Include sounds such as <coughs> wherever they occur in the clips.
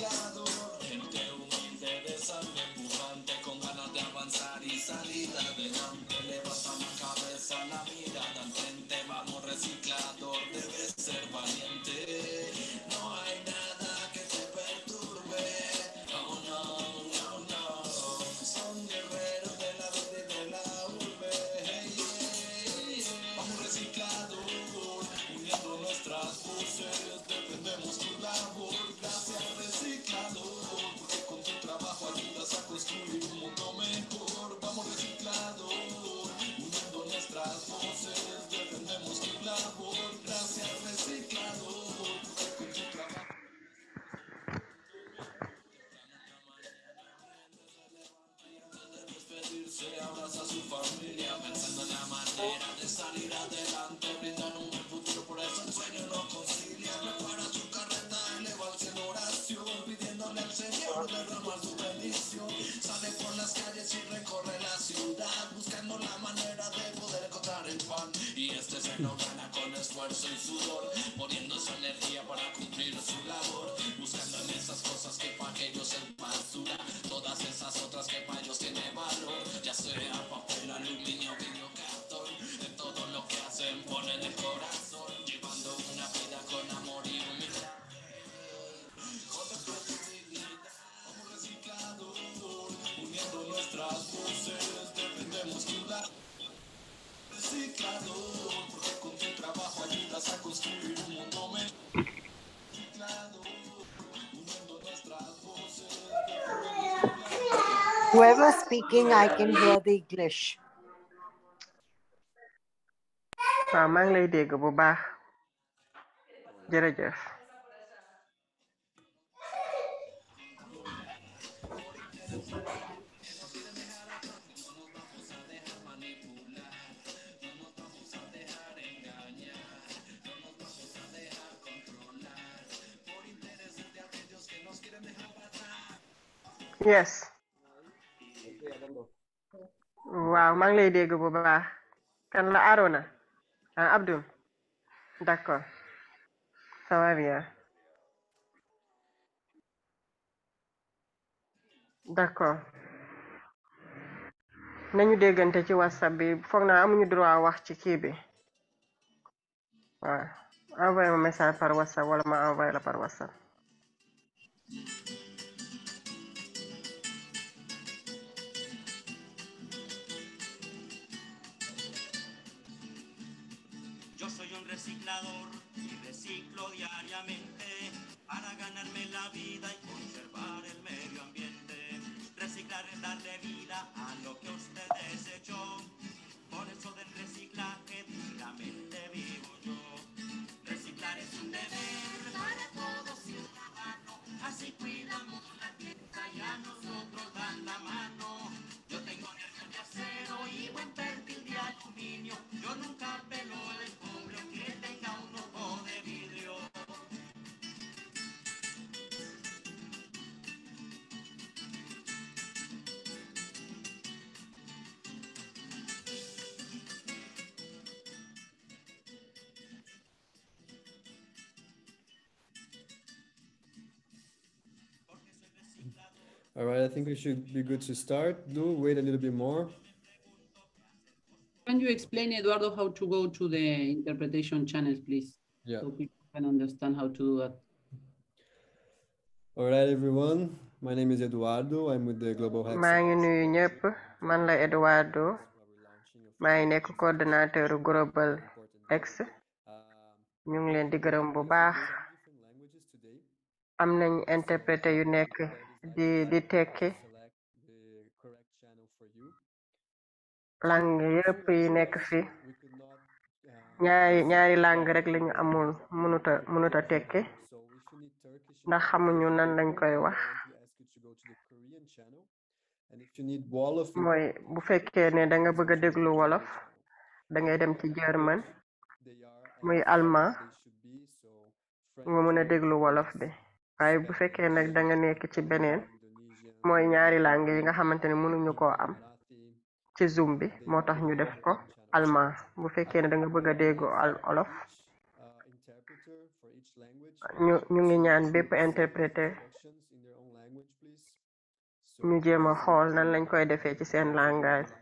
confiado. Gente humilde de sangre pujante, con ganas de avanzar y salir adelante. Levanta la cabeza, la mirada al frente, vamos reciclador, debes ser valiente. manera de salir adelante, brindar un buen futuro, por eso el sueño no concilia. Prepara tu carreta, eleva al oración, pidiéndole al Señor derramar su bendición. Sale por las calles y recorre la ciudad, buscando la manera de poder encontrar el pan. Y este se lo gana con esfuerzo y sudor, poniendo su energía para cumplir su labor, buscando esas cosas que para ellos es basura, todas esas otras que para ellos tiene valor, ya sea papel, aluminio, pone en el corazón, llevando una vida con amor y humildad. Jotas posibilidad, como reciclador, uniendo nuestras voces, defendemos ciudad. Reciclador, porque con tu trabajo ayudas a construir un mundo mejor. Reciclador, uniendo nuestras voces, defendemos ciudad. Whoever speaking, I can hear the English. waaw maa ngi lay dégg bu baax jërëjëf yes waaw maa ngi lay dégg bu baax kan la Arona Ah, Abdou d'accord ça va bien d'accord nañu déggante ci whatsapp bi foog naa amuñu droit wax ci kii bi waaw envoyé ma message par whatsapp wala ma envoyé la par whatsapp reciclador y reciclo diariamente para ganarme la vida y conservar el medio ambiente. Reciclar es darle vida a lo que usted desechó. Por eso del reciclaje dignamente vivo yo. Reciclar es un deber para todo ciudadano. Así cuidamos la tierra y a nosotros dan la mano. Yo tengo nervios de acero y buen perfil de aluminio. Yo nunca pelo el cobre All right, I think we should be good to start. Lou, wait a little bit more. Can you explain, Eduardo, how to go to the interpretation channels, please? Yeah. So people can understand how to do that. All right, everyone. My name is Eduardo. I'm with the Global Hack. maa ngi nuyu ñëpp man la Eduardo maa ngi nekk coordonnateur Global X ñu ngi leen di gërëm bu baax am nañ interprété yu nekk di di tekki langue yëpp yi nekk fi uh, ñaari ñaari langue rek lañu amul mënuta mënuta tekki ndax xamuñu nan lañ koy wax mooy bu fekkee ne danga nga bëgg a déglu wolof da dem ci german muy allemand nga mën a déglu wolof waaye bu fekkee nag danga nekk ci beneen mooy ñaari langue yi nga xamante ne mënuñu ko am ci zoom bi moo tax ñu def ko allemand bu fekkee ne da nga bëgg a al olof ñu ñu ngi ñaan bépp interpréter ñu jéem a xool nan lañ koy defee ci seen langage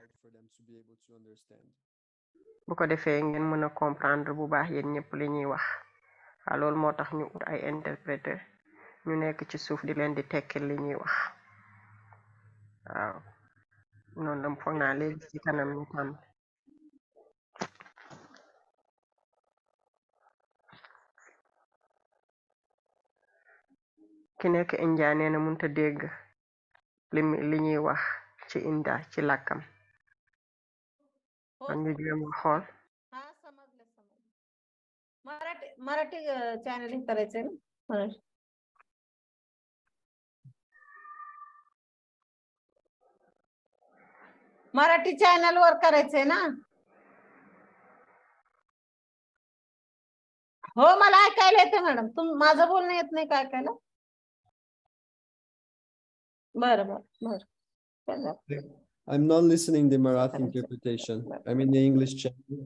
bu ko defee ngeen mën a comprendre bu baax yéen ñëpp li ñuy wax waaw loolu moo tax ñu ut ay interpréter ñu nekk ci suuf di leen di tekkil li ñuy wax waaw noonu lam foog ci kanam ñu tàmm ki nekk india nee na munta dégg li ñuy wax ci inda ci làkkam kon ñu jéem a xool Marathi मराठी चॅनलिंग करायचंय ना मराठी मराठी चॅनल वर करायचंय ना हो मला ऐकायला येते मॅडम तुम माझं बोलणं येत नाही काय ऐकायला बरं बरं बरं I'm not listening the Marathi English channel.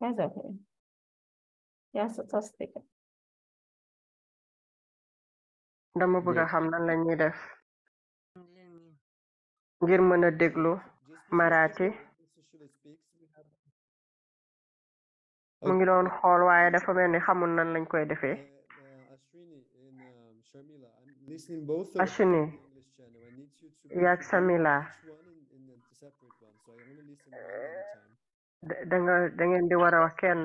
That's okay. Yes, it's us. Damo buga hamnan lang ni ngir mëna déglu maraati mu ngi doon xool waaye dafa mel ni xamul nan lañ koy defee Ashwini yaag Samila da da ngeen di war a wax kenn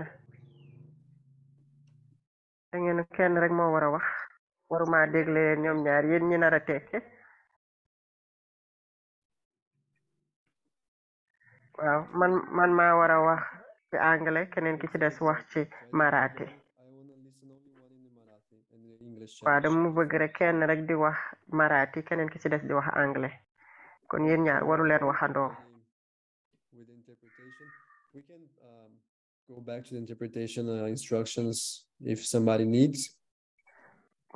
da ngeen kenn rek moo war a wax waruma déglee ñoom ñaar yéen ñi nar a waaw man man maa war a wax ci anglais keneen ki ci des wax ci marathi waaw mu bëgg rek kenn rek di wax marathi keneen ki ci des di wax anglais kon yéen ñaar waru leen waxandoo we can um, go back to the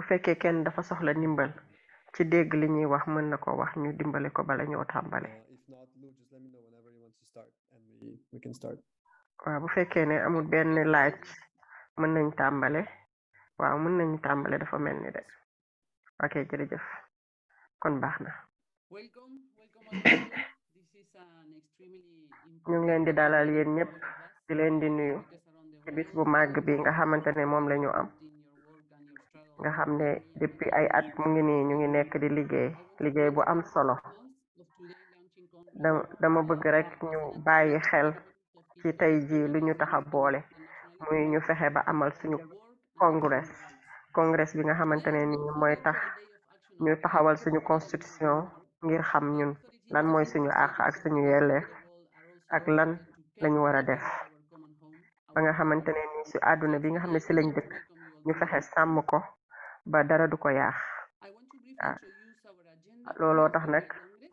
fekkee kenn dafa soxla ndimbal ci dégg li ñuy wax mën na ko wax ñu dimbali ko bala ñoo tàmbale. we can start. waaw bu fekkee ne amul benn laaj mën nañ tàmbale waaw mën nañ tàmbale dafa mel ni de ok jërëjëf kon baax na. <coughs> ñu ngi leen di dalal yéen ñépp di leen di nuyu ci bis bu màgg bi nga xamante ne moom la ñu am nga xam ne depuis ay at mu ngi nii ñu ngi nekk di liggéey liggéey bu am solo dama bëgg rek ñu bàyyi xel ci tey jii li ñu tax boole muy ñu fexe ba amal suñu congrès congrès bi nga xamante ne ni mooy tax ñu taxawal suñu constitution ngir xam ñun lan mooy suñu àq ak suñu yelleef ak lan lañu war a def ba nga xamante ne ni si àdduna bi nga xam ne si lañ dëkk ñu fexe sàmm ko ba dara du ko yaax ah, waaw looloo tax nag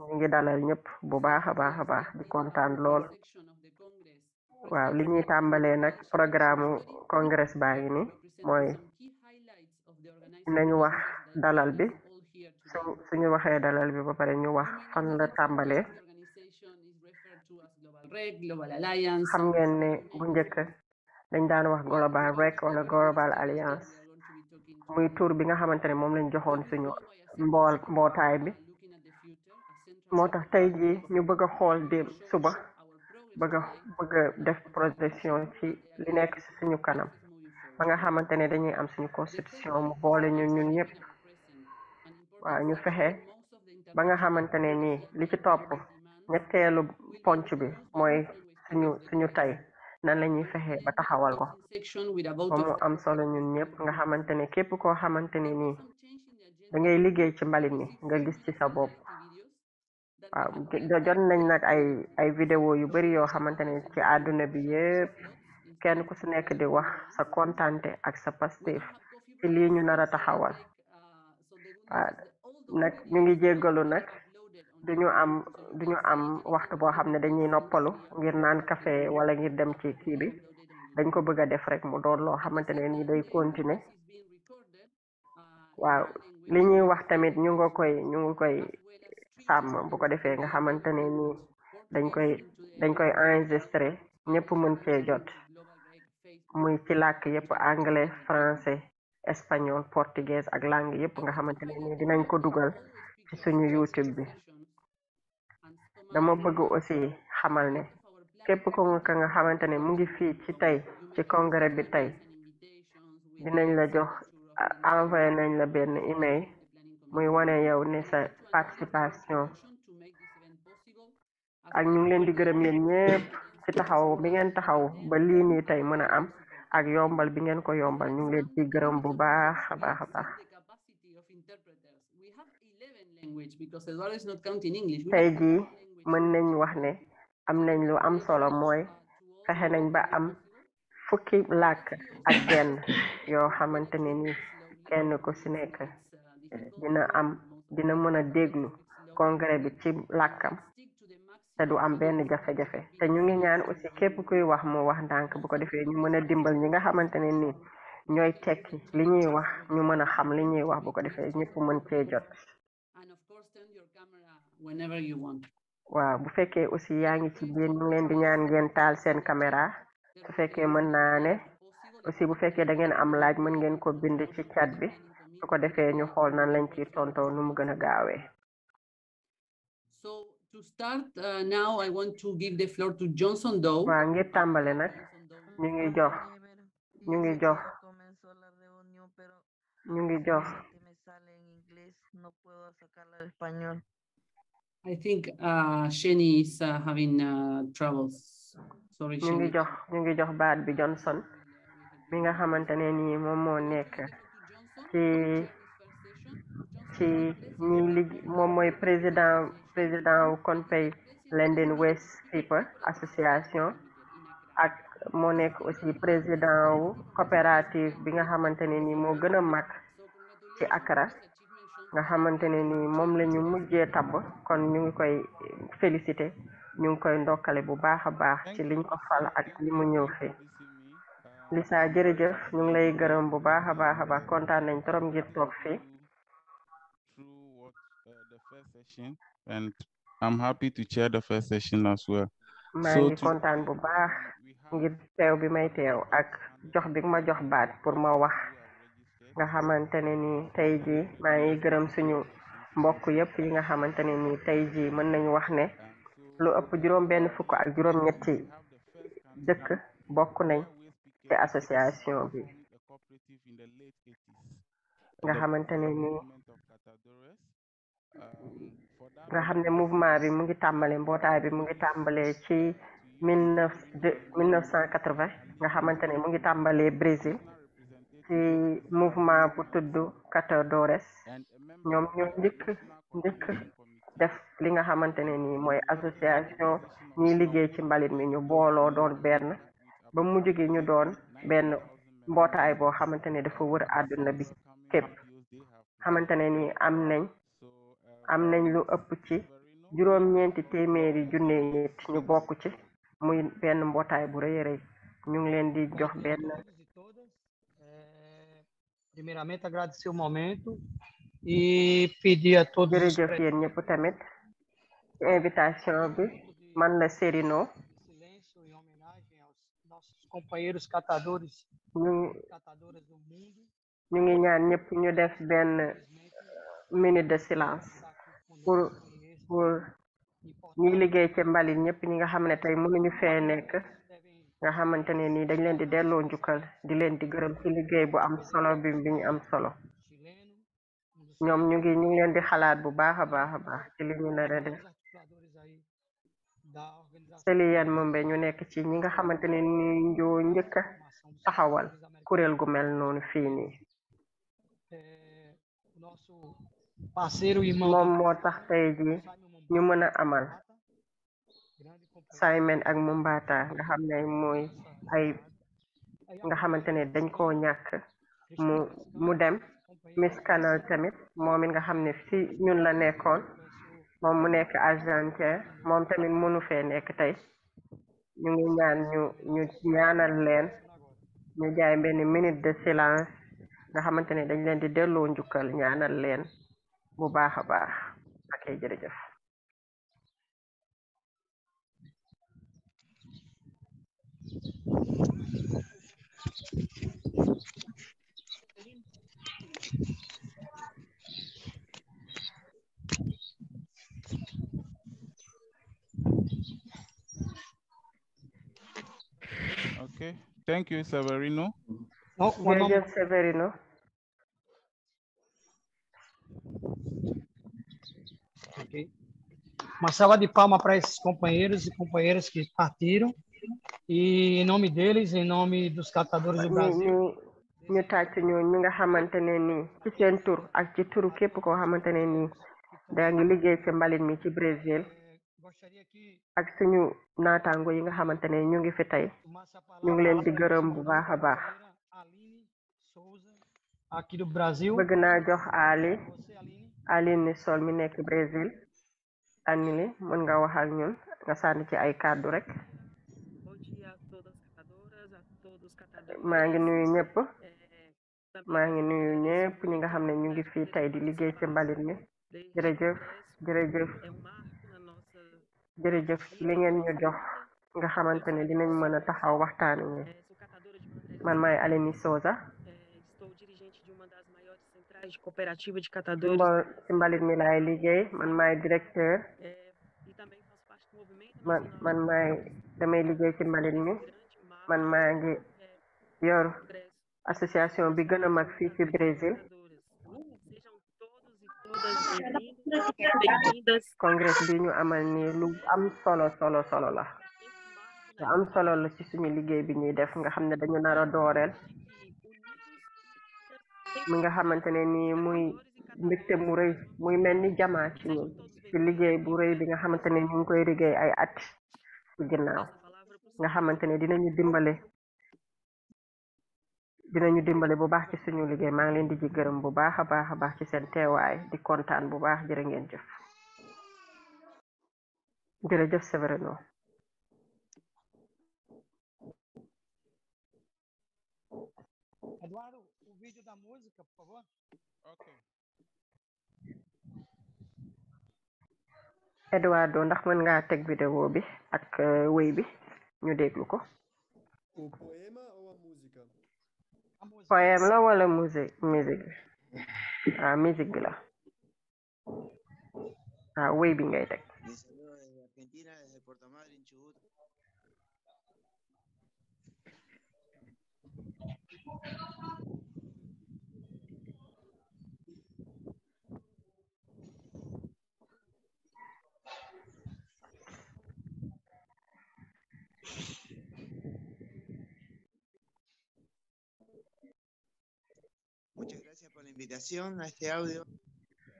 ñu ngi dalal ñëpp bu baax a baax a baax di kontaan lool waaw li ñuy tàmbalee nag programme congrès baa ngi mooy nañu wax dalal bi su suñu waxee dalal bi ba pare ñu wax fan la tàmbalee xam ngeen ne bu njëkk dañ daan wax global rec wala global alliance muy tuur bi nga xamante ne moom lañ joxoon suñu mbool mbootaay bi moo tax tey ñu bëgg a xool dem suba bëgg a def projection ci li nekk ci suñu kanam ba nga xamante ne dañuy am suñu constitution mu boole ñu ñun ñëpp waaw ñu fexe ba nga xamante ne nii li ci topp ñetteelu ponc bi mooy suñu suñu tey nan la ñuy fexe ba taxawal ko ba am solo ñun ñëpp nga xamante ne képp koo xamante ni nii da ngay liggéey ci mbalit mi nga gis ci sa bopp waaw ah, jot nañ nag ay ay vidéo yu bari yoo xamante ne ci àdduna bi yëpp kenn ku si nekk di wax sa kontante ak sa Pastef ci lii ñu nar a taxawal waaw ah, nag ñu ngi jéggalu nag duñu am duñu am waxtu boo xam ne dañuy noppalu ngir naan café wala ngir dem ci kii bi dañ ko bëgg a def rek mu dool loo xamante ne ni day continuer waaw li wax tamit ñu nga koy ñu ngi koy sàmm bu ko defee nga xamante ne dañ koy dañ koy enregistré ñëpp mën cee jot muy ci làkk yëpp anglais français espagnol portugais ak langue yëpp nga xamante ne dinañ ko dugal ci suñu YouTube bi dama bëgg aussi xamal ne képp ko nga nga xamante ne mu ngi fii ci tey ci congrès bi tey dinañ la jox envoyé nañ la benn email muy wane yow ne sa participation ak ñu ngi leen di gërëm yéen ci taxaw bi ngeen taxaw ba lii nii tey mën a am ak yombal bi ngeen ko yombal ñu ngi leen ci gërëm bu baax a baax a baax tey jii mën nañ wax ne am nañ lu am solo mooy fexe nañ ba am fukki làkk ak genn yoo xamante ne ni kenn nekk dina am dina mën a déglu congrès bi ci làkkam te du am benn jafe-jafe te ñu ngi ñaan aussi képp kuy wax mu wax ndànk bu ko defee ñu mën a dimbal ñi nga xamante ne nii ñooy tekki li ñuy wax ñu mën a xam li ñuy wax bu ko defee ñëpp mën cee jot waaw bu fekkee aussi yaa ngi ci biir ñu leen di ñaan ngeen taal seen caméra su fekkee mën naa ne aussi bu fekkee da ngeen am laaj mën ngeen ko bind ci chat bi su ko defee ñu xool nan lañ ci tontoo nu mu gën a gaawee so to start uh, now I want to give the floor to Johnson Doe waaw ngir tàmbale nag ñu ngi jox ñu ngi jox ñu ngi jox I think uh, uh, uh, ñu ngi jox ñu ngi jox baat bi Johnson mi nga xamante ne nii moom nekk ci ci ñi lig moom mooy président président wu kon pay Conpay London West People association ak moo nekk aussi président wu coopérative bi nga xamante ne ni moo gën a mag ci acra nga xamante ne ni moom la ñu mujjee tabb kon ñu ngi koy félicité ñu ngi koy ndokkale bu baax a baax ci liñ ko fal ak li mu ñëw fii Lisa jërëjëf ñu ngi lay gërëm bu baax a baax a baax kontaan nañ trop ngir toog fii and to chair the first session as well. maa ngi kontaan bu baax ngir teew bi may teew ak jox bi ma jox baat pour ma wax nga xamante ne ni tey ji maa ngi gërëm suñu mbokk yëpp yi nga xamante ni tey ji mën nañu wax ne lu ëpp juróom benn fukk ak juróom ñetti dëkk bokk nañ jiite association bi nga xamante ne ni um, nga xam ne mouvement bi mu ngi tàmbale mbootaay bi mu ngi tàmbale ci mille neuf mille neuf cent quatre-vingt nga xamante ne mu ngi tàmbale Brésil ci mouvement bu tudd Catadores ñoom ñoo njëkk njëkk def li nga xamante ne nii association ñiy liggéey ci mbalit mi ñu booloo doon benn ba mu jógee ñu doon benn mbootaay boo xamante ne dafa wër àdduna bi képp xamante ne ni am nañ am nañ lu ëpp ci juróom-ñeenti téeméeri junne nit ñu bokk ci muy benn mbootaay bu rëy rëy leen di jox benn primeiramente agradecer o momento e a todos jërëjëf yéen ñëpp tamit invitation bi man la Serino companheiros catadores e catadoras do ñu ngi ñaan ñëpp ñu def benn minute de silence pour pour liggéey ci mbalit ñëpp ñi nga xam ne tey mënuñu fee nekk nga xamante ne nii dañ leen di delloo njukkal di leen di gërëm ci liggéey bu am solo bi bi ñu am solo um ñoom ñu ngi ñu leen di xalaat bu baax a baax a baax ci li ñu nar Seliyan Mombe ñu nekk ci ñi nga xamante ne ni ñoo njëkk a taxawal kuréel gu mel noonu fii nii moom moo tax tey ji ñu mën a amal Simon ak Moumbata nga xam ne mooy ay nga xamante ne dañ koo ñàkk mu mu dem Miss Canal tamit moom nga xam ne fii la nekkoon moom mu nekk argentin moom tamit mënu fee nekk tey ñu ngi ñaan ñu ñu ñaanal leen ñu jaay benn minute de silence nga xamante ne dañ leen di delloo njukkal ñaanal leen bu baax a baax ak jërëjëf Okay. Thank you, Severino. No, one yeah, yeah, palma para esses companheiros e companheiras que partiram. E em nome deles, em nome dos catadores do Brasil. ñu tàcc ñooñu ñi nga xamante ne ci seen ak ci turu képp koo xamante ne nii daa ngi ci mbalit mi ci Brésil ak suñu naataango yi nga xamante ne ñu ngi fi tey ñu ngi leen di gërëm bu baax a baax bëgg naa jox Ali Aline Sol mi nekk Brésil Aline mën nga wax ak ñun nga sànni ci ay kàddu rek maa ngi nuyu ñëpp maa ngi nuyu ñëpp ñi nga xam ne ñu ngi fii tey di liggéey ci mbalit mi jërëjëf jërëjëf jërëjëf ci li ngeen ñu jox nga xamante ne dinañ mën a taxaw waxtaani man maay Aleni Souza ci mbalit mi laay liggéey man may directeur man man damay liggéey ci mbalit mi man maa ngi yor association bi gën a mag fii ci Brésil congrès bi ñu amal ni lu am solo solo solo la lu am solo la ci suñu liggéey bi ñuy def nga xam ne dañu nar a dooreel mi nga xamante ne nii muy mbégte mu rëy muy mel ni jamaa ci ñun ci liggéey bu rëy bi nga xamante ni ñu ngi koy liggéey ay at ci ginnaaw nga xamante ne ñu dimbale ñu dimbali bu baax ci suñu liggéey maa ngi leen di ji gërëm bu baax a baax a baax ci seen teewaay di kontaan bu baax jërë ngeen jëf jërëjëf Severino Eduardo, o ndax mën ngaa teg vidéo bi ak eh, wéy bi ñu déglu ko. poème la wala musique musique ah musique bi la ah, wéy bi ngay invitación a este audio.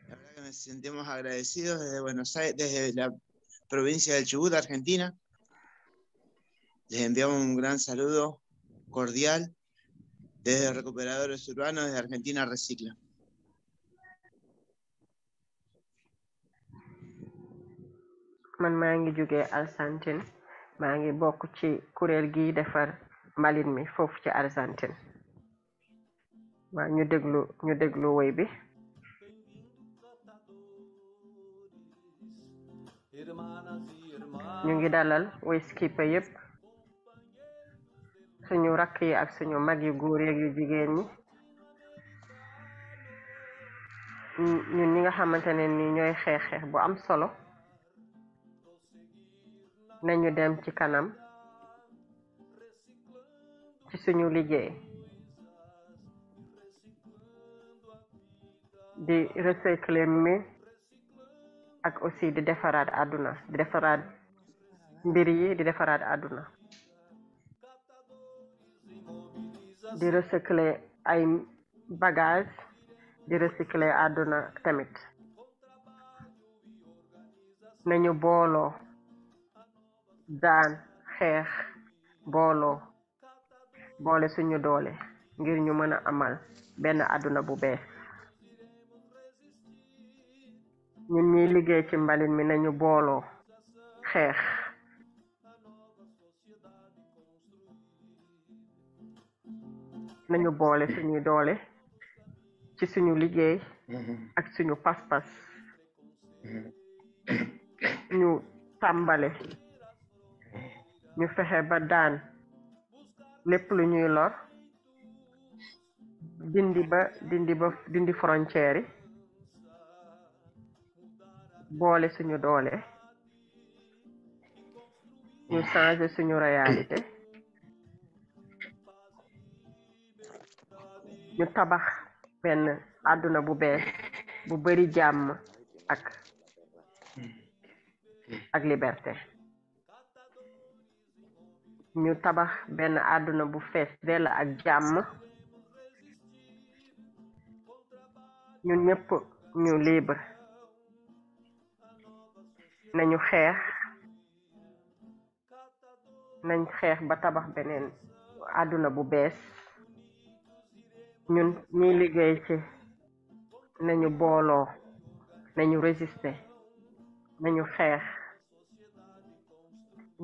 La verdad que nos sentimos agradecidos desde Buenos Aires, desde la provincia del Chubut, Argentina. Les enviamos un gran saludo cordial desde Recuperadores Urbanos, desde Argentina Recicla. man maa ngi jógee Argentine maa ngi bokk ci kuréel gi defar mbalit mi foofu ci Argentine waa ñu déglu ñu déglu woy bi ñu ngi dalal woy skipa yépp suñu rakk yi ak suñu mag yu góor yeeg yu jigéen ñi ñun ñi nga xamante ni ñooy xeex xeex bu am solo nañu dem ci kanam ci suñu liggéey di recycler mais ak aussi di defaraat àdduna di defaraat mbir yi di defaraat àdduna di recycler ay bagage di recycler àdduna tamit nañu booloo daan xeex booloo boole suñu doole ngir ñu mën a amal benn àdduna bu bees ñun ñuy liggéey ci mbalit mi nañu booloo xeex nañu boole suñuy doole ci suñu liggéey mm-hmm. ak suñu pas-pas mm-hmm. ñu tàmbale ñu fexe ba daan lépp lu ñuy lor dindi ba dindi ba dindi frontière yi boole suñu doole ñu changer suñu réalité ñu tabax benn àdduna bu bees bu bari jàmm ak ak liberté ñu tabax benn àdduna bu fees dell ak jàmm ñun ñëpp ñu libre nañu xeex nañ xeex ba tabax beneen àdduna bu bees ñun ñuy liggéey ci nañu booloo nañu résister nañu xeex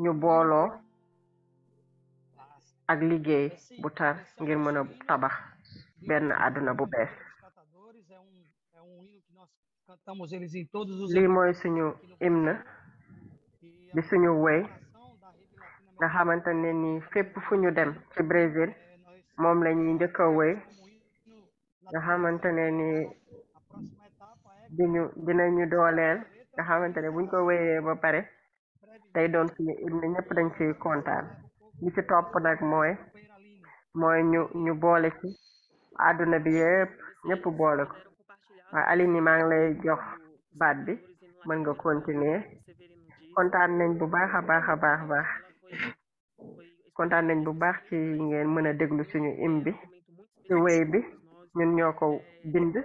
ñu booloo ak liggéey bu tar ngir mën a tabax benn àdduna bu bees lii mooy suñu hymne di suñu e woy nga xamante ne ni fépp fu ñu dem ci Brésil moom la ñuy njëkk woy nga xamante ne ni diñu dinañu dooleel nga xamante ne buñ ko woyee ba pare day doon suñu hymne ñëpp dañ ci kontaan li ci topp nag mooy mooy ñu ñu boole ci àdduna bi yëpp ñëpp boole ko waaw Aline maa ngi lay jox baat bi mën nga continuer kontaan nañ bu baax a baax a baax baax kontaan nañ bu baax ci ngeen mën a déglu suñu im bi ci wéy bi ñun ñoo ko bind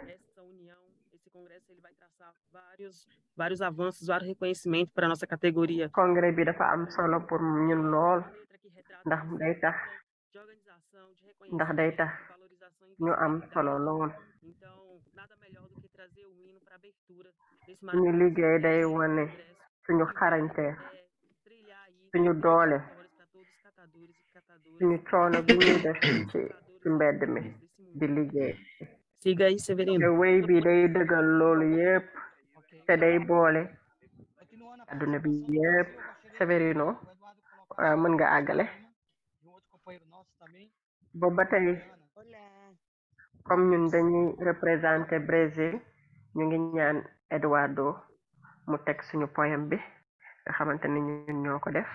vários avanços, vários reconhecimento para nossa categoria. congrès bi dafa am solo pour ñun lool ndax day tax ndax day tax ñu am solo lool suñu liggéey day wane suñu xarañte suñu doole e suñu coono bi <coughs> ñuy def ci ci mbedd mi di liggéey te wéy bi day dëggal loolu yépp te day boole adduna bi yépp Severino ah, mën nga àggale e um booba tey comme dañuy représenter Brésil ñu ngi ñaan Eduardo mu teg suñu poème bi nga xamante ni ñun ñoo ko def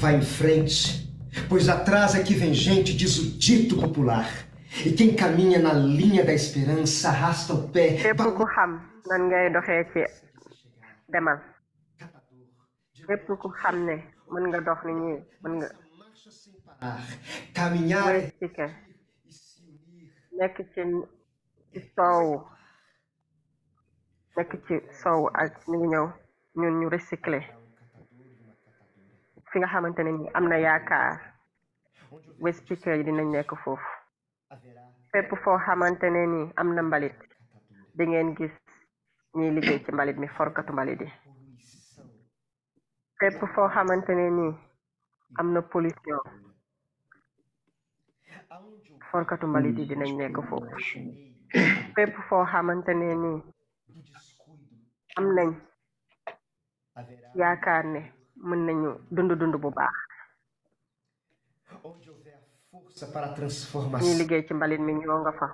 Vá em frente, pois atrás é que gente, diz o popular. E quem caminha na linha da esperança arrasta o pé. Képp ku xam doxee ci demal. Képp ku nga dox ni ñii mën nga. Ah, caminhar nekk ci sow nekk ci sow ak mi ngi ñëw ñu recycler fi nga xamante ne ni am na yaakaar waste picker yi dinañ nekk foofu fépp foo xamante ne ni am na mbalit di ngeen gis ñiy liggéey ci mbalit mi forkatu mbalit yi fépp foo ni am na pollution fonkatu mbalit yi dinañ nekk foofu fépp foo xamante ne ni am nañ yaakaar ne mën nañu dund dund bu baax ñi liggéey ci mbalit mi ñoo nga fa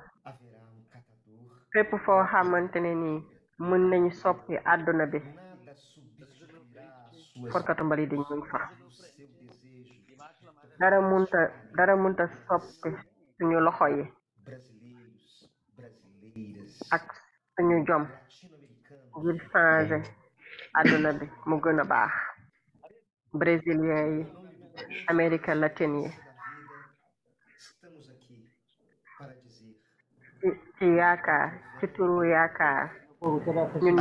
fépp foo xamante ne ni mën nañu soppi àdduna bi fonkatu mbalit yi fa dara munta dara munta soppi suñu loxo yi ak suñu jom ngir changé àdduna bi mu gën a baax brésilien yi amérique latine yi ci yaakaar ci turu yaakaar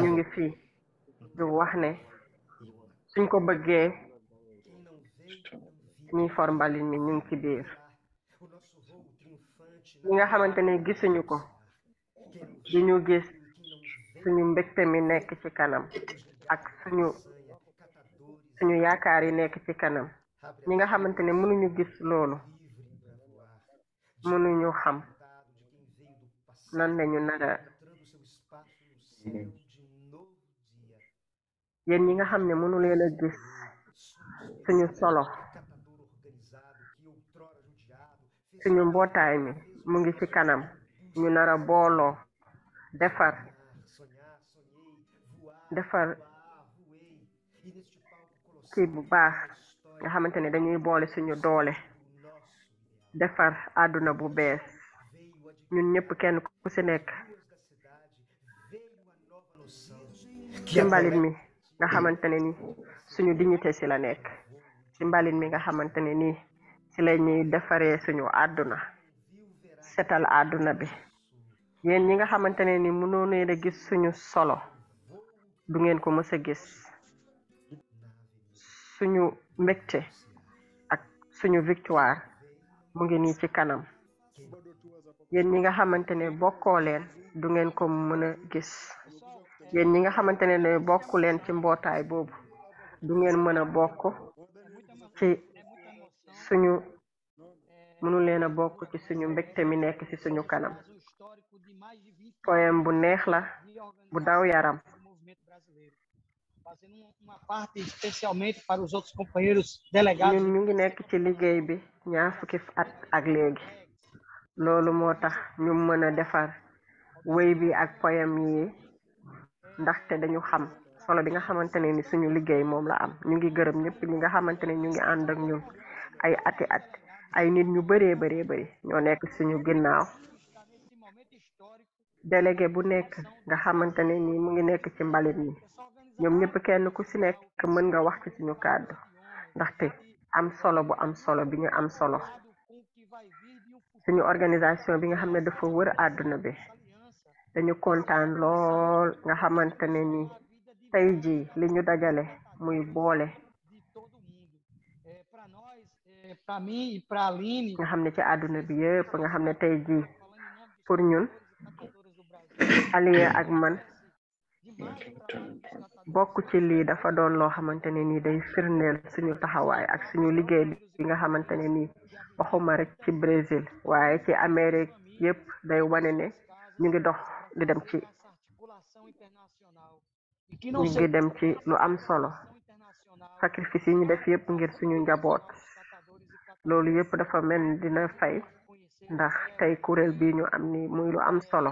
ñu ngi fii du wax ne suñ ko bëggee ñuy for ñu ngi ci ñi nga xamante ne gisuñu ko di ñu gis suñu mbégte mi nekk ci kanam ak suñu suñu yaakaar yi nekk ci kanam ñi nga xamante ne mënuñu gis loolu mënuñu xam nan lañu nara yéen ñi nga xam ne mënu leen gis suñu solo suñu mbootaay mi mu ngi ci kanam ñu nar a booloo defar defar kii bu baax nga xamante ne dañuy boole suñu doole defar àdduna bu bees ñun ñëpp kenn ku ci nekk ci mbalit mi nga xamante ne ni suñu dignité ci la nekk ci mbalit mi nga xamante nii ci la ñuy defaree suñu àdduna setal àdduna bi yéen ñi nga xamante ne ni mënoo nee a gis suñu solo du ngeen ko mës a gis suñu mbégte ak suñu victoire mu ngi nii ci kanam yéen ñi nga xamante ne bokkoo leen du ngeen ko mën a gis yéen ñi nga xamante ne bokku leen ci mbootaay boobu du ngeen mën a bokk ci suñu eh, mënu leen a bokk ci suñu mbégte mi nekk ci suñu kanam poème bu neex la bu daw yaram um, ñun ñu ngi nekk ci liggéey bi ñaar fukki at ak léegi loolu moo tax ñu mën a defar wéy bi ak poème yi ndaxte dañu xam solo bi nga xamante ne ni suñu liggéey moom la am ñu ngi gërëm ñëpp ñi nga xamante ne ñu ngi ànd ak ñun ay ati at ay nit ñu bëree bëree bëri ñoo nekk suñu ginnaaw délégué bu nekk nga xamante ne ni mu ngi nekk ci mbalit mi ñoom ñëpp kenn ku ci nekk mën nga wax ci suñu kàddu ndaxte am solo bu am solo bi ñu am solo suñu organisation bi nga xam ne dafa wër àdduna bi dañu kontaan lool nga xamante ne ni tey jii li ñu dajale muy boole para mim e nga xam ne ci àdduna bi yëpp nga xam ne tey ji pour ñun Alieu ak man bokk ci lii dafa doon loo xamante ne nii day firndeel suñu taxawaay ak suñu liggéey bi nga xamante ni nii waxuma rek ci Brésil waaye ci Amérique yépp day wane ne ñu ngi dox di dem ci ñu ngi dem ci lu am solo sacrifice yi ñu def yëpp ngir suñu njaboot loolu yëpp dafa mel dina fay ndax tey kuréel bi ñu am ni muy lu am solo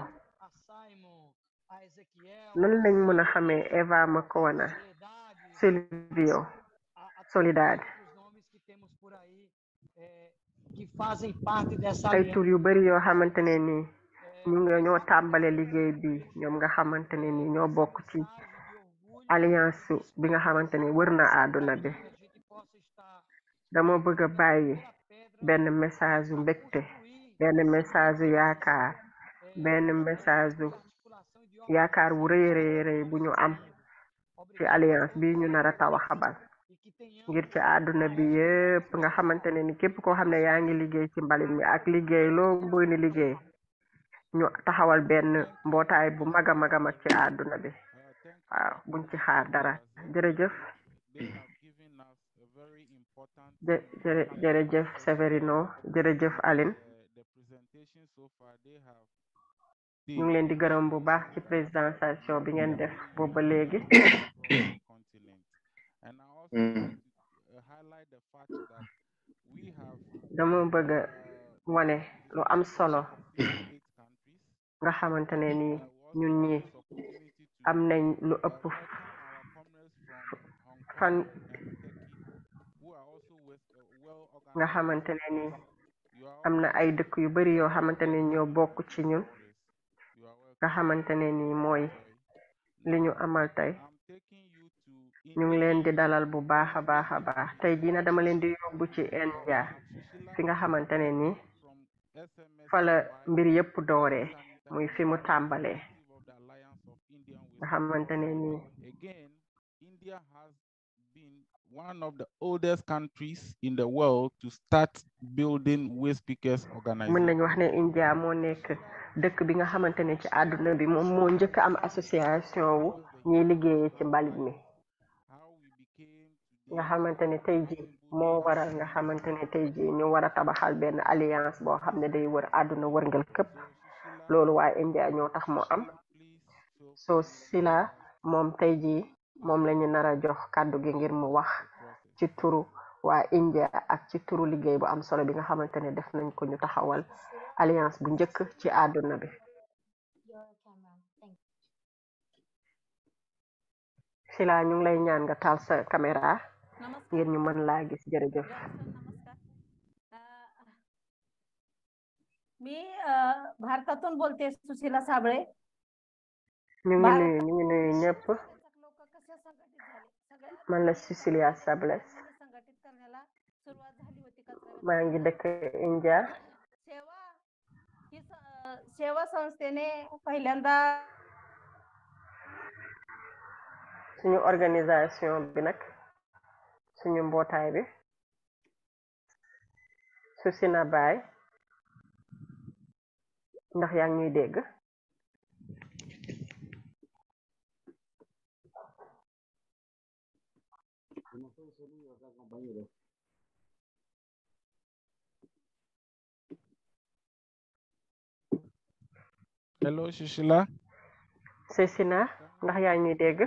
nan lañ mën a xamee Eva Makowana Silvio Soledad ay tur yu bari yoo xamante ne ni ñu nga ñoo tàmbale liggéey bi ñoom nga xamante ne ni ñoo bokk ci alliance bi nga xamante ne wër na àdduna bi dama bëgga bàyyi benn message yu mbégte benn message yu yaakaar benn message yu yaakaar bu rëy rëy rëy bu ñu am ci alliance bi ñu nar a tawa xabal ngir ci àdduna bi yépp nga xamante ne ni képp koo xam ne yaa ngi liggéey ci mbalit mi ak liggéey loo mboy ni liggéey ñu taxawal benn mbootaay bu mag a mag a mag ci àdduna bi waaw buñ ci xaar dara jërëjëf jërëjëf Severino jërëjëf Aline ñu ngi leen di gërëm bu baax ci présentation bi ngeen def booba léegi dama bëgg a wane lu am solo nga xamante ne ni ñun ñi am nañ lu ëpp fan nga xamante ne ni am na ay dëkk yu bari yoo xamante ne ñoo bokk ci ñun nga xamante ne ni mooy li ñu amal tey ñu ngi leen di dalal bu baax a baax a baax tey dina dama leen di yóbbu ci India fi nga xamante ne ni fala mbir yépp dooree muy fi mu tàmbalee nga xamante ni one of the oldest countries in the world to start building waste pickers organization. mën nañu wax ne India moo nekk dëkk bi nga xamante ne ci àdduna bi moom moo njëkk am association wu ñuy liggéeyee ci mbalit mi nga xamante ne tey ji moo waral nga xamante ne tey jii ñu war a tabaxal benn alliance boo xam ne day wër àdduna wërngal këpp loolu waaye India ñoo tax moo am soo si la tey jii moom lañu nar a jox kàddu gi ngir mu wax ci turu waa India ak ci turu liggéey bu am solo bi nga xamante ne def nañ ko ñu taxawal alliance bu njëkk ci àdduna bi Sila ñu ngi lay ñaan nga taal sa caméra ngir ñu mën laa gis jërëjëf मी भारतातून बोलते सुशीला Sable ñu ngi nuyu ñu ngi nuyu ñëpp man la Cecilia Sables maa ngi dëkk India सेवा organisation bi nag suñu mbootaay bi su baay ndax yaa ngi ñuy dégg compañero. hello Cécila. Cécila ndax yaa ngi ñuy dégg.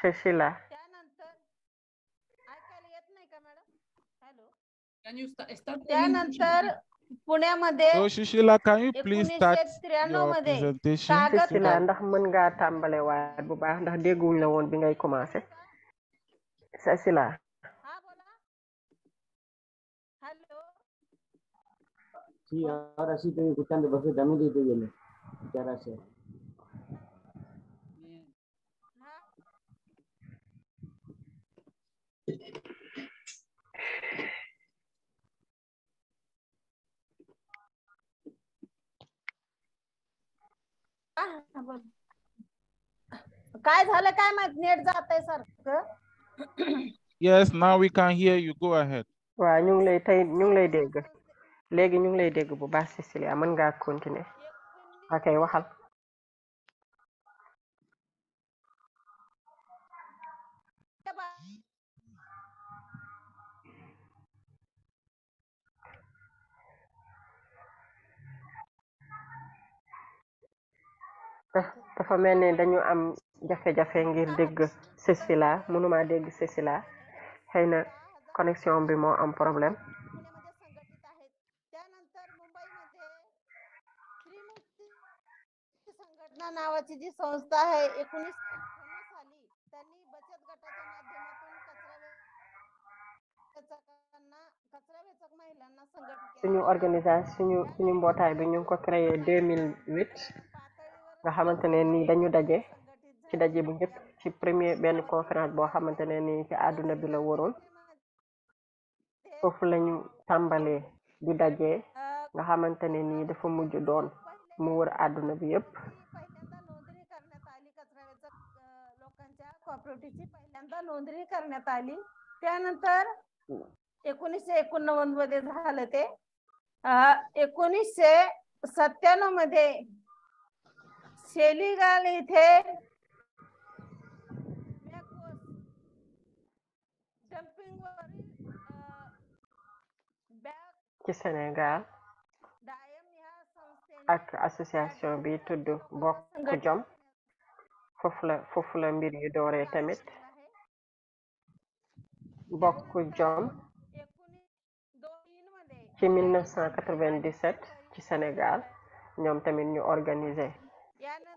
Cécila. त्यानंतर पुण्यामध्ये So Shishila, can you please start एकोणीसशे त्र्याण्णव your ndax mën ngaa tàmbale waat bu baax ndax dégguñ la woon bi ngay commencé sa Sylla हा काय झालं काय माहित नेट जात आहे सारखं Yes, now we can hear you. Go ahead. waaw ñu ngi lay tey ñu ngi lay dégg léegi ñu ngi lay dégg bu baax Cecilia mën ngaa continuer ok waxal dafa mel ni dañu am jafe-jafe ngir dégg Cécila mënuma dégg Cécila xëy na connexion bi moo am problème suñu organisation suñu mbootaay bi ñu ngi ko créé 2008 nga xamante ne ni dañu daje ci daje bu njëkk ci premier benn conférence boo xamante ne ni ci àdduna bi la waroon foofu lañu tàmbalee di daje nga xamante ne ni dafa mujj doon mu wër àdduna bi yépp कॉपरेटिव्हची पहिल्यांदा नोंदणी करण्यात आली त्यानंतर एकोणीसशे एकोणनव्वद मध्ये शेलीगाल इथे ci Sénégal ak association bi tudd bokk jom foofu la foofu la mbir yu dooree tamit bokk jom ci 1997 ci Sénégal ñoom tamit ñu organiser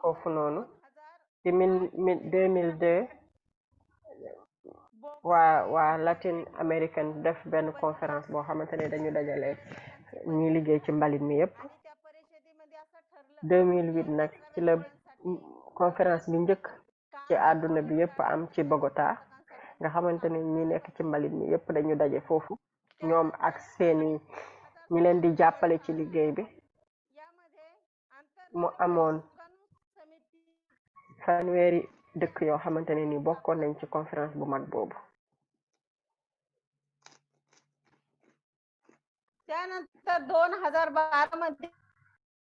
foofu noonu ci mille deux mille deux waa waa Latin American def benn conférence boo xamante ne dañu dajale ñuy liggéey ci mbalit mi yépp deux mille huit nag ci la conférence bi njëkk ci àdduna bi yépp am ci Bogota nga xamante ne ñi nekk ci mbalit mi yépp dañu daje foofu ñoom ak seeni ñi leen di jàppale ci liggéey bi mu amoon fanweeri dëkk yoo xamante ne ni bokkoon nañ ci conférence bu mag boobu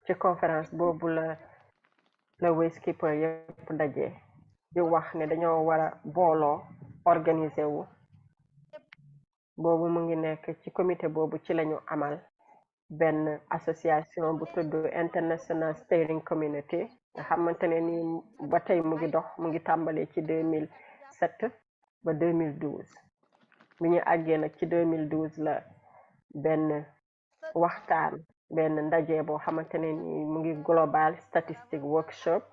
ci conférence boobu la la Wayskipper yëpp daje di wax ne dañoo war a booloo organiser wu boobu mu ngi nekk ci comité boobu ci lañu amal benn association bu tudd International Steering Community nga xamante ne ni ba tey mu ngi dox mu ngi tàmbalee ci 2007 ba 2012 bi ñu àggee nag ci 2012 la benn waxtaan benn ndaje boo xamante ne mu ngi global statistic workshop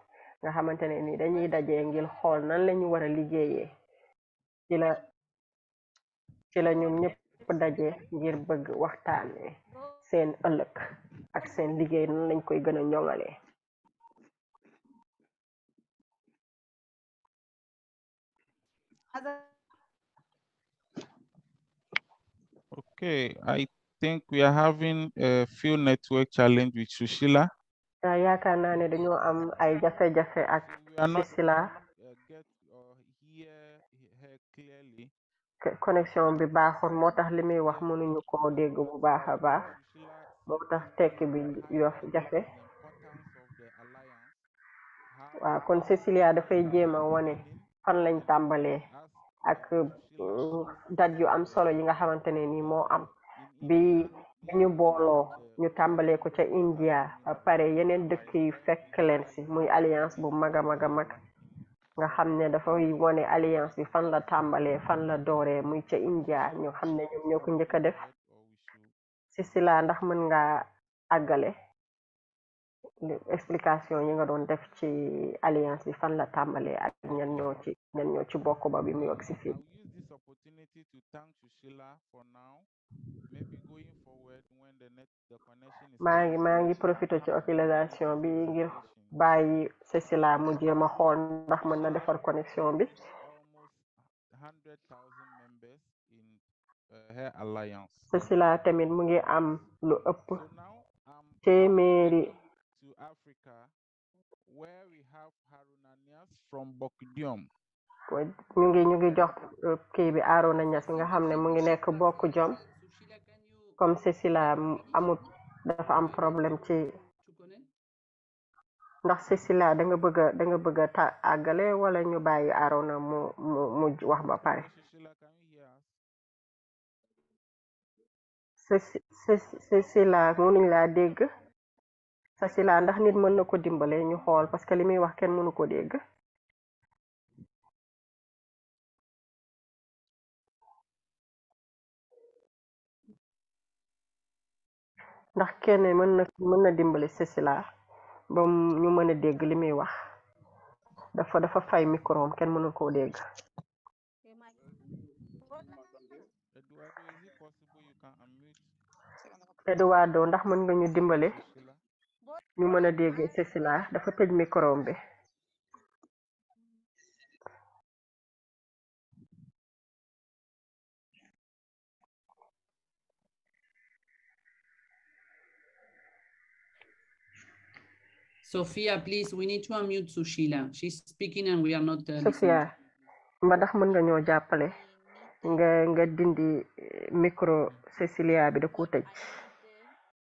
nga xamante ne ni dañuy dajee ngir xool nan la ñu war a liggéeyee ci la ci la ñoom ñëpp daje ngir bëgg waxtaanee seen ëllëg ak seen liggéey nan lañ koy gën a ñoŋalee Okay, I think we are having a few network challenge with Sushila. Um, uh, yaakaar naa ne dañoo am ay jafe-jafe ak Sushila. connexion bi baaxoon moo tax li muy wax mënuñu koo dégg bu baax a baax moo tax tekki bi yof jafe waaw kon Cecilia dafay jéem a wane fan lañ tàmbalee ak euh, date yu am solo yi nga xamante ne ni moo am bi ñu booloo ñu tàmbalee ko ca India pare yeneen dëkk yi fekk leen si muy alliance bu mag a mag a mag nga xam ne dafa wane alliance bi fan la tàmbalee fan la dooree muy ca India ñu xam ne ñoom ñoo ko njëkk def si si ndax mën nga àggale explication yi nga doon def ci alliance bi fan la tàmbalee ak ñan ñoo ci ñan ñoo ci bokk ba bi mu yokk si fii maa ngi maa ngi profité ci utilisation bi ngir bàyyi Cécila mu jéem a xool ndax mën na defar connexion bi uh, Cécila tamit mu ngi am lu ëpp téeméeri Africa, where we ngi ñu ngi jox uh, kii bi Haruna Niass nga xam ne mu ngi nekk Bokujom comme Cécila amut dafa am problème ci ndax Cécila da nga bëgg a da wala ñu bàyyi Haruna mu mu mu wax ba pare. Cécila mënuñ laa dégg. fasila ndax nit mën na koo dimbale ñu xool parce que li muy wax kenn mënu koo dégg ndax kenn mën na mën na dimbale sisila ba ñu mën a dégg li muy wax dafa dafa fay mikrom kenn mënul koo dégg Eduardo ndax mën nga ñu dimbale ñu mëna dégg Cecila ah, dafa tëj mikoroom bi Sophia, please, we need to unmute Sushila. She's speaking and we are not. Uh, Sophia, mba ndax mën nga ñoo jàppale nga nga dindi eh, micro Cecilia bi da ko tëj.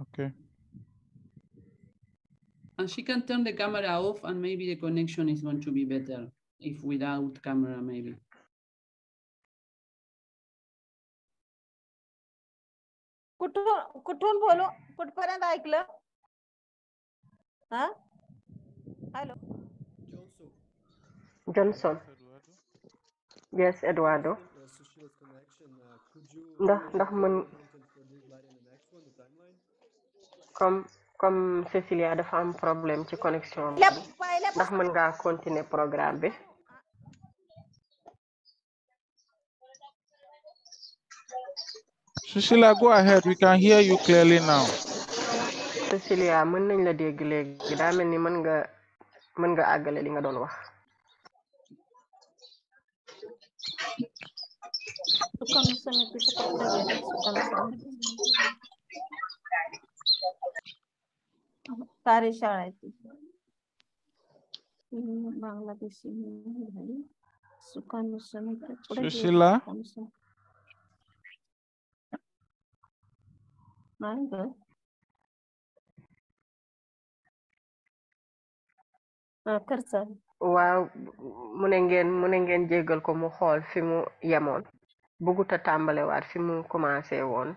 Okay. And she can turn the camera off and maybe the connection is going to be better if without camera maybe. कुठून कुठून बोलू कुठपर्यंत ऐकलं हा hello Johnson. Ndax ndax mën comme comme Cécilia dafa am problème ci connexion bi ndax mën ngaa continuer programme bi Cecilia, go ahead. We can hear you clearly now. Cecilia, mën nañ la dégg léegi daal mel ni mën nga mën nga àggale li nga doon wax. कार्यशाळेत बांगलादेशी सुशिला नाही ग mu ne ngeen mu ne ngeen jéggal ko mu xool fi mu yemoon bëggut a tàmbalewaat fi mu commencé woon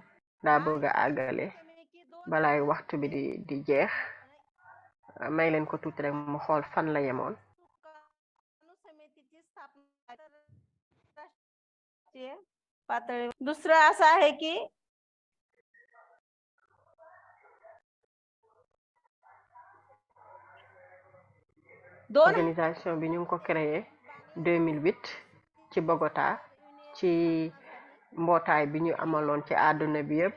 daa bëgg a àggale balay waxtu bi di di jeex may leen ko tuuti rek mu xool fan la yemoon दुसरं असं आहे की organisation bi ñu ngi ko créé 2008 ci Bogota ci mbootaay bi ñu amaloon ci àdduna bi yëpp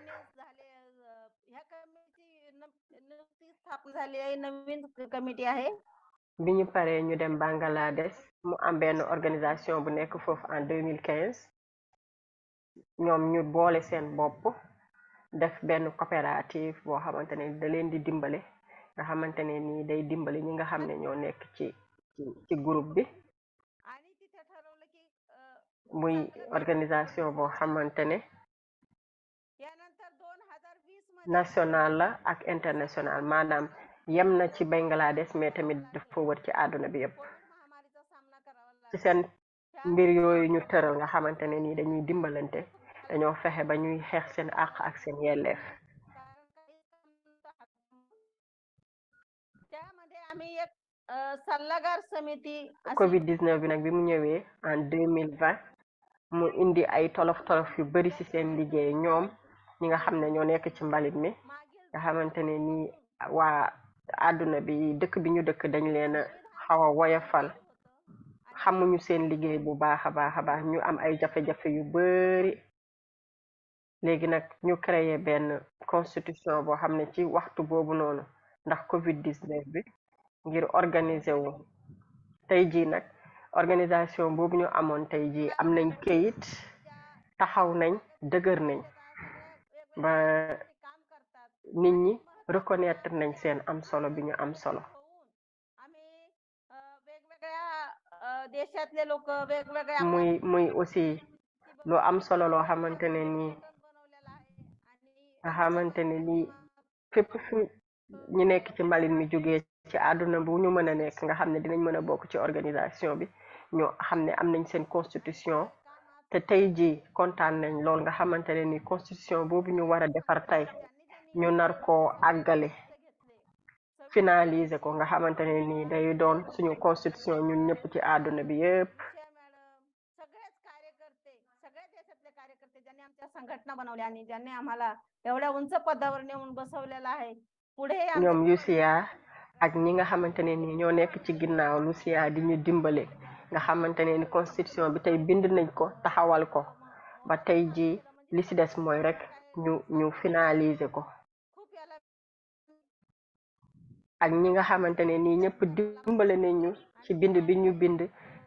झाली आहे नवीन committee आहे bi ñu paree ñu dem Bangladesh mu am benn organisation bu nekk foofu en 2015 ñoom ñu boole seen bopp def benn coopérative boo xamante ne da leen di dimbale nga xamante ne nii day dimbale ñi nga xam ne ñoo nekk ci ci groupe bi muy organisation boo xamante ne national la ak international maanaam yem na ci Bangladesh mais tamit dafa wër ci àdduna bi yëpp ci seen mbir yooyu ñu tëral nga xamante ne ni dañuy dimbalante dañoo fexe ba ñuy xeex seen àq ak seen yelleef covid 19 bi nag bi mu ñëwee en 2020 mu indi ay tolof tolof yu bari ci seen liggéey ñoom ñi nga xam ne ñoo nekk ci mbalit mi nga xamante ni waa àdduna bi dëkk bi ñu dëkk dañ leen xaw a woyafal xamuñu seen liggéey bu baax a baax a baax ñu am ay jafe-jafe yu bari léegi nag ñu créer benn constitution boo xam ne ci waxtu boobu noonu ndax covid 19 bi ngir organiser tey jii nag organisation boobu ñu amoon tey jii am nañ kayit taxaw nañ dëgër nañ ba nit ñi reconnaître nañ seen am solo bi ñu am solo muy muy aussi lu am solo loo xamante ne nii nga xamante ne lii fépp fi ñu nekk ci mbalit mi jógee ci àdduna bu ñu mën a nekk nga xam ne dinañ mën a bokk ci organisation bi ñu xam ne am nañ seen constitution te tey jii kontaan nañ lool nga xamante ne ni constitution boobu ñu war a defar tey ñu nar ko àggale finaliser ko nga xamante ne ni day doon suñu constitution ñun ñëpp ci àdduna bi yépp संघटना बनवल्या आणि ज्यांनी आम्हाला एवढ्या उंच पदावर नेऊन बसवलेला आहे पुढे ñoom Lucia ak ni nga xamante ne ni ñoo nekk ci ginnaaw Lucia di ñu dimbale nga xamante ne ni constitution bi tey bind nañ ko taxawal ko ba tey ji li ci des mooy rek ñu ñu finaliser ko a ñi nga xamante ne nii ñëpp dimbale nañ ñu ci bind bi ñu bind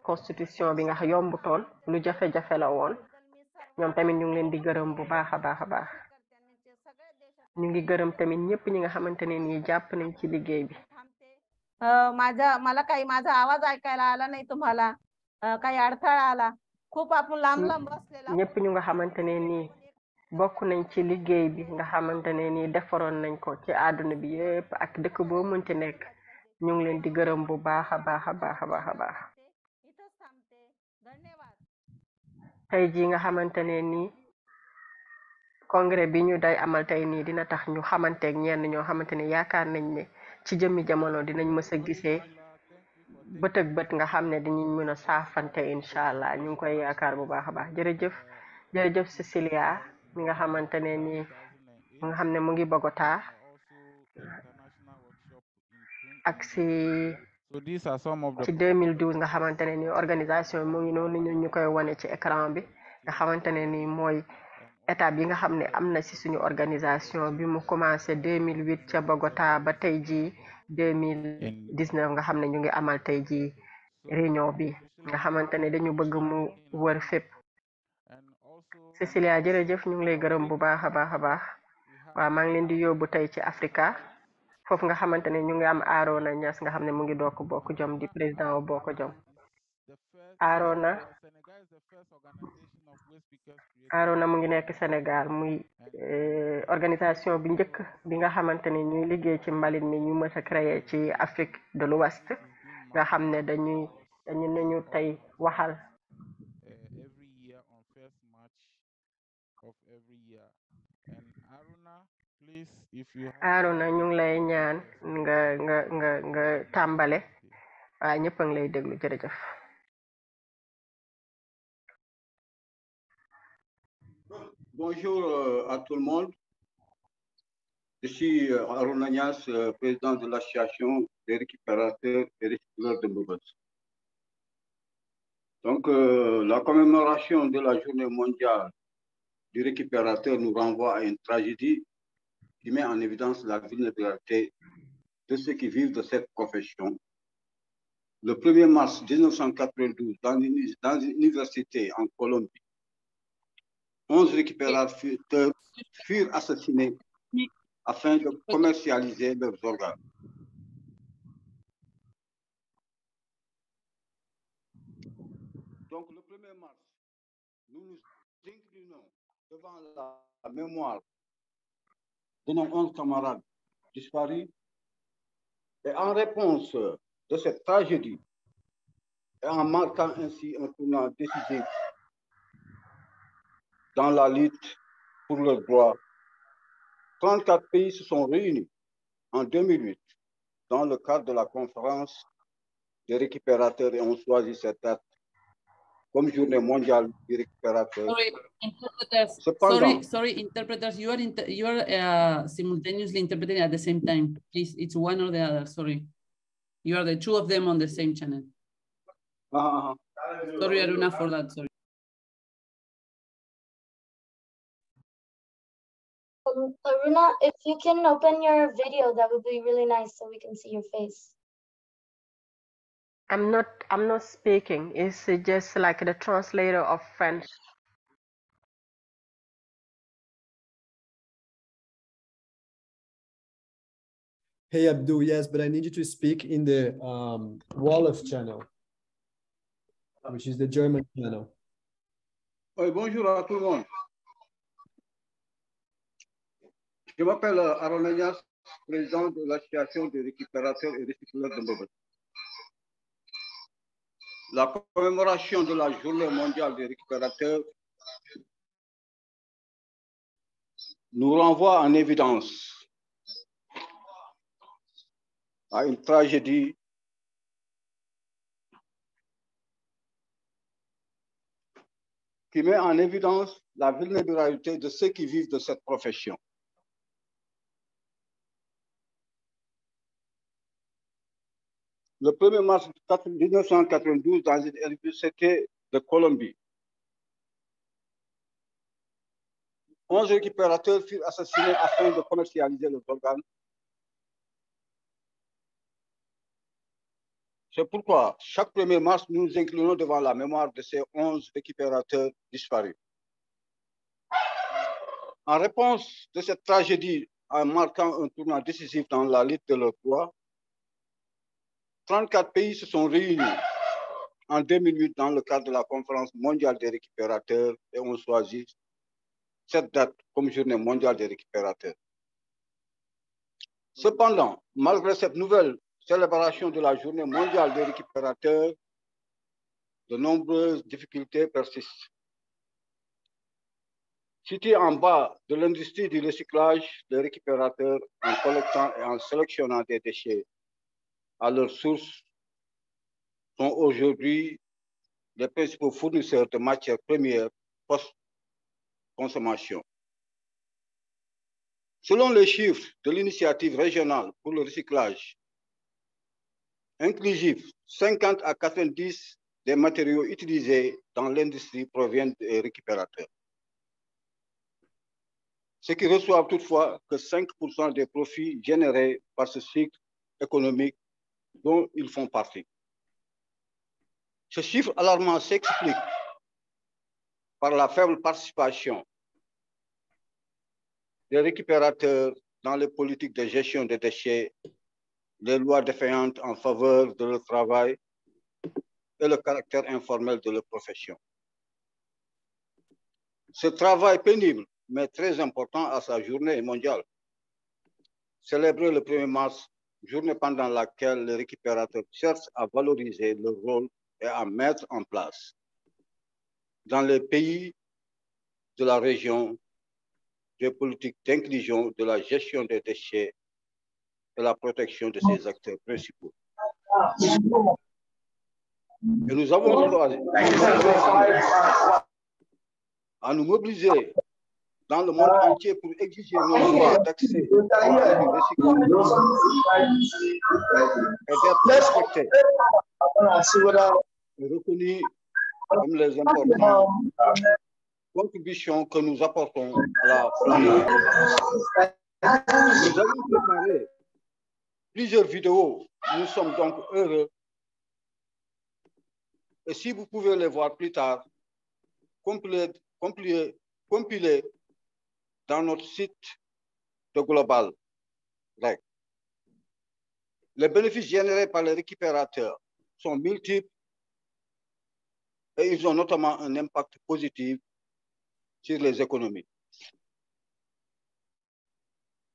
constitution bi nga yomb yombutoon lu jafe-jafe la woon ñoom tamit ñu ngi leen di gërëm bu baax a baax a baax ñu ngi gërëm tamit ñëpp ñi nga xamante ne nii jàpp nañ ci liggéey bi. माझा मला काही माझा आवाज ऐकायला आला नाही तुम्हाला काही अडथळा आला खूप आपण लांब लांब बसलेला. ñëpp ñu nga xamante ne nii. bokk nañ ci liggéey bi nga xamantane ni defaroon nañ ko ci àdduna bi yépp ak dëkk boo munti nekk ñu ngi leen di gërëm bu baaxa baaxa baaxa baaxa baax tey ji nga xamantane ni congrès bi ñu day amal tey nii dina tax ñu xamanteeg ñenn ñoo xamante ne yaakaar nañ ne ci jëmmi jamono dinañ mës a gisee bët nga xam ne dinañ mën a saafante incha allah ñu ngi koy yaakaar bu baax a baax jërëjëf jërëjëf Cecilia mi nga xamante ne ni mi nga xam ne mu ngi Bogota ak si ci 2012 nga xamante ne ni organisation mu ngi noonu ñu ñu koy wane ci écran bi nga xamante ne ni mooy étape yi nga xam ne am na si suñu organisation bi mu commencé mille 2008 ca Bogota ba tey jii 2019 nga xam ne ñu ngi amal tey jii réunion bi nga xamante ne dañu bëgg mu wër fépp Cecilia jërëjëf ñu ngi lay gërëm bu baax a baax a baax maa ngi leen di yóbbu tey ci Africa foofu nga xamante ne ñu ngi am Arona Niass nga xam ne mu ngi dokk bokk jom di président wu bokk jom Arona Arona mu ngi nekk Sénégal muy eh, organisation bi njëkk bi nga xamante ne ñuy liggéey ci mbalit mi ñu mës a ci Afrique de l'Ouest nga xam ne dañuy dañu nañu tey waxal aarona ñu ngi lay ñaan nga nga nga tàmbale a ngi lay déglu jërëjëf Bonjour euh, à tout le monde. Je suis Aaron euh, euh, président de l'association des récupérateurs et recycleurs de Mouros. Donc, euh, de la nous renvoie à une tragédie qui en évidence la vulnérabilité de ceux qui vivent de cette confession. Le 1er mars dans une, en Colombie, 11 récupérateurs furent assassinés afin de commercialiser leurs organes. Donc le 1er mars, nous inclinons devant la mémoire de nos onze en réponse de cette tragédie, et en un dans la lutte pour leurs droits, 34 pays se sont réunis en dans le cadre de la conférence des récupérateurs et ont choisi cette comme journée Sorry, interpreters. You are, uh, simultaneously interpreting at the same time. Please, it's one or the other. Sorry. You are the two of them on the same channel. Uh ah, -huh. Ah, ah. Sorry, for that. Sorry. Um, if you can open your video, that would be really nice so we can see your face. I'm not I'm not speaking. just like the translator of French. Hey Abdul, yes, but I need you to speak in the um, channel, which is the German channel. Oui, bonjour à tout Je m'appelle Aaron euh, président de l'association de récupérateurs et recycleurs de meubles. la commémoration de la journée mondiale des récupérateurs nous renvoie en évidence à une tragédie qui met en évidence la vulnérabilité de ceux qui vivent de cette profession. le 1er mars 1992 dans une interview, c'était de Colombie. 11 récupérateurs furent assassinés afin de commercialiser leurs organes. C'est pourquoi chaque 1er mars, nous inclinons devant la mémoire de ces 11 récupérateurs disparus. En réponse de cette tragédie, en marquant un tournant décisif dans la lutte de leurs droits, 34 pays se sont réunis en 2008 dans le cadre de la conférence mondiale des récupérateurs et on choisit cette date comme journée mondiale des récupérateurs. Cependant, malgré de la journée mondiale des récupérateurs, de nombreuses difficultés en bas de l'industrie du recyclage, les récupérateurs, en collectant et à leurs sources sont aujourd'hui les principaux fournisseurs de matières premières post-consommation. Selon les chiffres de l'initiative régionale pour le recyclage, inclusif, 50 à 90 des matériaux utilisés dans l'industrie proviennent des récupérateurs. Ceux qui reçoivent toutefois que 5% des profits générés par ce cycle économique dont ils font partie. Ce chiffre alarmant s'explique par la faible participation des récupérateurs dans les politiques de gestion des déchets, les lois défaillantes en faveur de leur travail et le caractère informel de leur profession. Ce travail pénible, mais très important à sa journée mondiale, célébrée le 1er mars journée pendant laquelle les récupérateurs cherchent à valoriser leur rôle et à mettre en place dans les pays de la région des politiques d'inclusion, de la gestion des déchets et la protection de ces acteurs principaux. Et nous avons à nous mobiliser dans le monde ah. entier pour exiger nos droits ah. d'accès aux et d'être respectés et reconnus comme les importants contributions que nous apportons la planète. Nous avons préparé plusieurs vidéos. Nous sommes donc heureux. Et si vous pouvez les voir plus tard, compilez, dans notre site de Global Les bénéfices générés par les récupérateurs sont multiples et ils ont notamment un impact positif sur les économies.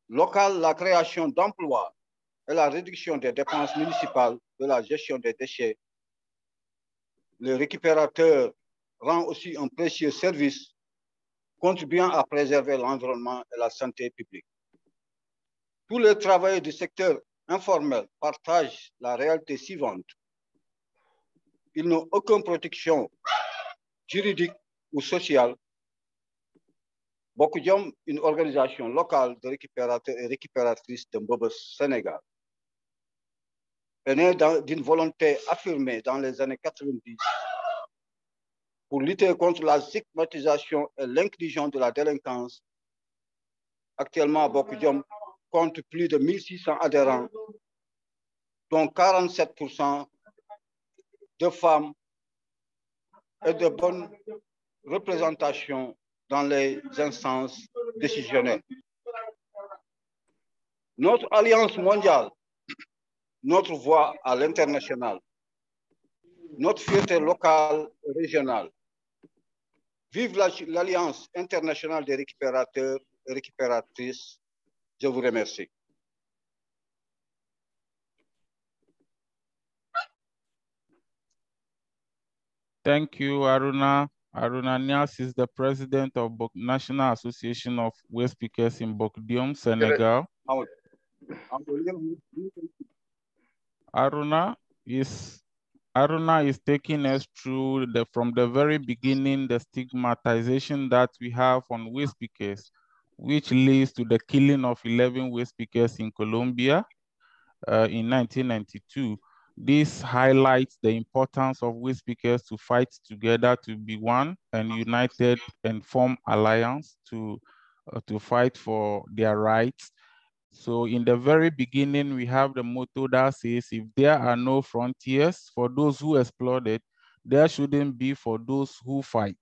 Local, la création d'emplois et la réduction des dépenses municipales de la gestion des déchets. Le récupérateur rend aussi un précieux service contribuant à préserver l'environnement et la santé publique. Tous les travailleurs du secteur informel partagent la réalité suivante. Ils n'ont aucune protection ou sociale. Bokudjom, une organisation locale de récupérateurs et récupératrices de Mbobos, Sénégal, est née d'une volonté affirmée dans les années 90 pour lutter contre la stigmatisation et l'inclusion de la délinquance. Actuellement, Bokudjom compte plus de 1600 adhérents, dont 47% de femmes et de bonne représentation dans les instances décisionnelles. Notre alliance mondiale, notre voix à l'international, notre fierté locale et régionale, Vive l'Alliance internationale des récupérateurs et récupératrices. Je vous remercie. Aruna. Nias is the president of National Association of Waste in Bokdium, Senegal. Aruna is taking us through the, from the very beginning, the stigmatization that we have on waste pickers, which leads to the killing of waste pickers in Colombia uh, in 1992. This highlights the importance of waste pickers to fight together to be one and united and form alliance uh, to fight for their rights So in the very beginning, we have the motto that says, if there are no frontiers for those who explored it, there shouldn't be for those who fight.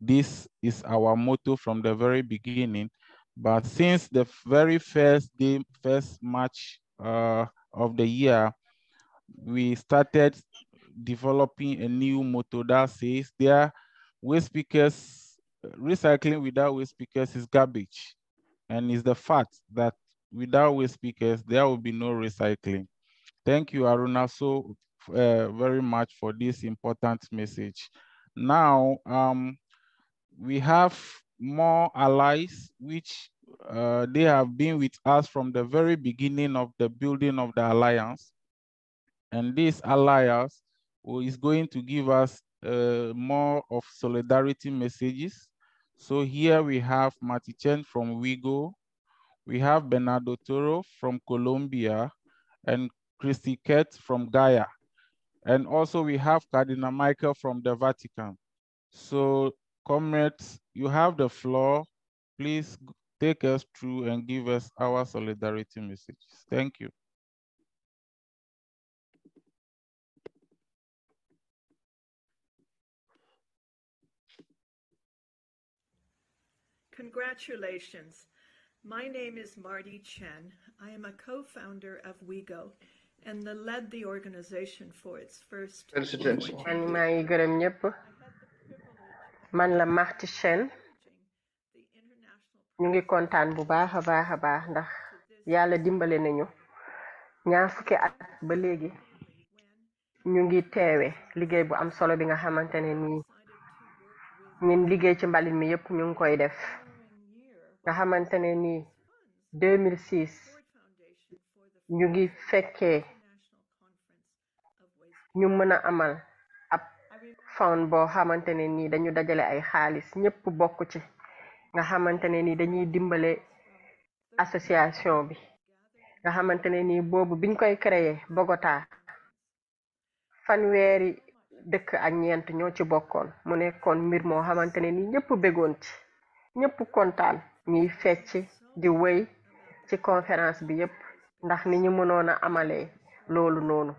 This is our motto from the very beginning. But since the very first day, first match uh, of the year, we started developing a new motto that says there, waste speakers, recycling without waste speakers is garbage and is the fact that without waste speakers, there will be no recycling. Thank you, Aruna, so eh, very much for this important message. Now, um, we have more allies, which uh, have been with us from the very beginning of the building of the alliance. And this alliance is going to give us eh, more of solidarity messages. So here we have Mati Chen from WIGO, We have Bernardo Toro from Colombia and Christy Kett from Gaia. And also we have Cardinal Michael from the Vatican. So comrades, you have the floor. Please take us through and give us our solidarity messages. Thank you. My name is Marty Chen. I am a co-founder of WeGo and led the organization for its first. man maa ngi gërëm ñëpp man la Marty Chen ñu ngi kontaan bu baax a baax a baax ndax yàlla dimbale nañu ñaar fukki at ba léegi ñu ngi teewe liggéey bu am solo bi nga xamante ne nii liggéey ci mbalit mi yëpp ñu ngi koy def. nga xamante ne ni 2006 ñu ngi fekkee ñu mën a amal ab fond boo xamante ne ni dañu dajale ay xaalis ñëpp bokk ci nga xamante ne ni dañuy dimbale association bi nga xamante ne ni boobu biñ koy créer Bogota fanweeri dëkk ak ñeent ñoo ci bokkoon mu nekkoon mbir moo xamante ne ni ñëpp bégoon ci ñëpp kontaan ñuy fecc di wéy ci conférence bi yépp ndax ni ñu mënoon a amalee loolu noonu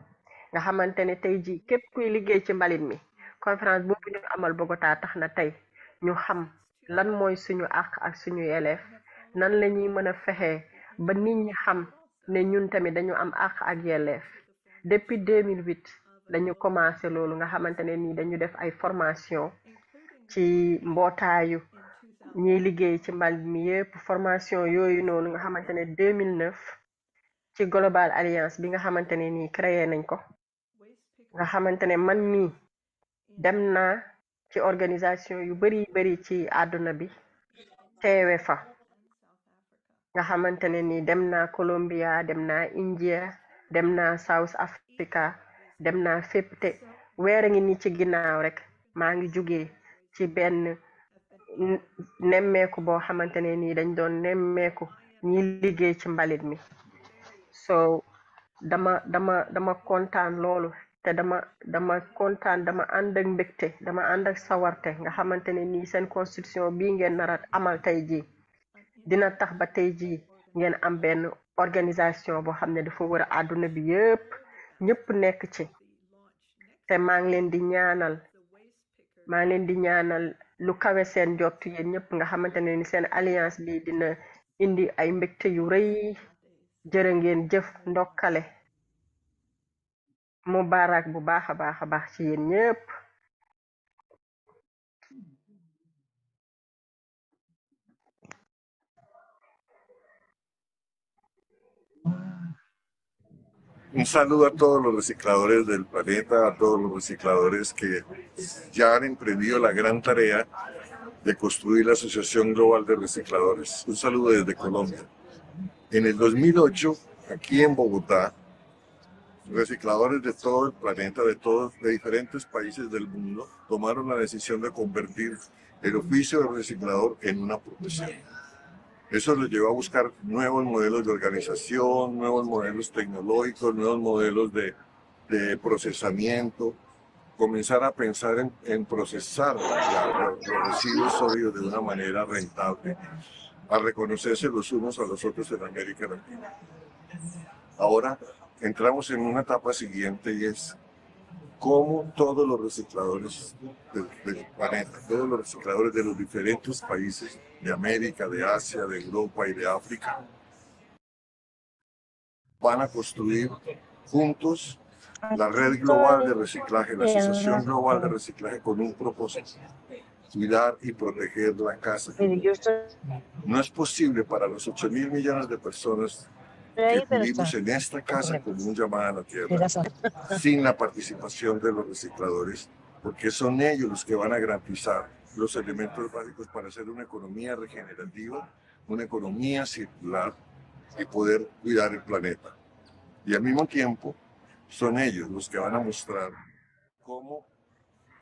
nga xamante ne tey ji képp kuy liggéey ci mbalit mi conférence boobu ñu amal Bogota tax na tey ñu xam lan mooy suñu àq ak suñu yeleef nan la ñuy mën a fexee ba nit ñi xam ne ñun tamit dañu am ak ak yeleef depuis mille 2008 dañu commencé loolu nga xamante ne nii dañu def ay formation ci mbootaayu ñuy liggéey ci mbalit mi yépp formation yooyu noonu nga xamante ne 2009 ci global alliance bi nga xamante ne nii créé nañ ko nga xamante ne man mii dem naa ci organisation yu bari bari ci àdduna bi teewe fa nga xamante ne nii dem naa Colombia dem naa India dem naa South Africa dem naa fépp weer a ngi ni ci ginnaaw rek maa ngi jugee ci benn nemmeeku boo xamante ne nii dañ doon nemmeeku ñi liggéey ci mbalit mi so dama dama dama kontaan loolu te dama dama kontaan dama ànd ak mbégte dama ànd ak sawarte nga xamante ne nii seen constitution bii ngeen nara amal tey jii dina tax ba tey jii ngeen am benn organisation boo xam ne dafa wër a àdduna bi yëpp ñëpp nekk ci te maa ngi leen di ñaanal maa leen di ñaanal lu kawe seen njort yéen ñëpp nga xamante ne ni seen alliance bi dina indi ay mbégte yu rëy jërë ngeen jëf ndokkale mu baaraak bu baax a baax a baax ci yéen ñëpp Un saludo a todos los recicladores del planeta, a todos los recicladores que ya han emprendido la gran tarea de construir la Asociación Global de Recicladores. Un saludo desde Colombia. En aquí en Bogotá, recicladores de todo el planeta, de diferentes países del mundo, tomaron la decisión de convertir el oficio de reciclador en una profesión. Eso los llevó a buscar nuevos modelos de organización, nuevos modelos tecnológicos, nuevos modelos de, procesamiento, comenzar a pensar en, procesar los residuos sólidos de una manera rentable, a reconocerse los unos a los otros en América Latina. Ahora entramos en una etapa siguiente y es como todos los recicladores de los diferentes países de América, de Asia, de Europa y de África, van a construir juntos la red global de reciclaje, la Asociación Global de Reciclaje con un propósito, cuidar y proteger la casa. No es posible para los 8 mil millones de personas que tuvimos en esta casa común llamada La Tierra, sin la participación de los recicladores, porque son ellos los que van a garantizar los elementos básicos para hacer una economía regenerativa, una economía circular y poder cuidar el planeta. Y al mismo tiempo, son ellos los que van a mostrar cómo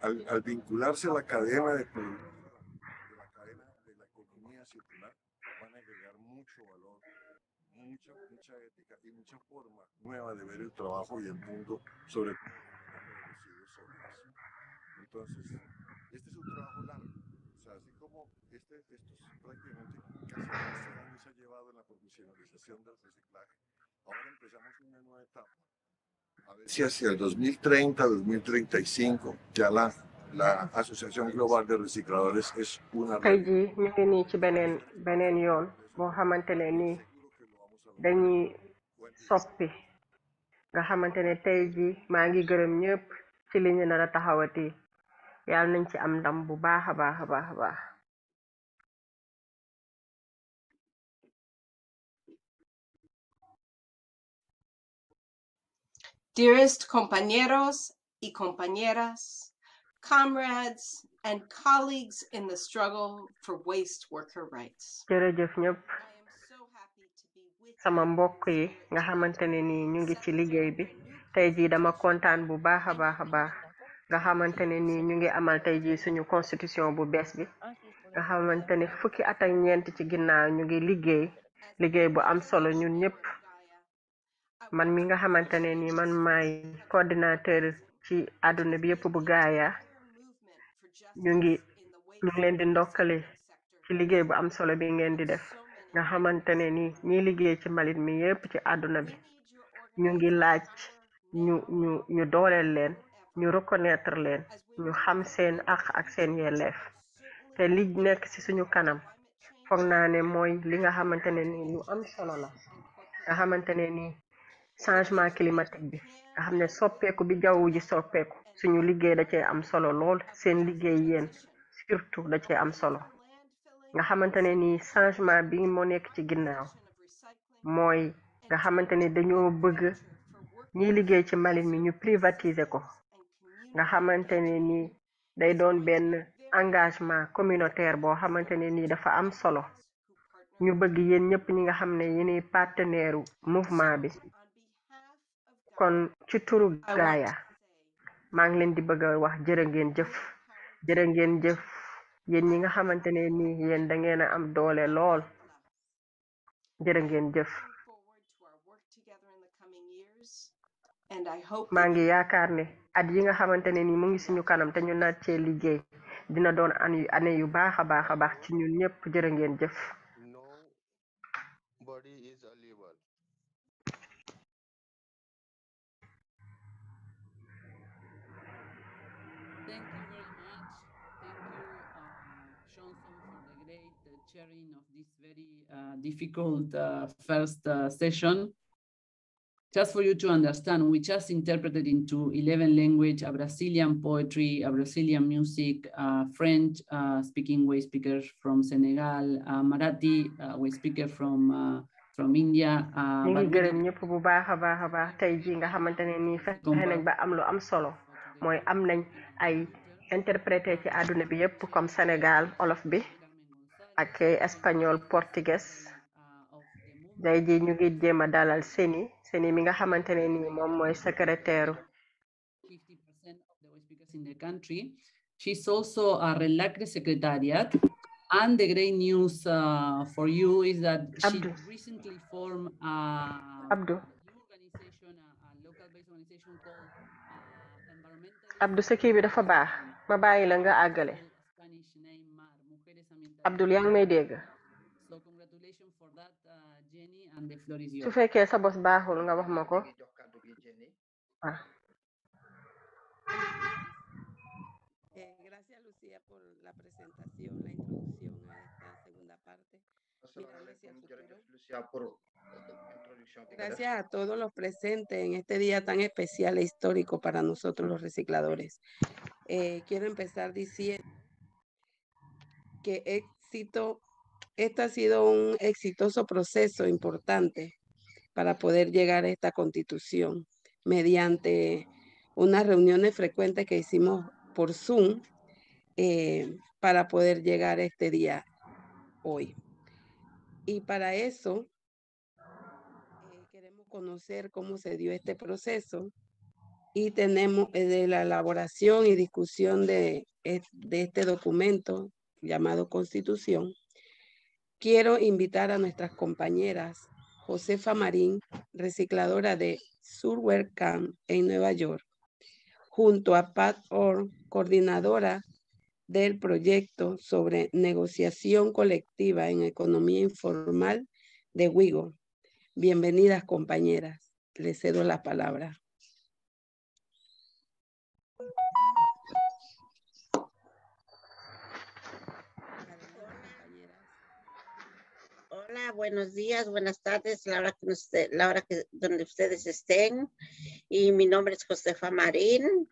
al, vincularse a la cadena de nueva de ver el trabajo y el mundo sobre es un trabajo la profesionalización del reciclaje, ahora empezamos una nueva A ver si hacia el la la association globale de recycladores es una tey ji ñu ngi nii ci beneen beneen yoon boo xamante ne nii nga xamante ne tey ji maa ngi gërëm ñëpp ci liñu nara taxawati yal nañ ci am ndam bu baax a baax a baax a baax Dearest compañeros y compañeras, comrades and colleagues in the struggle for waste worker rights. sama mbokk yi nga xamante ne ni ñu ngi ci liggéey bi tey jii dama kontaan bu baax a baax a baax nga xamante ne ni ñu ngi amal tey jii suñu constitution bu bees bi nga xamante ne fukki at ak ñeent ci ginnaaw ñu ngi liggéey liggéey bu am solo ñun ñëpp man mi nga xamante ne ni man maay ordinateur ci àdduna bi yëpp bu gaaya ñu ngi ñu ngi leen ndokkale ci liggéey bu am solo bi ngeen di def nga xamante ne ni ñiy liggéey ci mbalit mi yépp ci àdduna bi ñu ngi laaj ñu ñu ñu dooleel leen ñu reconnaître leen ñu xam seen àq ak seen yelleef te li nekk ci suñu kanam foog naa ne mooy li nga xamante ne ni lu am solo la nga xamante ne ni changement climatique bi nga xam ne soppeeku bi jaww ji soppeeku suñu liggéey da cee am solo lool seen liggéey yéen surtout da ci am solo nga xamante ne ni changement bi moo nekk ci ginnaaw mooy nga xamante ne dañoo bëgg ñiy liggéey ci mbalit mi ñu privatiser ko nga xamante ne ni day doon benn engagement communautaire boo xamante ne ni dafa am solo ñu bëgg yéen ñëpp ñi nga xam ne yéenay partenaire mouvement bi kon ci turu Gaia maa ngi leen di bëgg wax jërë ngeen jëf jërë ngeen jëf yéen ñi nga xamante ne nii yéen da ngeen a am doole lool jërë ngeen jëf maa ngi yaakaar ne at yi nga xamante ne nii mu ngi suñu kanam te ñu naat cee liggéey dina doon an yu année yu baax a baax a baax ci ñun ñëpp jërë ngeen jëf sharing of this very uh, difficult uh, first uh, session. Just for you a Brazilian poetry, a Brazilian music, French uh, speaking way speakers from Senegal, Marathi way speaker from uh, uh, from India. ñu ngi ñëpp bu baax a baax a baax tey jii nga xamante ne nii fexe nañ ba am lu am solo mooy am nañ ay interprété ci àdduna bi yëpp comme Sénégal olof bi. ak espagnol portugais day ji ñu ngi jéem a dalal seni seni mi nga xamante ne ni moom mooy secrétaire in the country. She's also a reluctant secretariat. And the great news uh, for you is that she recently formed a Abdu. organization, a, uh, bi dafa baax ma bàyyi la nga àggale Abdul yaa ngi may dégg uh, su fekkee sa bos baaxul nga wax ma ko waaw ah. eh, Gracias a todos los presentes en este día tan especial e histórico para nosotros los recicladores. Eh, quiero empezar diciendo que éxito, este ha sido un exitoso proceso importante para poder llegar a esta constitución mediante unas reuniones frecuentes que hicimos por Zoom eh, para poder llegar este día hoy. Y para eso eh, queremos conocer cómo se dio este proceso y tenemos eh, de la elaboración y discusión de este documento llamado Constitución, quiero invitar a nuestras compañeras Josefa Marín, recicladora de Surware Camp en Nueva York, junto a Pat Orr, coordinadora del proyecto sobre negociación colectiva en economía informal de WIGO. Bienvenidas compañeras, les cedo la palabra. Hola, buenos días, buenas tardes, la hora, donde ustedes estén. Y mi nombre es Josefa Marín.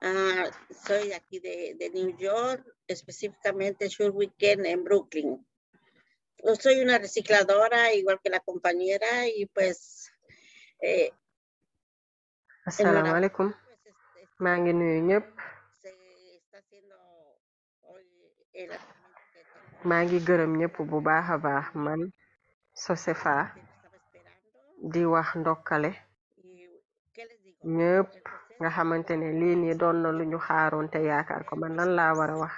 Uh, soy aquí de, New York, específicamente Sure Weekend en Brooklyn. soy una recicladora, igual que la compañera, y pues. Eh, Assalamualaikum. Pues, Se está haciendo hoy el. maa ngi bu baax a Socefa di wax ndokkale ñëpp nga xamante ne lii ni doon na luñu xaaroon te yaakaar ko man lan laa wara wax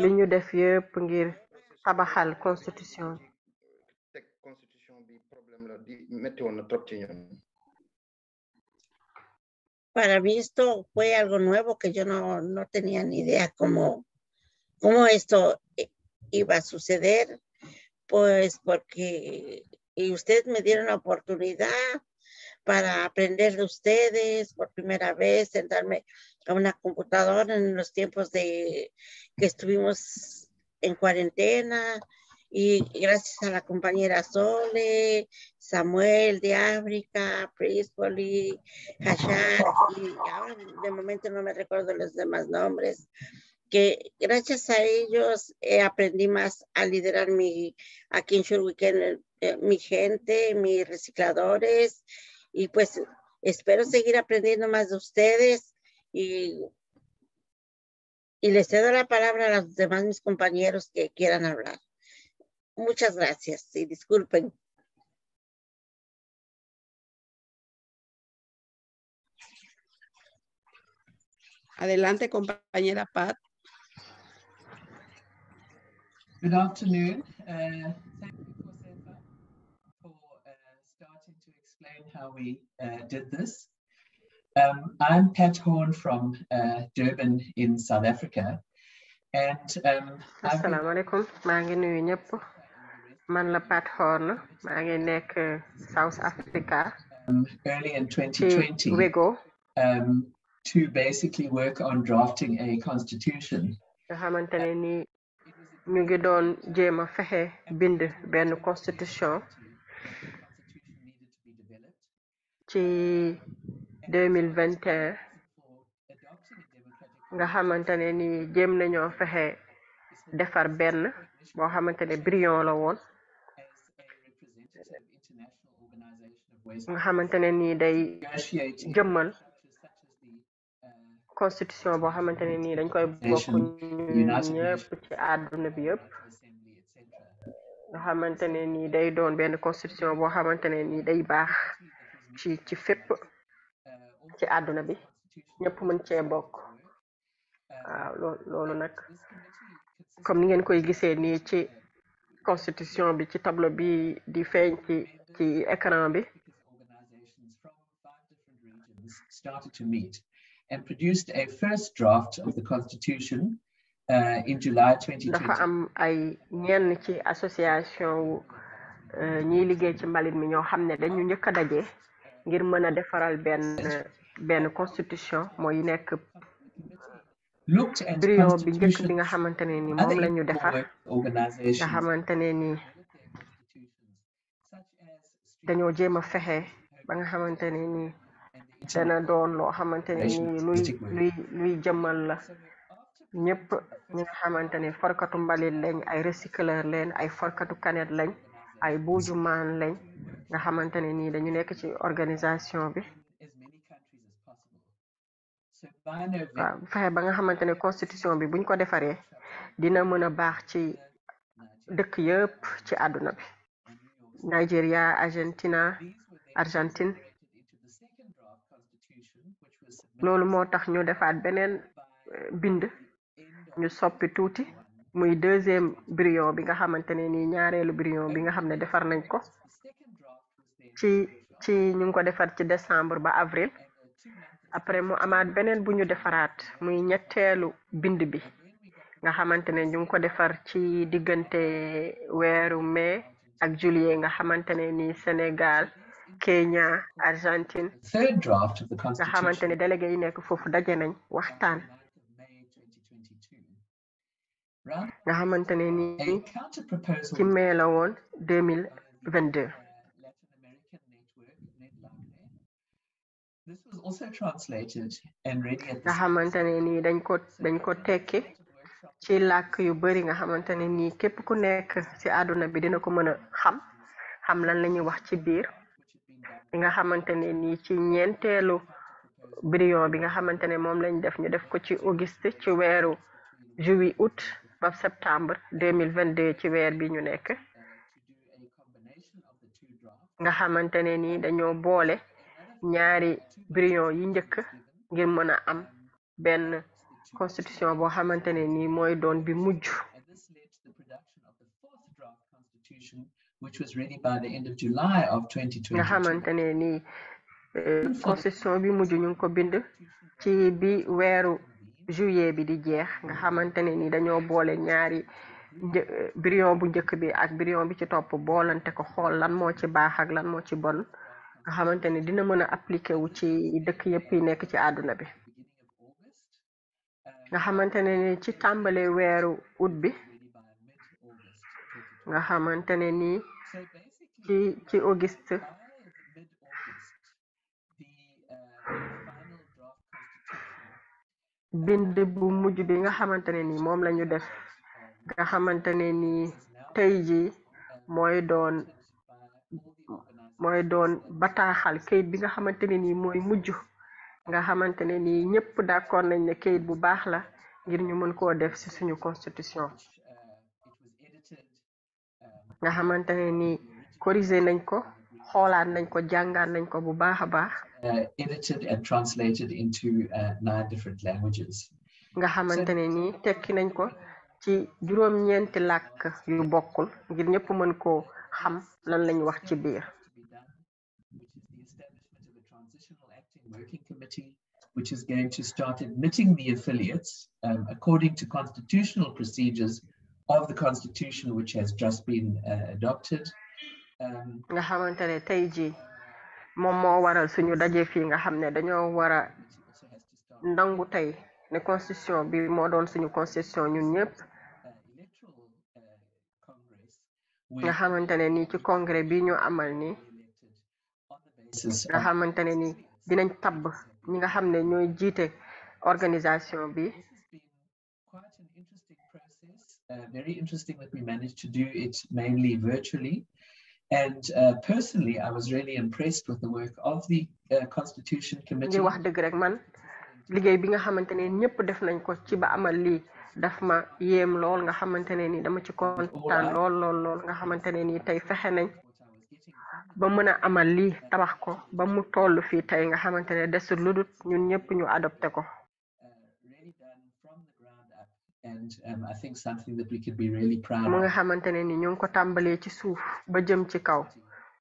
li ñu def yëpp ngir tabaxal constitution bi constitution bi problème la ci ñoom para mí esto fue algo nuevo que yo no, no idea cómo, cómo esto iba a suceder, pues porque y me dieron la oportunidad para aprender ustedes por primera vez, sentarme a una computadora en los tiempos de que estuvimos en cuarentena y gracias a la compañera Sole, Samuel de África, Prispoli, Hashar, y ahora de momento no me recuerdo los demás nombres, que gracias a ellos eh, más a liderar mi, aquí en Sure eh, mi gente, mis recicladores, y pues espero seguir aprendiendo más de ustedes y, les cedo la palabra a los demás mis compañeros que quieran hablar. Muchas gracias y disculpen. Adelante, compañera Pat. Good afternoon. Uh, thank you, Josefa, for uh, starting to explain how we uh, did this. Um, I'm Pat Horn from uh, Durban in South Africa. And um, Assalamu alaikum. maa ngi nuyu ñëpp man la Pat Horn maa ngi nekk uh, South Africa. Um, early in 2020 Wego. Um, to basically work on drafting a constitution. nga xamante ne nii ñu ngi doon jéema fexe bind benn constitution ci 2021 nga xamante ne ni jéem nañoo fexe defar benn boo xamante ne brillant la woon nga xamante ne ni day jëmmal constitution boo xamante ne nii dañ koy bokk ñëpp ci àdduna bi yëpp nga xamante ne nii day doon benn constitution boo xamante ne nii day baax ci ci fépp ci àdduna bi ñëpp mën cee bokk waaw loo loolu nag comme ni ngeen koy gisee nii ci constitution bi ci tableau bi di feeñ ci ci écran bi and produced a first draft of the Constitution uh, in July dafa am ay ñenn ci association wu uh, ñiy liggéey ci mbalit mi ñoo xam ne dañu njëkk a daje ngir mën a defaral benn benn constitution mooy nekk brio bi njëkk bi nga xamante ne ni moom la ñu defar nga xamante ne ni dañoo jéem fexe ba nga xamante ni dana doon loo xamante ne nii luy luy luy jëmmal la ñëpp ñi nga xamante forkatu mbalit lañ ay recycleur leen ay forkatu kanet lañ ay buujumaan lañ nga xamante ne nii dañu nekk ci organisation bi fexe ba nga xamante ne constitution bi buñ ko defaree dina mën a baax ci dëkk yëpp ci àdduna bi Nigeria Argentina Argentine loolu moo tax ñu defaat beneen euh, bind ñu soppi tuuti muy deuxième brouillon bi nga xamante ne nii ñaareelu brouillon bi nga xam ne defar nañ ko ci ci ñu ngi ko defar ci décembre ba avril après mu amaat beneen bu ñu defaraat muy ñetteelu bind bi nga xamante ne ñu ngi ko defar ci diggante weeru mai ak juillet nga xamante ne nii Sénégal Kenya Argentine nga xamante ne délégué yi nekk foofu daje nañ waxtaan nga xamante ne nii ci mai la woon deux mille vingt nga xamante ne nii dañ ko dañ ko tekki ci làkk yu bari nga xamante ne nii képp ku nekk ci àdduna bi dina ko mën a xam xam lan la ñuy wax ci biir bi nga xamantene ni ci ñeenteelu biriyon bi nga xamantene moom lañ def ñu def ko ci auguste ci weeru juillet août ba septembre 2022 ci weer bi ñu nekk nga xamantene ni dañoo boole ñaari biriyon yi njëkk ngir mën a am benn constitution boo xamantene ni mooy doon bi mujj which was ready by nga xamante ne nii eh, constitution bi mujj ñu ngi ko bind ci bi weeru juillet bi di jeex nga xamante ne nii dañoo boole ñaari eh, birion bu njëkk bi ak birion bi ci topp boolante ko xool lan moo ci baax ak lan moo ci bon nga xamante ne dina mën a appliqué wu ci dëkk yëpp yi nekk ci àdduna bi nga ni ci tàmbale weeru ut bi nga xamante ne ci ci auguste bind bu mujj bi nga xamante ne ni moom lañu def nga xamante ne ni tey ji mooy doon mooy doon bataaxal kayit bi nga xamante ne ni mooy mujj nga xamante ne ni ñëpp d'accord nañ ne kayit bu baax la ngir ñu mën koo def ci suñu constitution nga xamante ne ni corrigé nañ ko xoolaat nañ ko jàngaat nañ ko bu baax a baax. Uh, edited and translated into uh, nine different languages. nga xamante ne ni tekki nañ ko ci juróom-ñeenti làkk yu bokkul ngir ñëpp mën koo xam lan lañ wax ci biir. Working Committee, which is going to start admitting the affiliates um, according to constitutional procedures of the constitution which has just been uh, adopted. Um, nga xamante ne tey jii moom moo waral suñu daje fii nga xam ne dañoo war a nangu tey ne constitution bi moo doon suñu constitution ñu ñëpp nga xamante ne nii ci congrès bi ñu amal nii nga xamante ne nii dinañ tabb ñi nga xam ne ñooy jiite organisation bi uh, very interesting that we managed to do it mainly virtually. And uh, personally, I was really impressed with the work of the uh, Constitution Committee. ñu wax dëgg rek man liggéey bi nga xamante ne ñëpp def nañ ko ci ba amal lii daf ma yéem lool nga xamante ne ni dama ci kontaan lool lool nga xamante ne ni tey fexe nañ ba mën a amal lii tabax ko ba mu toll fii tey nga xamante ne desul ludut ñun ñëpp ñu adopté ko. Um, mu nga xamante ne ni ñu ngi ko tàmbalee ci suuf ba jëm ci kaw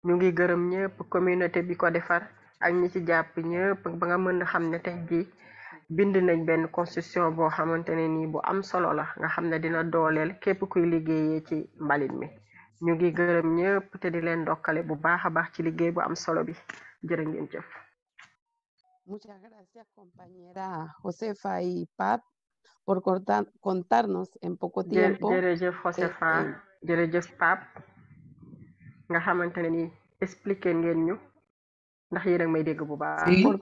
ñu ngi gërëm ñépp communauté bi ko defar ak ñi ci jàpp ñëpp ba nga mën a xam ne tey jii bind nañ benn constitution boo xamante ne nii bu am solo la nga xam ne dina dooleel képp kuy liggéeyee ci mbalit mi ñu ngi gërëm ñëpp te di leen ndokkale bu baax a baax ci liggéey bu am solo bi jërë ngeen jëf. por cortar, contarnos en poco tiempo. jërëjëf Josefa jërëjëf Pape nga xamante ne ni expliqué ngeen ñu ndax yéen a may dégg bu baax. por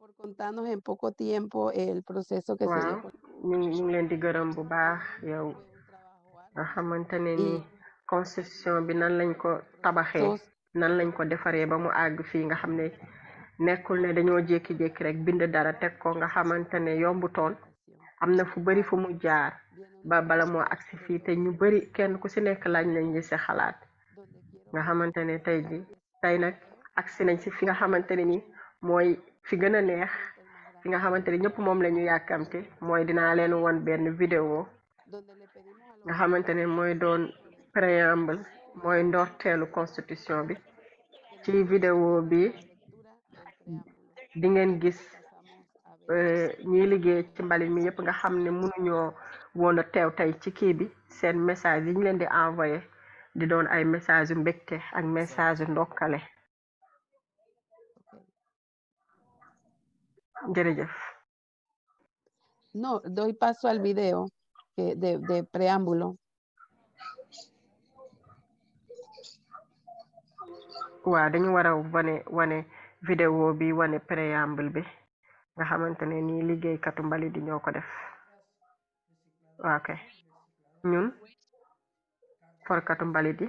por contarnos en poco tiempo el proceso que se dio. ñu ngi leen di gërëm bu baax yow nga xamante ne ni construction bi nan lañ ko tabaxe nan lañ ko defaree ba mu àgg fii nga xam ne nekkul ne dañoo jékki-jékki rek bind dara teg ko nga xamante ne yombu toon am na fu bari fu mu jaar ba bala moo agsi fii te ñu bari kenn ku ci nekk laaj lañ li ci xalaat nga xamante ne tey ji tey nag agsi nañ ci fi nga xamante ne ni mooy fi gën a neex fi nga xamante ne ñëpp moom la ñu yàkkamte mooy dinaa leen won benn vidéo nga xamante ne mooy doon préambule mooy ndorteelu constitution bi ci vidéo bi di ngeen gis Eh, ñiy liggéey ci mbalit mi yëpp nga xam ne mënuñoo woon a teew tey ci kii bi seen message yi ñu leen di envoyé di doon ay message yu mbégte ak message yu ndokkale jërëjëf no doy paso al video de, de preámbulo waaw dañu war wane wane vidéo bi wane préambule bi nga xamante ne ni liggéeykatu mbali di ñoo ko def waake ñun forkatu mbali di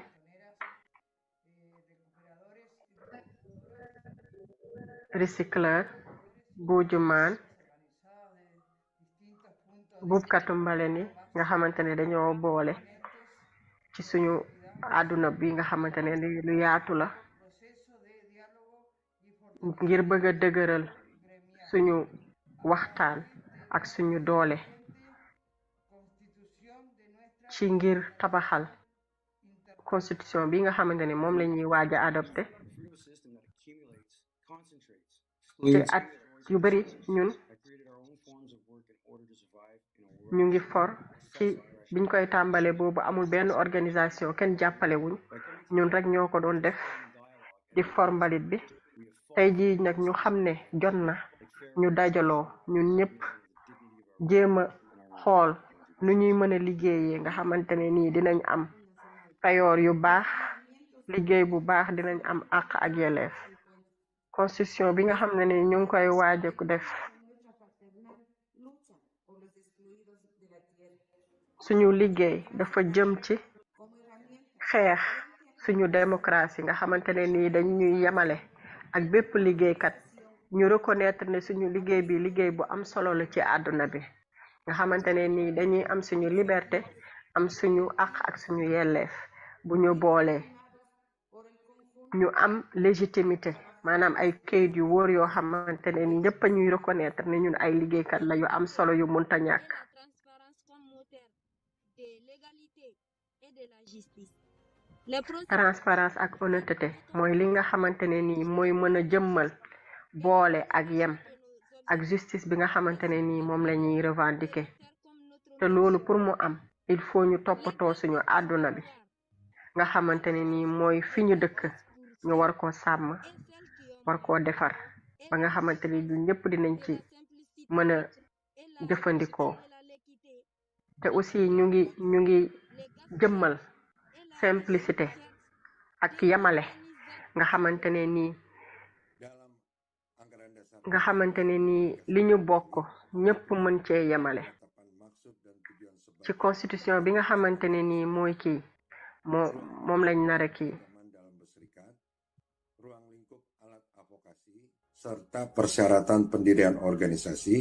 recycleur buujumaan buubkatu mbale ni nga xamante ne dañoo boole ci suñu àdduna bi nga xamante ne lu yaatu la ngir bëgg a suñu waxtaan ak suñu doole ci ngir tabaxal constitution bi nga xamante ne moom lañuy waaj a adopté te at yu bari ñun ñu ngi for ci biñ koy tàmbale boobu amul benn organisation kenn jàppale wuñ ñun rek ñoo ko doon def di for mbalit bi tey jii nag ñu xam ne jot na ñu dajaloo ñun ñëpp jéem a xool nu ñuy mën a liggéeyee nga xamante ne nii dinañ am payoor yu baax liggéey bu baax dinañ am àq ak yelleef constitution bi nga xam ne ni ñu ngi koy waaja ku def suñu liggéey dafa jëm ci xeex suñu démocratie nga xamante ne nii dañ ñuy yemale ak bépp liggéeykat ñu reconnaître ne suñu liggéey bi liggéey bu am solo la ci àdduna bi nga xamante ne nii dañuy am suñu liberté am suñu ak ak suñu yelleef bu ñu boolee ñu am légitimité maanaam ay kayit yu wóor yoo xamante ne ni ñëpp a ñuy reconnaître ne ñun ay liggéeykat la yu am solo yu munta ñàkk transparence ak honnêteté mooy li nga xamante ne nii mooy mën a jëmmal boole ak yem ak justice bi nga xamante ne nii moom la ñuy revendiquer te loolu pour mu am il faut ñu toppatoo suñu àdduna bi nga xamante ne nii mooy fi ñu dëkk ñu war koo sàmm war koo defar ba nga xamante ni ñu ñëpp dinañ ci mën a jëfandikoo te aussi ñu ngi ñu ngi jëmmal simplicité ak yemale nga xamante ne nii nga xamante ne ni li ñu bokk ñëpp mën cee yemale ci constitution bi nga xamante ne ni mooy kii mo moom lañ nar a kii serta persyaratan pendirian organisasi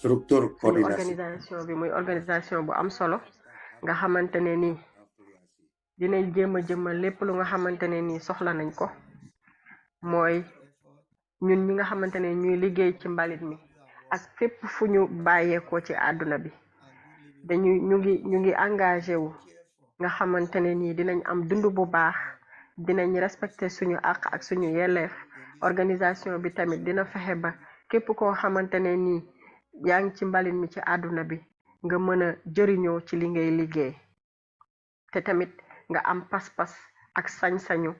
struktur koordinasi organisation bi muy organisation bu am solo nga xamante ne ni dina jéem a jëmmal lépp lu nga xamante ne ni soxla nañ ko mooy ñun mi nga xamante ne ñuy liggéey ci mbalit mi ak fépp fu ñu bàyyeekoo ci àdduna bi dañu ñu ngi ñu ngi engagé wu nga xamante ne nii dinañ am dundu bu baax dinañ respecté suñu àq ak suñu yelleef organisation bi tamit dina fexe ba képp koo xamante ne nii yaa ci mbalit mi ci àdduna bi nga mën a jëriñoo ci li ngay liggéey te tamit nga am pas-pas ak sañ-sañu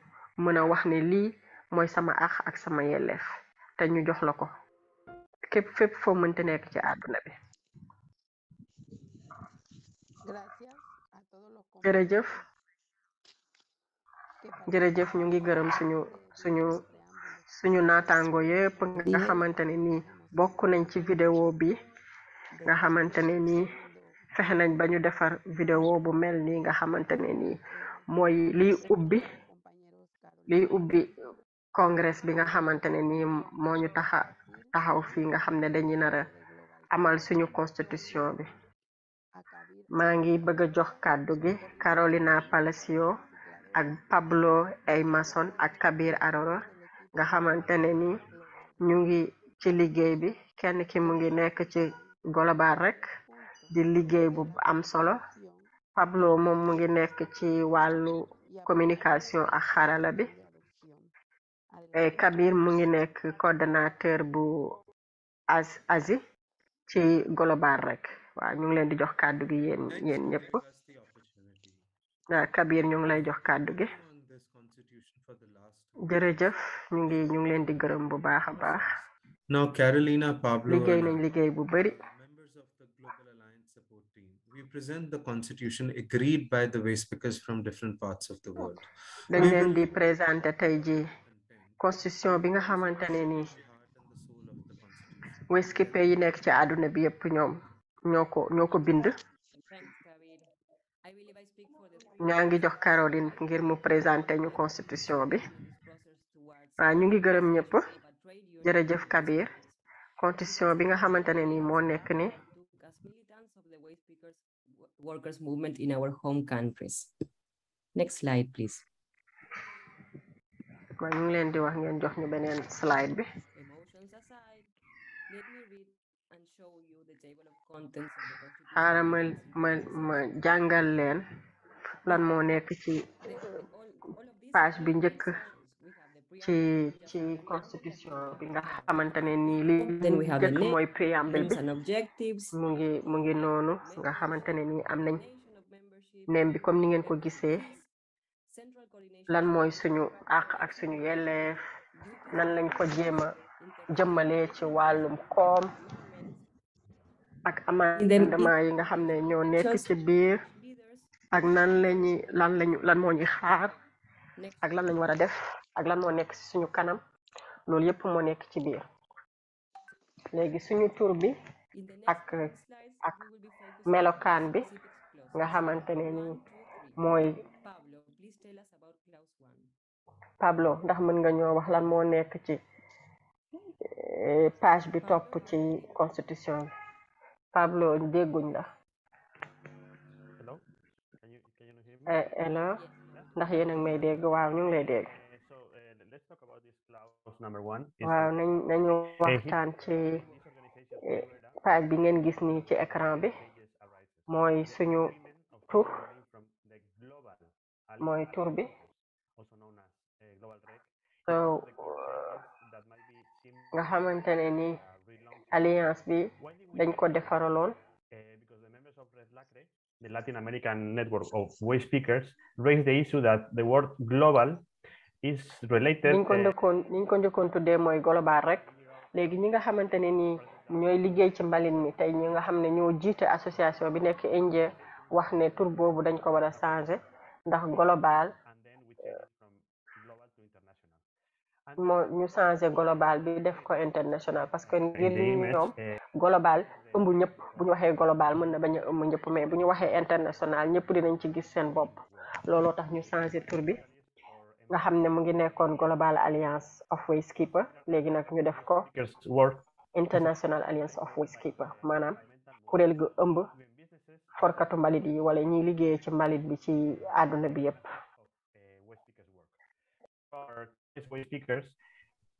mën a wax ne lii mooy sama ax ak sama yelleef te ñu jox la ko képp fépp foo mënte nekk ci àdduna bi jërëjëf jërëjëf ñu ngi gërëm suñu suñu suñu naataango yépp nga xamante ni nii bokk nañ ci vidéo bi nga xamante ne nii fexe nañ ba ñu defar vidéo bu mel nii nga xamante ne nii mooy liy ubbi liy ubbi congrès bi nga xamante ne nii moo ñu taxa taxaw fii nga xam ne dañu nar a amal suñu constitution bi maa ngi bëgg a jox kàddu gi Carolina Palacio ak Pablo Emason ak Kabir Arora nga xamante ne ni ñu ngi ci liggéey bi kenn ki mu ngi nekk ci Global rek di liggéey bu am solo Pablo moom mu ngi nekk ci wàllu communication ak xarala bi Eh, Kabir mu ngi nekk coordonnateur bu ASI ci global rek waaw ñu ngi leen di jox kàddu gi yéen yéen ñëpp ah, Kabir ñu ngi lay jox kàddu gi jërëjëf ñu ngi ñu ngi leen di gërëm bu baax a baax now Carolina Pablo liggéey nañ liggéey bu bari we present the constitution agreed by the waste pickers from different parts of the world. dañ leen di présenter tey jii constitution bi nga xamante ne nii weskipé yi nekk ci àdduna bi yëpp ñoom ñoo ko ñoo ko bind ñaa ngi jox Caroline ngir mu présenté ñu constitution bi waaw ñu ngi gërëm ñëpp jëf Kabir constitution bi nga xamante ne nii moo nekk ni workers movement in our home countries next slide please kon ñu ngi leen di wax ngeen jox ñu beneen slide bi xaara ma ma ma jàngal leen lan moo nekk ci page bi njëkk ci ci constitution bi nga xamante ne nii li njëkk mooy préambule bi mu ngi mu ngi noonu nga xamante ne am nañ neem bi comme ni ngeen ko gisee lan mooy suñu àq ak suñu yelleef nan lañ ko jéem a jëmmalee ci wàllum koom ak amendement yi nga xam ne ñoo nekk ci biir ak nan lañu lan lañu lan moo ñuy xaar ak lan lañu war a def ak lan moo nekk ci suñu kanam loolu yëpp moo nekk ci biir léegi suñu tur bi ak ak melokaan bi nga xamante ne ni mooy Pablo ndax mën nga ñoo wax lan moo nekk ci eh, page bi topp ci constitution bi Pablo dégguñ la eh, hello ndax yéen a may dégg waaw ñu ngi lay dégg eh, waaw nañ nañu waxtaan ci page bi ngeen gis nii ci écran bi mooy suñu tur mooy tur bi so nga xamante ne ni alliance bi dañ ko defaraloon the Latin American network of way speakers raised the issue that the word global is related. ni ñu ko eh, njëkkoon ni ko njëkkoon tuddee mooy global rek léegi ñi nga xamante ne nii ñooy liggéey ci mbalin mi tey ñi nga xam ne ñoo jiite association bi nekk Indien wax ne tur boobu dañ ko war a changer ndax global. moo ñu changé global bi def ko international parce que ngir ñu ñoom global ëmb ñëpp bu ñu waxee global mën na bañ a ëmb ñëpp mais bu ñu waxee international ñëpp dinañ ci gis seen bopp looloo tax ñu changé tur bi nga xam ne mu ngi nekkoon global alliance of Peacekeepers léegi nag ñu def ko international alliance of Peacekeepers maanaam kuréel gu ëmb forkatu mbalit yi wala ñiy liggéey ci mbalit bi ci àdduna bi yëpp voice speakers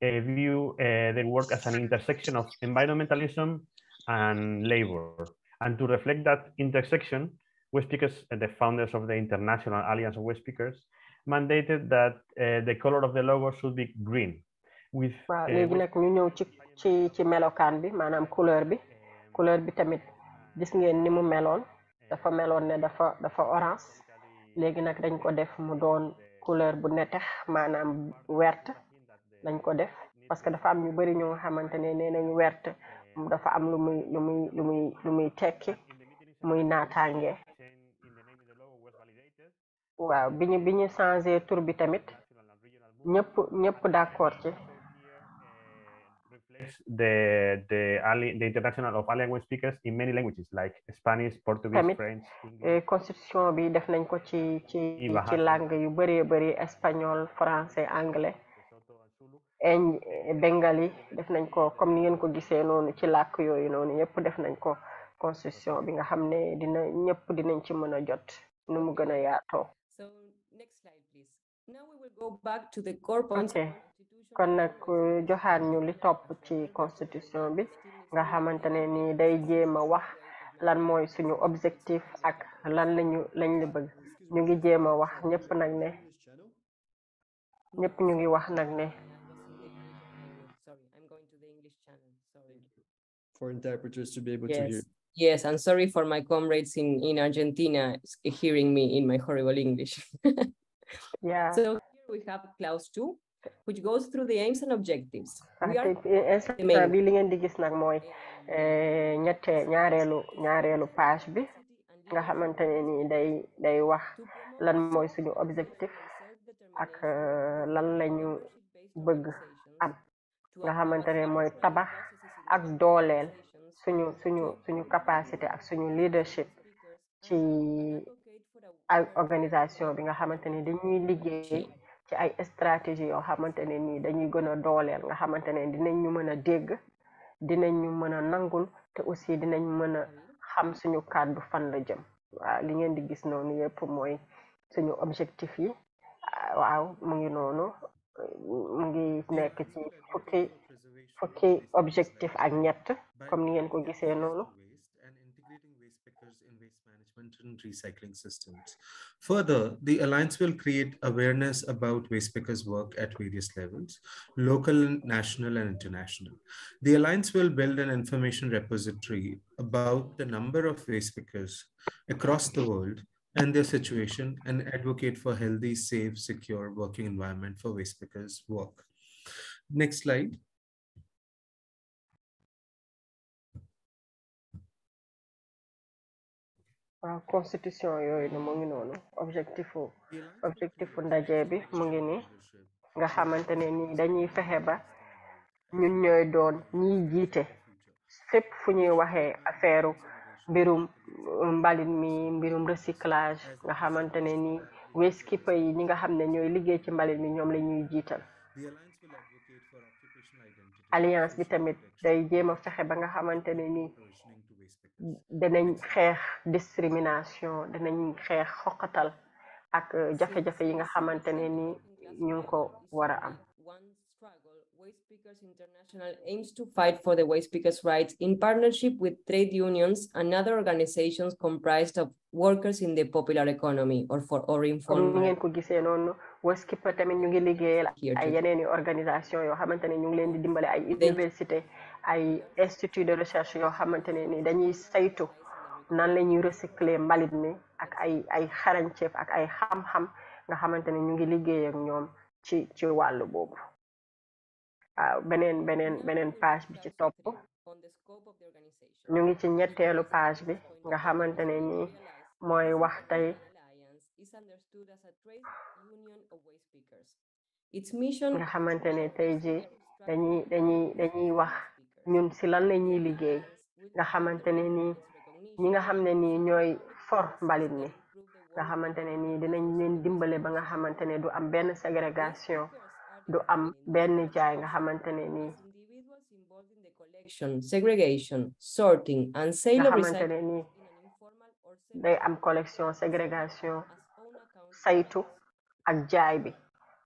uh, view uh, eh, their work as an intersection of environmentalism and labor. And to reflect that intersection, voice speakers, uh, the founders of the International Alliance of Voice Speakers, mandated that eh, the color of the logo should be green. With, léegi nag ñu ñëw ci melokaan bi maanaam couleur bi couleur bi tamit gis ngeen ni mu meloon dafa meloon ne dafa orange léegi nag dañ ko def mu doon couleur bu netex maanaam werte lañ ko def parce que dafa am ñu bari ñoo xamante ne nee ñu werte dafa am lu muy lu muy lu muy lu muy tekki muy naataange waaw bi ñu bi ñu changé tur bi tamit ñëpp ñëpp d'accord ci place the, the, the international of alien speakers in many languages like Spanish, Portuguese, tamit, French. English. Eh, constitution bi def nañ ko ci ci ci yu bëree bëri espagnol français anglais eh, bengali def nañ ko comme ni ngeen ko gisee noonu ci làkk yooyu noonu yëpp def nañ ko constitution bi nga xam ne dina ñëpp dinañ ci mën a jot nu mu gën a yaatoo. kon nag euh, joxaat ñu li top ci constitution bi nga xamante ne ni day jéem a wax lan mooy suñu objectif ak lan lañu lañ la bëgg ñu ngi jéem a wax ñëpp nag ne ñëpp ñu ngi wax nag ne for interpreters to be able yes. to hear. Yes, and sorry for my comrades in, Argentina hearing me in my horrible English. <laughs> yeah. So here we have clause two, which goes through the aims bi eh, eh, li ngeen di gis nag mooy eh, ñette ñaareelu ñaareelu page bi nga xamante ne ni day day wax lan mooy suñu objectif ak lan lañu bëgg am nga xamante ne mooy tabax ak dooleel suñu suñu suñu capacité ak suñu leadership ci ay organisation bi nga xamante ne dañuy liggéey. ci ay stratégie yoo xamante ne ni dañuy gën a dooleel nga xamante ne dinañ ñu mën a dégg dinañ ñu mën a nangul te aussi dinañ mën a xam suñu kàddu fan la jëm waaw li ngeen di gis noonu yëpp mooy suñu objectif yi waaw mu ngi noonu mu ngi nekk ci fukki fukki objectif ak ñett comme ni ngeen ko gisee noonu management and recycling systems. Further, the Alliance will create awareness about wastemakers' work at various levels, local, national, and international. The Alliance will build an information repository about the number of wastemakers across the world and their situation and advocate for healthy, safe, secure working environment for wastemakers' work. Next slide. waaw constitution yooyu ne mu ngi noonu objectifu objectifu ndaje bi mu ngi ni nga xamante ne ni dañuy fexe ba ñun ñooy doon ñiy jiite fépp fu ñuy waxee affaire mbirum euh, mbalit mi mbirum recyclage nga xamante ne ni waste keeper yi ñi nga xam ne ñooy liggéey ci mbalit mi ñoom la ñuy jiital alliance bi tamit day jéem a fexe ba nga xamante ne danañ xeex discrimination danañ xeex xoqatal ak euh, jafe-jafe yi nga xamante ne ni ñu ngi ko war a am Waste Pickers International aims to fight for the waste pickers' rights in partnership with trade unions and other organizations comprised of workers in the popular economy or for or informal. Comme ngeen ko gisee noonu waste picker tamit ñu ngi liggéeyal ay yeneeni organisation yoo xamante ne ñu ngi leen di dimbale ay université ay institut de recherche yoo xamante ne ni dañuy saytu nan la ñuy recycler mbalit mi ak ay ay xarañceef ak ay xam-xam nga xamante ne ñu ngi liggéey ak ñoom ci ci wàll boobu beneen beneen beneen page bi ci topp ñu ngi ci ñetteelu page bi nga xamante ne ni mooy wax tey nga xamante ne tey ji dañuy dañuy wax ñun si lan la ñuy liggéey nga xamante ne nii ñi nga xam ne nii ñooy for mbalit mi nga xamante ne nii dinañ leen dimbale ba nga xamante ne du am benn ségrégation du am benn jaay nga xamante ne nii segregation sorting and sale nga xamante ne nii day am collection ségrégation saytu ak jaay bi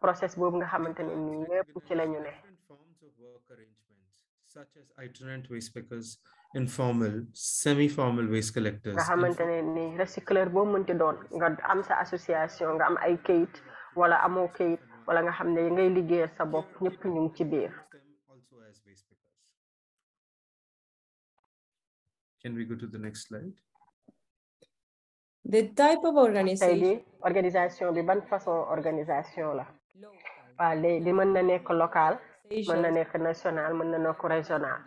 process boobu nga xamante ne nii lépp ci lañu ne such as itinerant waste pickers informal semi formal waste collectors nga xamante ne ni recycleur boo mënti doon nga am sa association nga am ay kayit wala amoo kayit wala nga xam ne ngay liggéeyal sa bopp ñëpp ñu ci biir Can we go to the next slide? The type of organisation. bi ban façon organisation la. waa li mën na nekk local mën na nekk national mën na nekk régional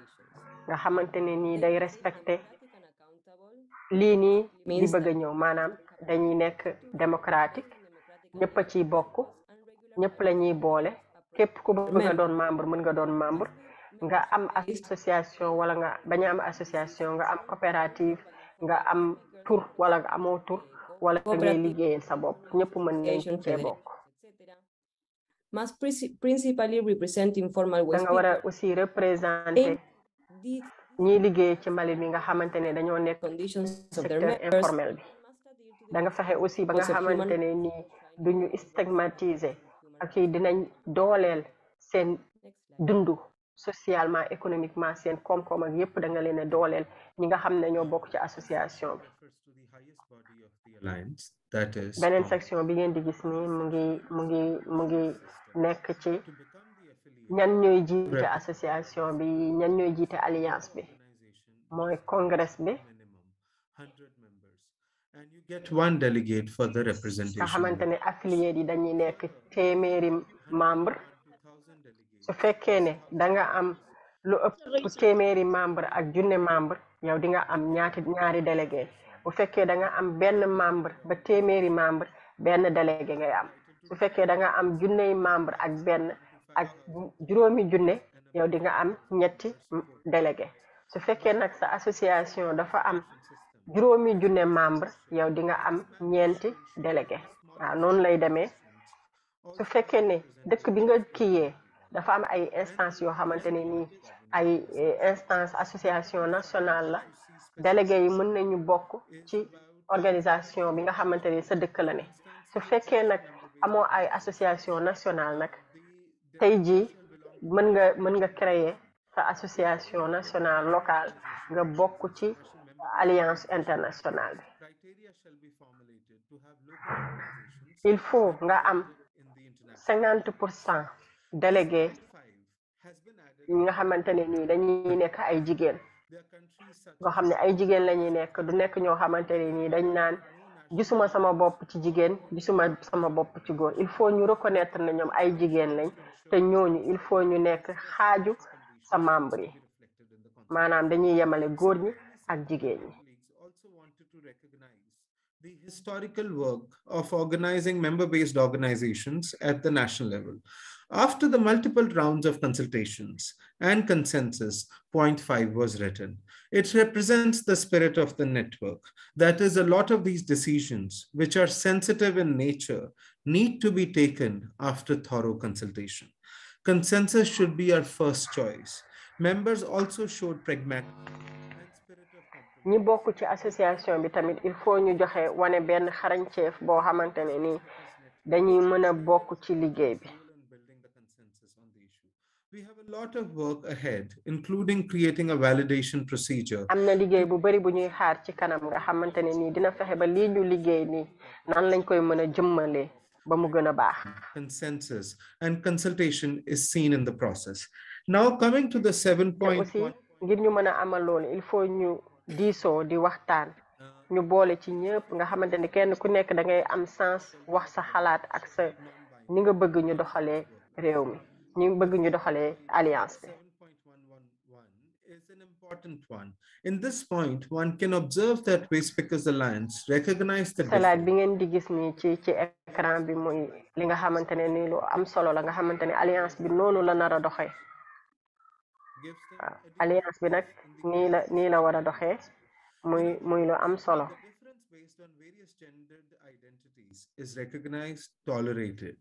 nga xamante ne nii day respecté lii nii di bëgg a ñëw maanaam dañuy nekk démocratique ñëpp a ciy bokk ñëpp la ñuy boole képp ku bëgg doon membre mën nga doon membre nga am association wala nga bañ a am association nga am coopérative nga am tur wala nga amoo tur wala ngay liggéeyal sa bopp ñëpp mën nañ cee bokk must principally represent informal waste. da nga war a aussi représenter ñiy liggéey ci mbalit mi nga xamante ne dañoo nekk secteur informel bi da nga fexe aussi ba nga xamante ne nii duñu stigmatiser ak yi dinañ dooleel seen dundu socialement économiquement seen koom-koom ak yépp da nga leen a ñi nga xam ne ñoo bokk ci association bi beneen section bi ngeen di gis ni mu ngi mu ngi nekk ci ñan ñooy jiite association bi ñan ñooy jiite alliance bi mooy congrès bi nga xamante ne affilié yi dañuy nekk téeméeri membre su fekkee ne danga am lu ëpp téeméeri membre ak junne membre yow di nga am ñaari délégué bu fekkee da nga am benn membre ba téeméeri membre benn délégué ngay am bu fekkee danga nga am junney membre ak benn ak juróomi junne yow di nga am ñetti délégué su fekkee nag association dafa am juróomi junne membre yow di nga am ñeenti délégué waaw noonu lay demee su fekkee ne dëkk bi nga kiyee dafa am ay instance yoo xamante ne nii ay eh, instance association nationale la délégué yi mën nañu bokk ci organisation bi nga xamante ni sa dëkk la ne su fekkee nag amoo ay association nationale nag tey jii mën nga mën nga créer sa association nationale locale nga bokk ci alliance internationale bi il faut nga am cinquante pour cent délégué yi nga xamante ne nii dañuy nekk ay jigéen nga xam ne ay jigéen la ñuy nekk du nekk ñoo xamante ne nii dañ naan gisuma sama bopp ci jigéen gisuma sama bopp ci góor il faut ñu reconnaître ne ñoom ay jigéen lañ te ñooñu il faut ñu nekk xaaju sa membre yi maanaam dañuy yemale góor ñi ak jigéen ñi the historical work of organizing member based organizations at the national level After the multiple rounds of consultations and consensus, point five was written. It represents the spirit of the network. That is, a lot of these decisions, which are sensitive in nature, need to be taken after thorough consultation. Consensus should be our first choice. Members also showed pragmatic. ñi bokk ci association bi tamit il faut ñu joxe wane benn xarañceef boo xamante ne ni dañuy mën a bokk ci liggéey bi We have a lot of work ahead, including creating a validation procedure. am na liggéey bu bari bu ñuy xaar ci kanam nga xamante ne nii dina fexe ba lii ñu liggéey nii nan lañ koy mën a jëmmalee ba mu gën a baax. consensus and consultation is seen in the process. now coming to the seven point ngir ñu mën a amal il faut ñu diisoo di waxtaan ñu boole ci ñëpp nga xamante ne kenn ku nekk da ngay am sens wax sa xalaat ak sa ni nga bëgg ñu doxalee réew mi. ñu bëgg ñu doxalee alliance bi is an In this point, one can observe that Wastepicker's alliance recognize the slide bi ngeen di gis nii ci ci écran bi muy li nga xamante ne nii lu am solo la nga xamante ne alliance bi noonu la nar a doxee alliance bi nag ni la nii la war a doxee muy muy lu am solo based on various gendered identities is recognized, tolerated.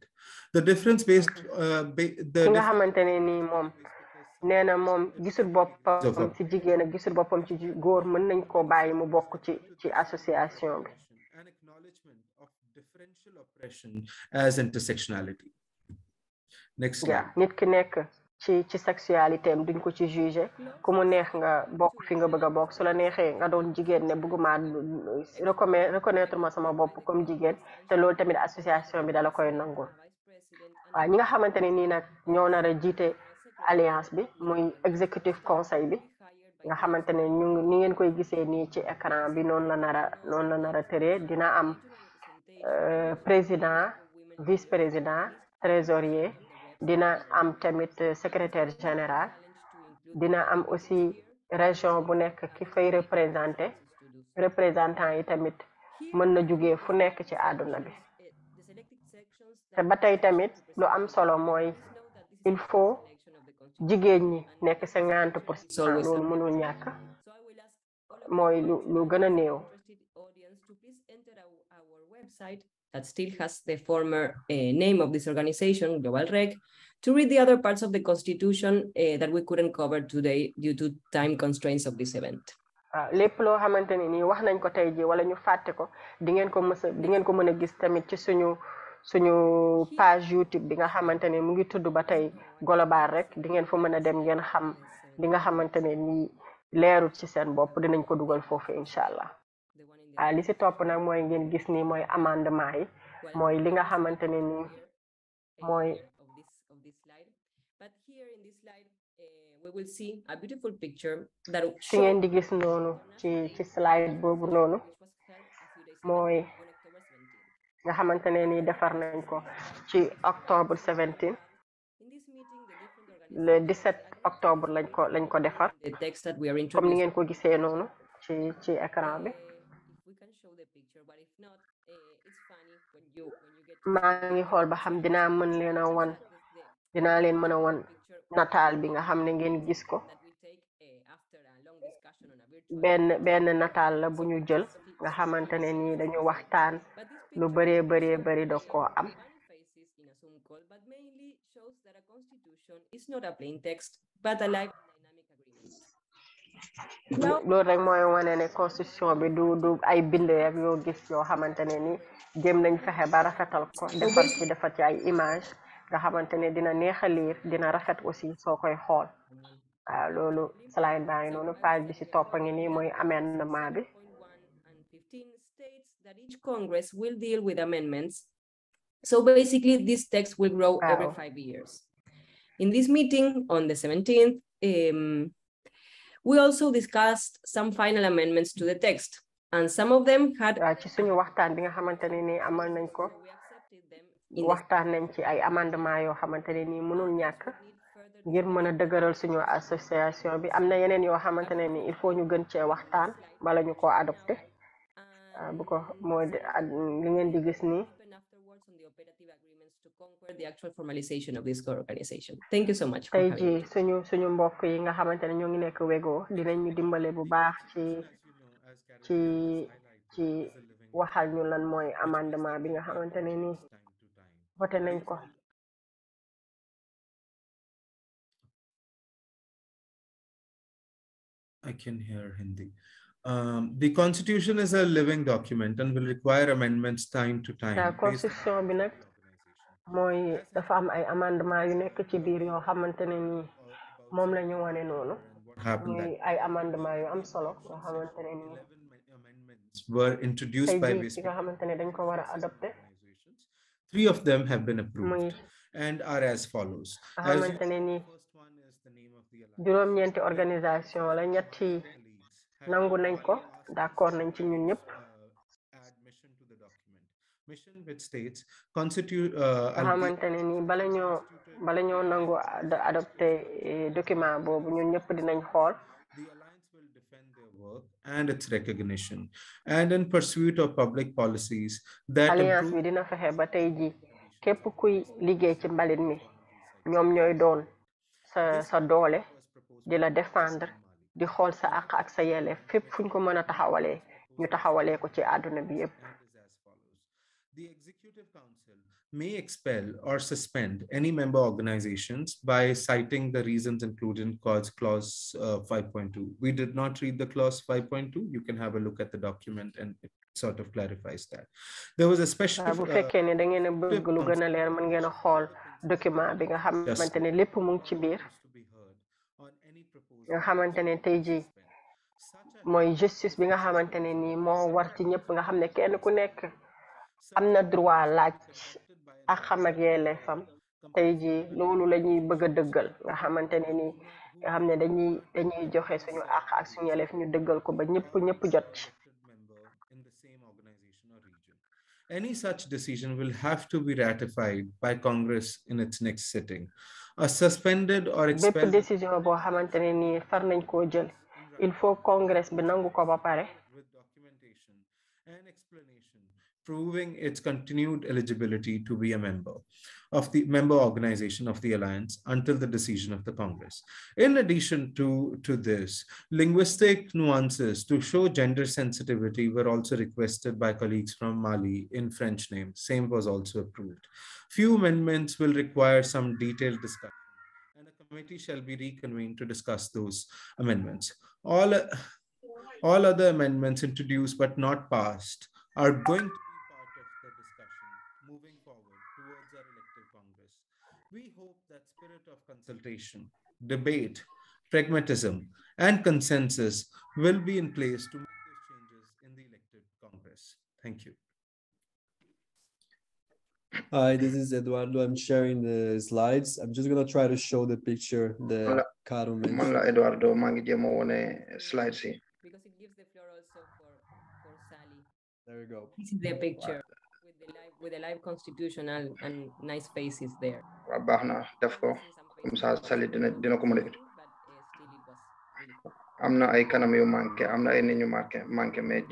The difference based uh, ba the nga xamante ne nii moom nee na moom gisul boppam ci jigéen ak gisul boppam ci góor mën nañ koo bàyyi mu bokk ci ci association bi. An acknowledgement of differential oppression as intersectionality. Next nit ki nekk. ci ci sexualité am ko ci jugé ku mu neex nga bokk fi nga bëgg a bokk su la neexee nga doon jigéen ne bëgguma reconnaître ma sama bopp comme jigéen te loolu tamit association bi dala koy nangul waaw ñi nga xamante ne nii nag ñoo nar a jiite alliance bi muy exécutif conseil bi nga xamante ne ñu ni ngeen koy gisee nii ci écran bi noonu la nar a noonu la nar a tëree dina am euh, président vice président trésorier dina am tamit euh, secrétaire général dina am aussi région bu nekk ki fay représenté représentant yi tamit mën na jugee fu nekk ci àdduna bi te ba tey tamit lu am solo mooy il faut jigéen ñi nekk cinquante pour cent loolu mënul ñàkk mooy lu lu a néew that still has the former uh, name of this organization, Global Rec, to read the other parts of the Constitution uh, that we couldn't cover today due to time constraints of this event. Ah, lépp loo xamante ni nii wax nañ ko tey ji wala ñu fàtte ko di ngeen ko mës di ngeen ko mën a gis tamit ci suñu suñu page YouTube bi nga xamante ne mu ngi tudd ba tey Global Rec di ngeen fa mën a dem ngeen xam li nga xamante ne nii leerul ci seen bopp dinañ ko dugal foofu incha allah. Ah, li si topp nag mooy ngeen gis ni mooy amendement yi mooy li nga xamante ne ni mooy si eh, ngeen di gis noonu ci ci slide boobu noonu mooy nga xamante ne ni defar nañ ko ci octobre 17 le 17 octobre lañ ko lañ ko defar comme ni ngeen ko gisee noonu ci ci écran bi eh, the picture but if not uh, maa ngi xool ba xam dinaa mën leen a wan dinaa leen mën a wan nataal bi nga xam ne ngeen gis ko eh, benn benn nataal la bu ñu jël nga xamante ne nii dañu waxtaan lu bëree bëree bëri da ko am but mainly shows loolu rek mooy wane ne constitution bi du du ay bind yoo gis yoo xamante ne ni jéem nañ fexe ba rafetal ko defar ci ay image nga xamante ne dina neex a dina rafet aussi soo koy xool waaw loolu slide baa ngi noonu page bi ci topp a ngi nii mooy amendement bi that each Congress will deal with amendments. So basically, this text will grow every five years. In this meeting on the 17 We also discussed some final amendments to the text, and some of them had. ci suñu waxtaan bi nga xamante ne ni amal nañ ko waxtaan nañ ci ay amendement yoo xamante ne ni mënul ñàkk ngir mën a dëgëral suñu association bi am na yeneen yoo xamante ne ni il faut ñu gën cee waxtaan bala ñu ko adopté ah, bu ko ngeen di gis nii. conquer the actual formalization of this core organization thank you so much tey jii suñu suñu mbokk yi nga xamante ne ñoo ngi nekk wego dinañ ñu dimbale bu baax ci ci ci waxal ñu lan mooy amendement bi nga xamante ne nii voté nañ ko I can um, the constitution is a living document and will require amendments time to time. Please... bi nag mooy dafa ay amendement yu nekk ci biir yoo xamante ne ni moom la ñu wane noonu mooy ay amendement yu am solo yoo xamante ne ni nga xamante ne dañ ko war a adopté three of them have been approved and are as follows xamante ne ni juróom-ñeenti organisation la ñetti nangu nañ ko d'accord nañ ci ñun ñëpp mission with states constitute uh, ne ni bala ñoo bala ñoo nangu adopté eh, document boobu ñun ñëpp dinañ xool work and its recognition and in pursuit of public policies that alliance bi dina fexe ba tey ji képp kuy liggéey ci mbalit mi ñoom ñooy doon sa doole di la défendre di xool sa àq ak sa yelleef fépp fuñ ko mën a ñu taxawalee ko ci àdduna bi yépp The Executive Council may expel or suspend any member organizations by citing the reasons included in Clause uh, 5.2. We did not read the Clause 5.2. You can have a look at the document and sort of clarifies that. There was a special. bu uh, fekkee da ngeen a bëgg lu gën a leer mën ngeen a xool document bi nga xamante ne lépp mu ngi ci biir nga xamante justice bi nga xamante ne moo war ci ñëpp nga xam ne nekk. am na droit laaj ak xam ak yelleefam tey ji loolu la ñuy bëgg a dëggal nga xamante ne ni nga xam ne dañuy dañuy joxe suñu àq ak suñu yelleef ñu dëggal ko ba ñëpp ñëpp jot ci Any such decision will have to be ratified by Congress in its next sitting. A suspended or expelled... bépp décision boo xamante ne nii far nañ koo jël il faut Congress bi nangu ko ba pare. With documentation and proving its continued eligibility to be a member of the member organization of the alliance until the decision of the congress in addition to this linguistic nuances to show gender sensitivity were also requested by colleagues from mali in french names same was also approved few amendments will require some detailed discussion and the committee shall be reconvened to discuss those amendments all other amendments introduced but not passed are going consultation, debate, pragmatism, and consensus will be in place to make the elected Congress. Thank you. Eduardo. I'm sharing the slides. I'm just gonna try to show the picture the Mala, Caro Mala Eduardo, mangi jemo one slides here. Because it gives the floor also for, Sally. There you go. This is the picture wow. with the live with the live constitutional and nice faces there. comme ça sali dina yu manqué am na ay nit ñu manqué manqué mais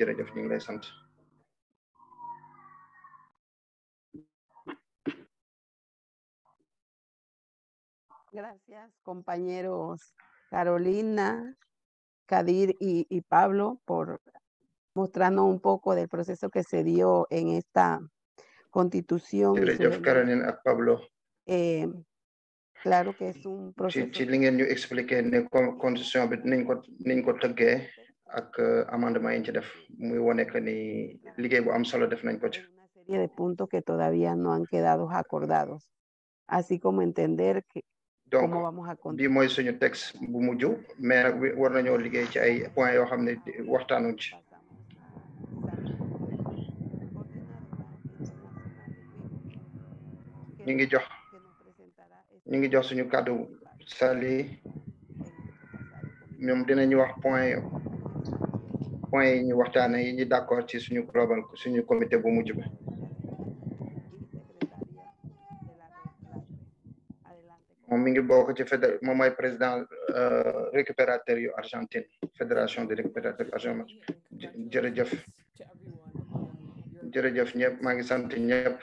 Gracias, compañeros Carolina, Kadir y, Pablo por mostrarnos un poco del proceso que se dio en esta constitución. Sobre, Carolina, Pablo. Eh, claro que es un proceso. ci li ngeen ñu expliquer ne constitution bi niñ ko niñ ko tëggee ak uh, amendement yi ci def muy wone que ni liggéey bu am solo def nañ ko ci. de puntos que todavía no han quedado acordados, así como entender que, Donc, cómo vamos a continuar. bi mooy suñu texte bu mujj mais nag war nañoo liggéey ci ay points yoo xam ne waxtaanu ci. ñu ngi jox. ñu ngi jox suñu kàddu sali ñoom dinañu wax point point yi ñu waxtaane yi ñu d'accord ci suñu global suñu commité bu mujj ba moom mi ngi bokk ci fédér moom mooy président euh, récupérateur yu Argentine fédération de récupérateur yu Argentine jërëjëf jërëjëf ñëpp maa ngi sant ñëpp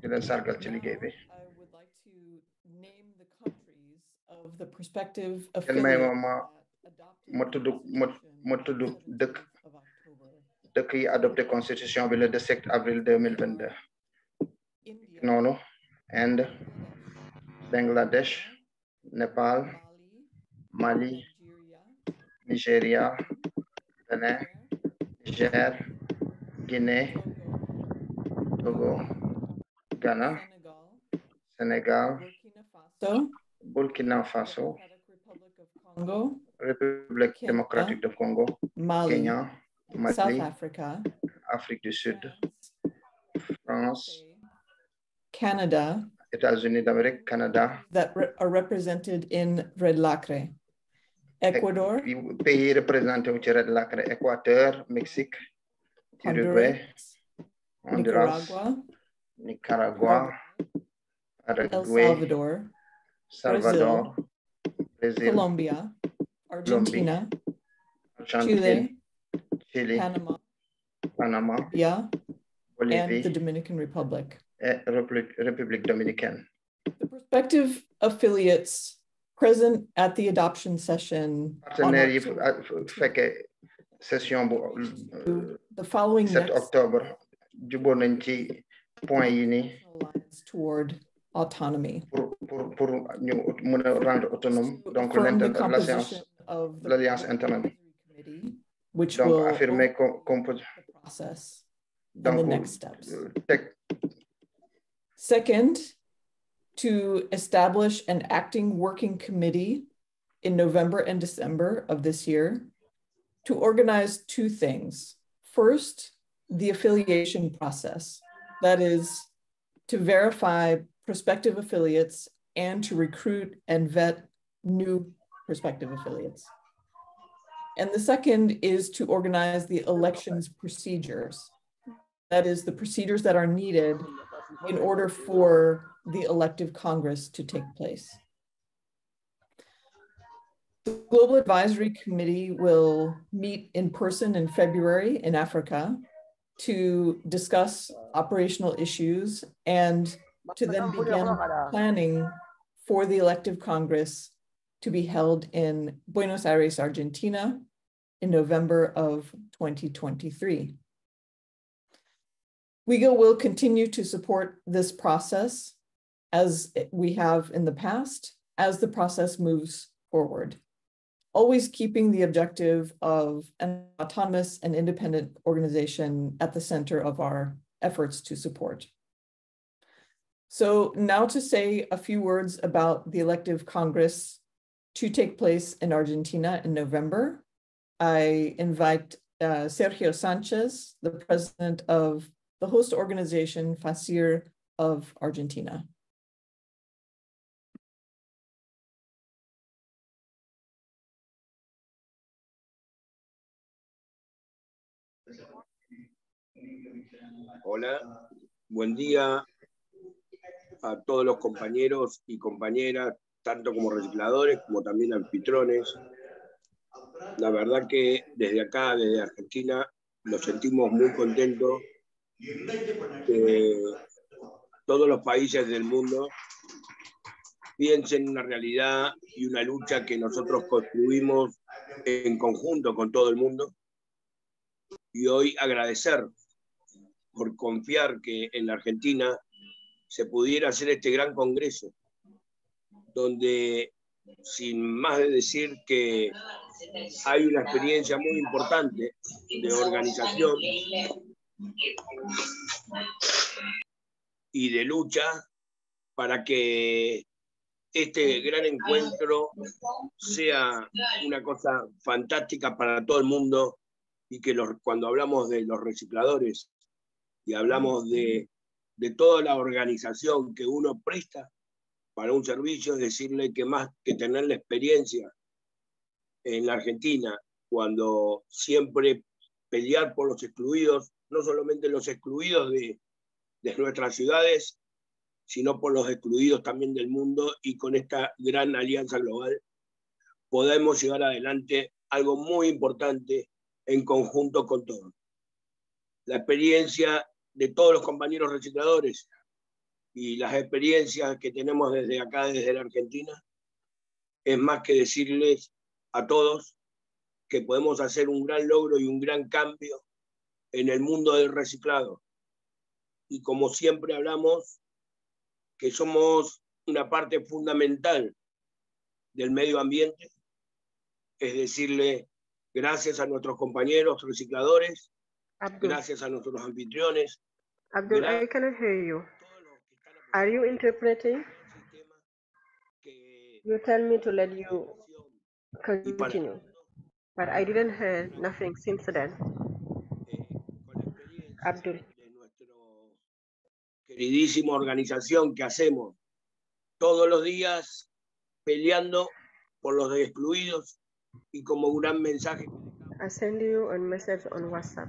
di leen sargal ci liggéey bi ngeen may ma ma ma tudd ma ma tudd dëkk dëkk yi adopté constitution bi le 17 avril 2022 noonu Inde Bangladesh Népal Mali Nigéria Bénin Niger Guinée Togo Ghana Sénégal Burkina Faso République démocratique du Congo Kenya Mali Afrique du Sud France Canada États-Unis d'Amérique Canada that are represented in Red Lacre Ecuador pays représenté wu ci Red Lacre Équateur Mexique Uruguay Honduras Nicaragua Nicaragua El Salvador Salvador, Brazil, Brazil Colombia, Argentina, Argentina Chile, Chile, Panama, Panama, yeah, Bolivia, and the Dominican Republic. Eh, Republic, Republic Dominicaine. The prospective affiliates present at the adoption session. Ah, session bu euh, the nañ ci point yi ni toward autonomy. Pour, pour, pour nous rendre autonome, donc l'alliance Which donc, will affirmer qu'on peut. Process donc, the next steps. Euh, Second, to establish an acting working committee in November and December of this year to organize two things. First, the affiliation process, that is, to verify prospective affiliates and to recruit and vet new prospective affiliates. And the second is to organize the elections procedures. That is the procedures that are needed in order for the elective Congress to take place. The Global Advisory Committee will meet in person in February in Africa to discuss operational issues to then begin planning for the elective Congress to be held in Buenos Aires, Argentina in November of 2023. WIGO will continue to support this process as we have in the past, as the process moves forward, always keeping the objective of an autonomous and independent organization at the center of our efforts to support. So now to say a few words about the elective Congress to take place in Argentina in November. I invite uh, Sergio Sanchez, the president of the host organization FACIR of Argentina. a todos los compañeros y compañeras, tanto como recicladores como también anfitrones. La verdad que desde acá, desde Argentina, nos sentimos muy contentos todos los países del mundo piensen una realidad y una lucha que nosotros construimos en conjunto con todo el mundo. Y hoy agradecer por confiar que en la Argentina se pudiera hacer este gran congreso, donde sin más de decir que hay una experiencia muy importante de organización y de lucha para que este gran encuentro sea una cosa fantástica para todo el mundo y que cuando hablamos de los recicladores y hablamos de de toda la organización que uno presta para un servicio, es decirle que más que tener la experiencia en Argentina, cuando siempre pelear por los excluidos, no solamente los excluidos de nuestras ciudades, sino por los excluidos también del mundo y con esta gran alianza global podemos llevar adelante algo muy importante en conjunto con todos. La experiencia de todos los compañeros recicladores y las experiencias que tenemos desde acá, desde la Argentina, es más que decirles a todos que podemos hacer un gran logro y un gran cambio en el mundo del reciclado. Y como siempre hablamos, que somos una parte fundamental del medio ambiente, es decirle gracias a nuestros compañeros recicladores Abdul. Gracias a nuestros anfitriones. Abdul, I cannot hear you interpreting? You tell me to let you continue, but I didn't hear nothing since then. Eh, Abdul. Queridísima organización que hacemos todos los días peleando por los excluidos y como gran mensaje. I send you a message on WhatsApp.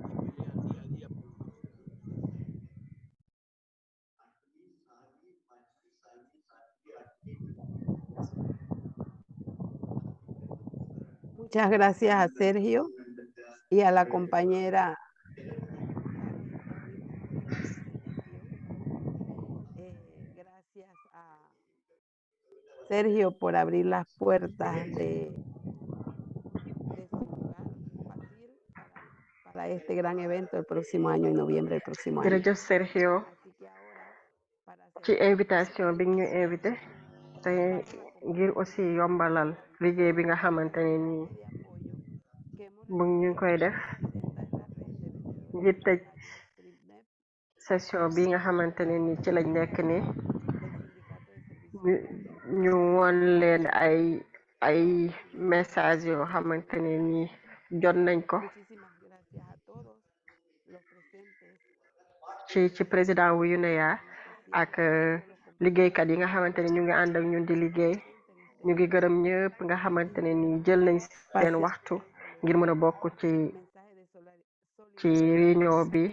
Muchas gracias a Sergio y a la compañera. Eh, gracias a Sergio por abrir las puertas de, de su lugar para, este gran evento el próximo año, en noviembre del próximo año. Gracias, Sergio. ci invitation bi ñu invité te ngir yombalal liggéey bi nga xamantane ni bu ñu koy def ngir tëj session bi nga xamantane ni ci lañ nekk ni ñu woon leen ay ay message yoo xamantane ni jot nañ ko ci ci président wu UNEA ak euh, liggéeykat yi nga xamante ne ñu ngi ànd ñu ñun di liggéey ñu ngi gërëm ñëpp nga xamante ne ni jël nañ seen waxtu ngir mën a bokk ci ci réunion bi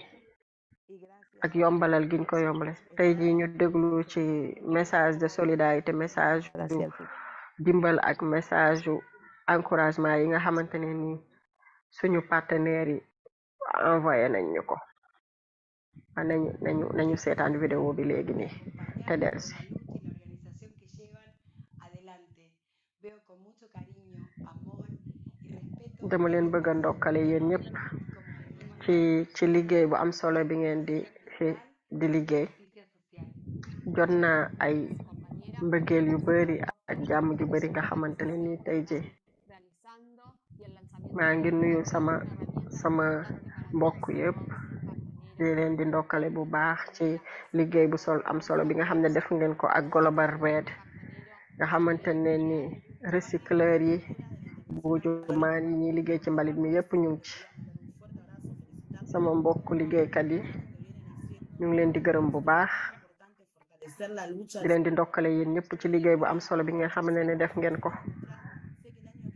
ak yombalal giñ ko yombale tey ji ñu déglu ci message de solidarité message yu dimbal ak message yu encouragement yi nga xamante ne ni suñu partenaires yi envoyé nañ ñu ko nañu nañu nañu seetaan vidéo bi léegi nii te delsi dama leen bëgg a ndokkale yéen ñëpp ci liggéey bu am solo bi ngeen di di liggéey jot naa ay mbëggeel yu bari ak jàmm ju bari nga xamante ne ni tey ji maa ngi nuyu sama sama mbokk yépp di leen di ndokkale bu baax ci liggéey bu sol am solo bi nga xam ne def ngeen ko ak Global Red nga xamante ni recycleur yi bu jumaan yi liggéey ci mbalit mi yépp ñu ngi ci sama mbokk liggéeykat yi ñu ngi leen di gërëm bu baax di leen di ndokkale yéen ñépp ci liggéey bu am solo bi nga xam ne ne def ngeen ko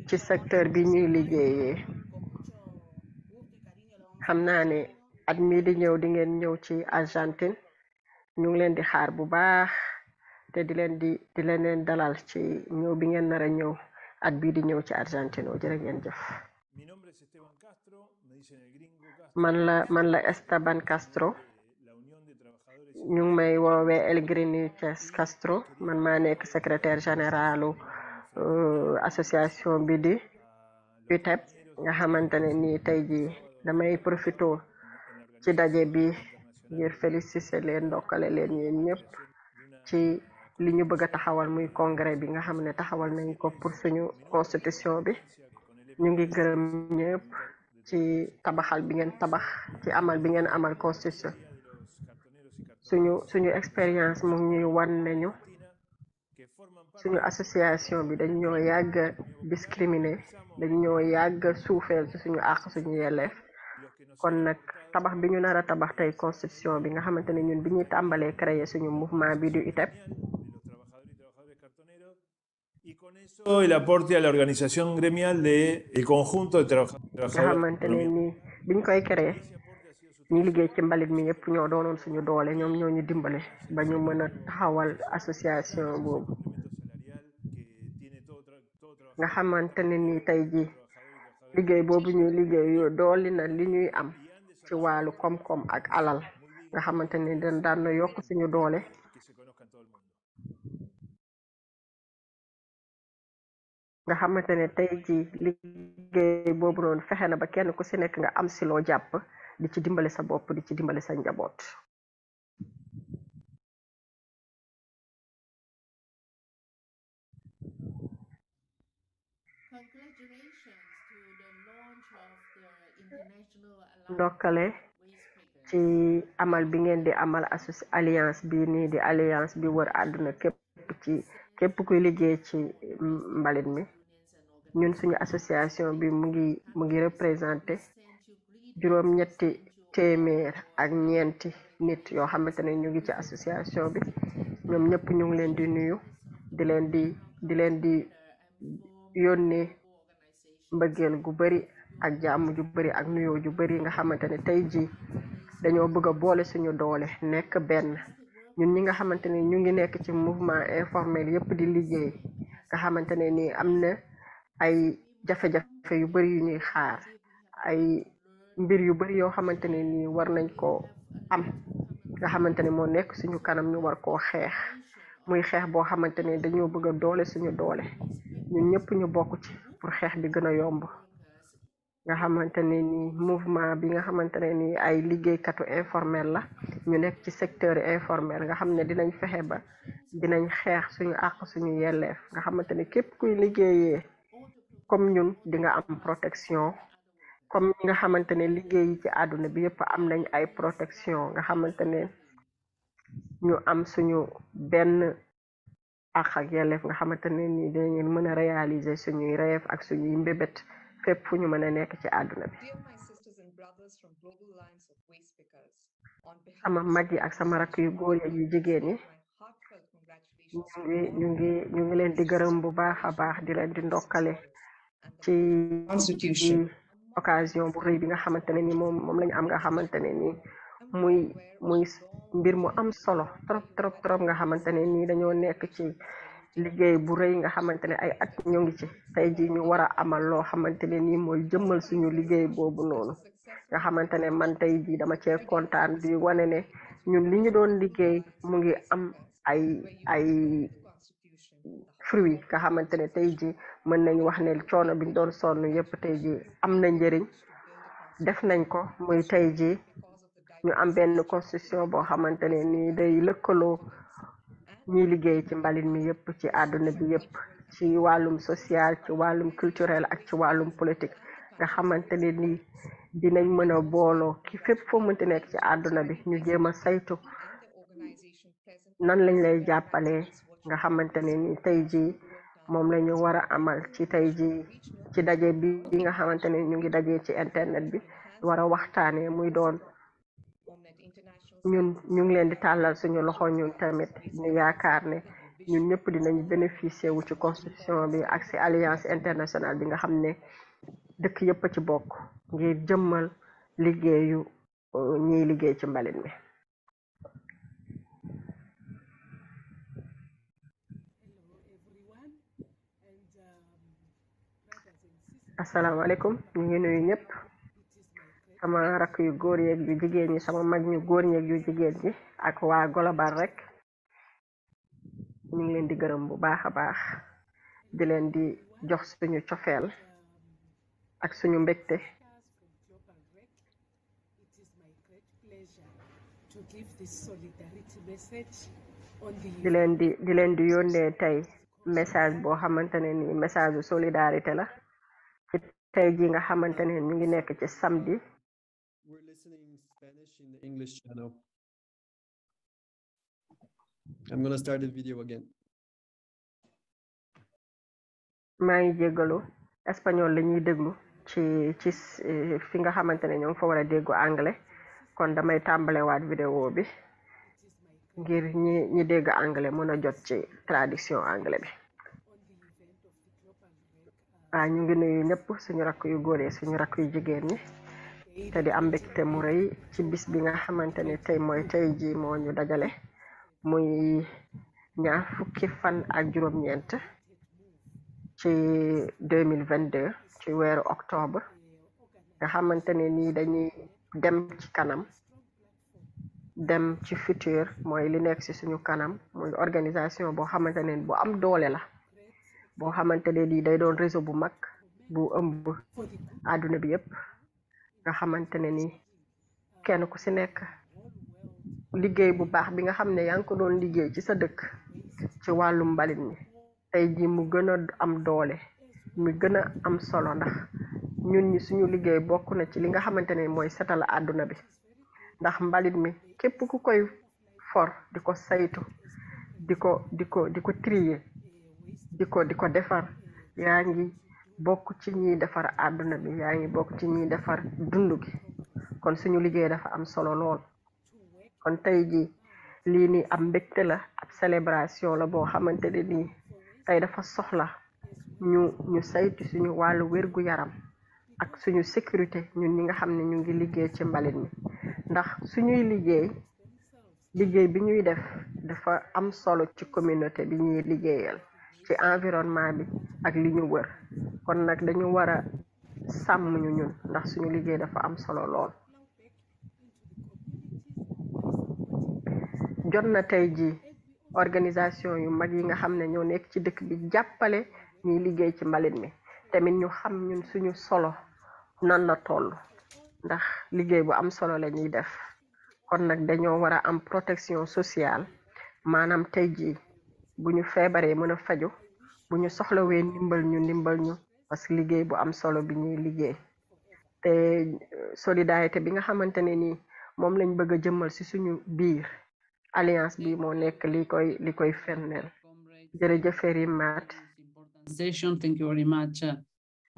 ci secteur bi ñuy liggéeyee xam naa ne at mii di ñëw di ngeen ñëw ci Argentine ñu ngi leen di xaar bu baax te di leen di di leen dalal ci ñëw bi ngeen nar a ñëw at bii di ñëw ci Argentino jërë ngeen jëf man la man la Esteban Castro eh, ñu ngi may woowe El Greenwich Castro man maa nekk secretaire généralu euh, association bi di UTEP nga xamante ne nii tey jii damay profito ci daje bi ngir féliciter leen ndokkale leen ñëp ci li ñu bëgg a taxawal muy congrès bi nga xam ne taxawal nañu ko pour suñu constitution bi ñu ngi gërëm ñëpp ci tabaxal bi ngeen tabax ci amal bi ngeen amal constitution suñu suñu expérience moom ñuy wan nañu suñu association bi dañ ñoo yàgg discriminer dañ ñoo yàgg suufeel suñu àq suñu yelleef kon nag tabax bi ñu nar a tabax tey constitution bi nga xamante ne ñun bi ñuy tàmbalee créer suñu mouvement bi du ITEP eso el aporte a la organización gremial de conjunto de trabajadores. nga xamante ni bi koy créé ñu liggéey ci mbalit mi yëpp ñoo doonoon suñu doole ñoom ñoo ñu dimbale ba ñu mën a taxawal association boobu nga xamante ne ni tey jii liggéey boobu ñuy liggéey dooli na li ñuy am ci wàllu koom-koom ak alal nga xamante ni dañ daan na yokk suñu doole. nga xamante ne tey ji liggéey boobu na ba kenn ku si nekk am si jàpp di ci dimbale sa bopp di ci dimbale sa njaboot ndokkale ci amal bi ngeen di amal associ alliance bi nii di alliance bi wër àdduna képp ci képp kuy liggéey ci mm, mbalit mi ñun suñu association bi mu ngi mu ngi représenté juróom ñetti téeméer ak ñeenti nit yoo xamante ne ñu ngi ci association bi ñoom ñëpp ñu ngi leen di nuyu di leen di di leen di yónnee mbëggeel gu bëri ak jàmm ju bëri ak nuyoo ju bëri nga xamante ne tey jii dañoo bëgg a boole suñu doole nekk benn ñun ñi nga xamante ne ñu ngi nekk ci mouvement informel yëpp di liggéey nga xamante ne nii am na ay jafe-jafe yu bëri yu ñuy xaar ay mbir yu bëri yoo xamante ne nii war nañ koo am nga xamante ne moo nekk suñu kanam ñu war ko xeex muy xeex boo xamante ne dañoo bëgg a doole suñu doole ñun ñëpp ñu bokk ci pour xeex bi gën a yomb nga xamante ne ni mouvement bi nga xamante ne ni ay liggéeykatu informel la ñu nekk ci secteur informel nga xam ne dinañ fexe ba dinañ xeex suñu àq suñu yelleef nga xamante ni képp kuy liggéeyee comme ñun di nga am protection comme nga xamante ne liggéey ci àdduna bi yëpp am nañ ay protection nga xamante ne ñu am suñu benn àq ak yelleef nga xamante ne ni dinañu mën a réaliser suñuy rêve ak suñuy mbébét fépp fu ñu mën nekk ci àdduna bi sama mag yi ak sama rakk yu góor yi jigéen yi ñu ngi ñu ngi leen di gërëm bu baax a baax di leen di ndokkale ci occasion bu rëy nga xamante ne ni moom moom la am nga xamante ne ni muy muy mbir mu am solo trop trop trop nga xamante ne ni dañoo nekk ci liggéey bu rëy nga xamante ne ay at ñu ngi ci tey ji ñu war a amal loo xamante ne nii mooy jëmmal suñu liggéey boobu noonu nga xamante ne man tey ji dama cee kontaan di wane ne ñun li ñu doon liggéey mu ngi am ay ay fruit nga xamante ne tey ji mën nañ wax ne coono biñ doon son yépp tey ji am na njëriñ def nañ ko muy tey ji ñu am benn constitution boo xamante ne nii day lëkkaloo ñiy liggéey ci mbalit mi yépp ci àdduna bi yépp ci wàllum social ci wàllum culturel ak ci wàllum politique nga xamante ne ni dinañ mën a booloo ki fépp foo mënti nekk ci àdduna bi ñu jéem a saytu nan lañ lay jàppale nga xamante ne ni tey jii moom la ñu war a amal ci tey jii ci daje bi nga xamante ne ñu ngi daje ci internet bi war a waxtaanee muy doon ñun ñu ngi leen di tàllal suñu loxo ñun tamit ñu yaakaar ne ñun ñëpp dinañu bénéficier wu ci constitution bi ak si alliance internationale bi nga xam ne dëkk yëpp a ci bokk ngir jëmmal liggéeyu euh, ñiy liggéey ci mbalit mi asalaamaaleykum ñu ngi nuyu ñëpp sama rakk yu góor yeeg yu jigéen ñi sama mag ñu góor ñeeg yu jigéen ñi ak waa global rek ñu ngi leen di gërëm bu baax a baax di leen di jox suñu cofeel ak suñu mbégte di leen di di leen di yónnee tey message boo xamante ne ni message bu solidarité la ci tey nga xamante ne ñu ngi nekk ci samedi Spanish in the English channel. ngi jégalu espagnol la ñuy déglu ci ci eh, fi nga xamante ne ñoo ngi fa war déggu anglais kon damay tàmbalewaat vidéo bi ngir ñi ñi dégg anglais mën a jot ci tradition anglais bi waaw ah, ñu ngi nuyu ñëpp suñu rakk yu góor yi suñu rakk yu jigéen ñi te di am mbégte mu rëy ci bis bi nga xamante ni tey mooy tey ji moo ñu dajale muy ñaar fukki fan ak juróom-ñeent ci deux mille vingt deux ci weeru octobre nga xamante ne nii dañuy dem ci kanam dem ci futur mooy li nekk ci suñu kanam muy organisation boo xamante ne bu am doole la boo xamante ne nii day doon réseau bu mag bu ëmb àdduna bi yépp nga xamante ne ni kenn ku si nekk liggéey bu baax bi nga xam ne yaa ngi ko doon liggéey ci sa dëkk ci wàllum mbalit mi tey ji mu gën a am doole mu gën a am solo ndax ñun suñu liggéey bokku na ci li nga xamante ne mooy setal àdduna bi ndax mbalit mi képp ku koy for di ko saytu di ko di ko di ko trier di ko di ko defar yaa ngi bokk ci ñiy defar àdduna bi yaa ngi bokk ci ñiy defar dund gi kon suñu liggéey dafa am solo lool kon tey ji lii ni am mbégte la ab célébration la boo xamante ne nii tey dafa soxla ñu saytu suñu wàllu wérgu yaram ak suñu sécurité ñun ñi nga xam ne ñu ngi liggéey ci mbalit mi ndax su ñuy liggéey liggéey bi ñuy def dafa am solo ci communauté bi ñuy liggéeyal ci environnement bi ak li ñu wër kon nag dañu war a sàmm ñu ñun ndax suñu liggéey dafa am solo lool jot na tey ji organisation yu mag yi nga xam ne ñoo nekk ci dëkk bi jàppale ñuy liggéey ci mbalit mi tamit ñu xam ñun suñu solo nan la toll ndax liggéey bu am solo la ñuy def kon nag dañoo war a am protection sociale maanaam tey jii bu ñu feebaree mën a faju bu ñu soxlawee ndimbal ñu ndimbal ñu parce que liggéey bu am solo bi ñuy liggéey euh, solidarité bi nga xamante ne nii moom lañ bëgg a jëmmal si suñu biir alliance bi moo nekk li koy li koy fenneel jërëjëf Ferimat session thank you very much uh,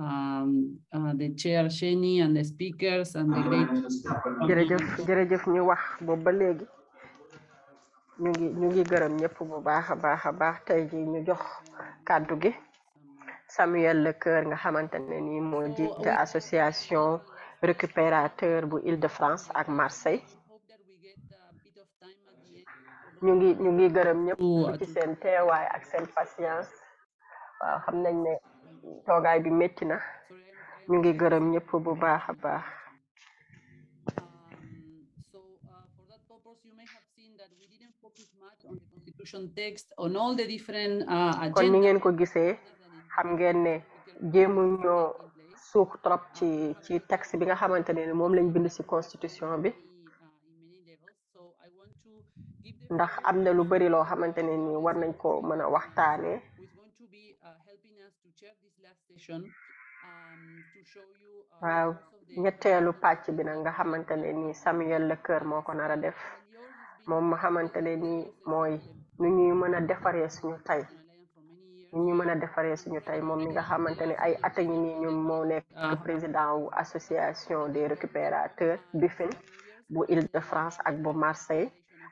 um, uh, the chair Sheni and the speakers and the great ah, jërëjëf jërëjëf ñu wax boobu ba léegi ñu ngi ñu ngi gërëm ñëpp bu baax a baax a baax tey ji ñu jox kàddu gi Samuel Lecœur nga xamante ne nii moo jiite association récupérateur bu Île-de-France ak Marseille ñu ngi ñu ngi gërëm ñëpp seen teewaay ak seen patience waaw xam nañ ne toogaay bi métti na ñu ngi gërëm ñëpp bu baax a baax Uh, kon ni ngeen ko gisee xam ngeen ne jéemu ñoo suux trop ci ci texte bi nga xamante ne moom lañ bind ci constitution bi uh, ndax am na lu bari loo xamante ne ni war nañ ko mën a waxtaanee uh, um, waaw ñetteelu pàcc bi nag nga xamante ne ni Samuel Lecoeur moo ko nar a def moom ma xamante ne ni mooy nu ñuy mën a defaree suñu tay nu ñuy mën a defaree suñu tay moom mi nga xamante ne ay at ngi nii ñun moo nekk ah. président wu association des récupérateurs BIFIN bu Île-de-France ak bu Marseille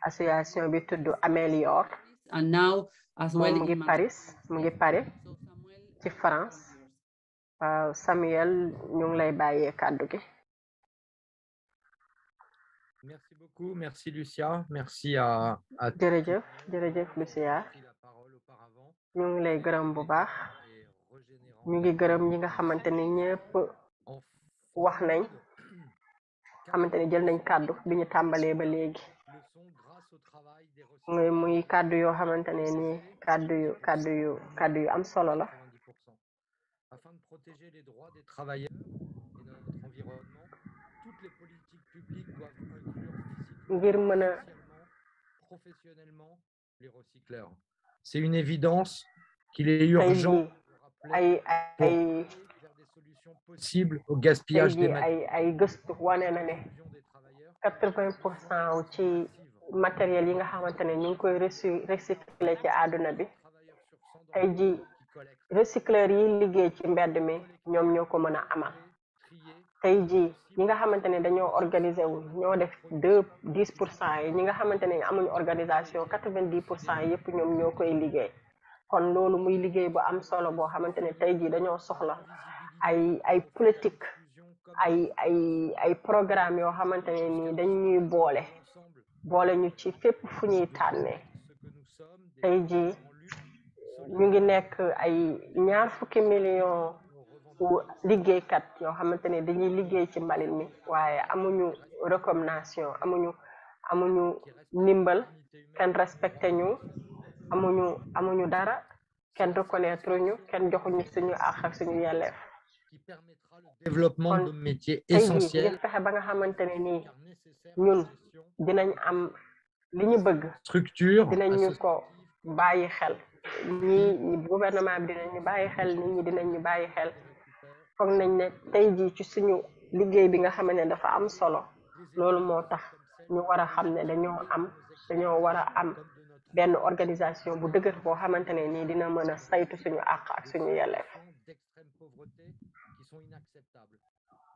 association bi tuddu Amélior moom mu ngi Paris mu ngi Paris ci France Samuel ñu ngi lay bàyyee kàddu gi Merci beaucoup, merci Lucia, merci à. à jërëjëf jërëjëf Lucia ñu ngi lay gërëm bu baax ñu ngi gërëm ñi nga xamante ne ñëpp wax nañ xamante ne jël nañ kàddu bi ñu tàmbalee ba léegi muy muy kàddu yoo xamante ne ni kàddu yu kàddu yu am solo la. afin de protéger les droits des travailleurs et notre environnement. ngir mën a c'est une évidence qu'il est urgent ay ay possible au gaspillage des ay ay gëstu wane na ne quatre-vingt pour cent ci matériel yi nga xamante ne ñu ngi koy recycler ci àdduna bi tey ji recycleur yi liggéey ci mbedd mi ñoom ñoo ko mën a ama tey jii ñi nga xamante ne dañoo organiser wu ñoo def deux dis pour cent yi ñi nga xamante ne amuñu organisation quatre vingt dix pour cent yëpp ñoom ñoo koy liggéey kon loolu muy liggéey bu am solo boo xamante ne tey jii dañoo soxla ay ay politique ay ay ay programme yoo xamante ni nii dañuy boole boole ñu ci fépp fu ñuy tànnee tey jii ñu ngi nekk ay ñaar fukki million liggéeykat yoo xamante ne dañuy liggéey ci mbalit mi waaye amuñu recommandation amuñu amuñu ndibal kenn respecté ñu amuñu amuñu dara kenn reconnaître ñu kenn joxuñu suñu àq ak suñu yelleef développement de métier essentiel fexe ba nga xamante ne nii ñun am li ñu bëgg structure dinañ ñu ko bàyyi xel ñii gouvernement bi dinañ ñu xel nit ñi dinañ ñu bàyyi xel foog nañ ne tey jii ci suñu liggéey bi nga xam ne dafa am solo loolu moo tax ñu war a xam ne dañoo am dañoo war a am benn organisation bu dëgër boo xamante ne nii dina mën a saytu suñu àq ak suñu yelleef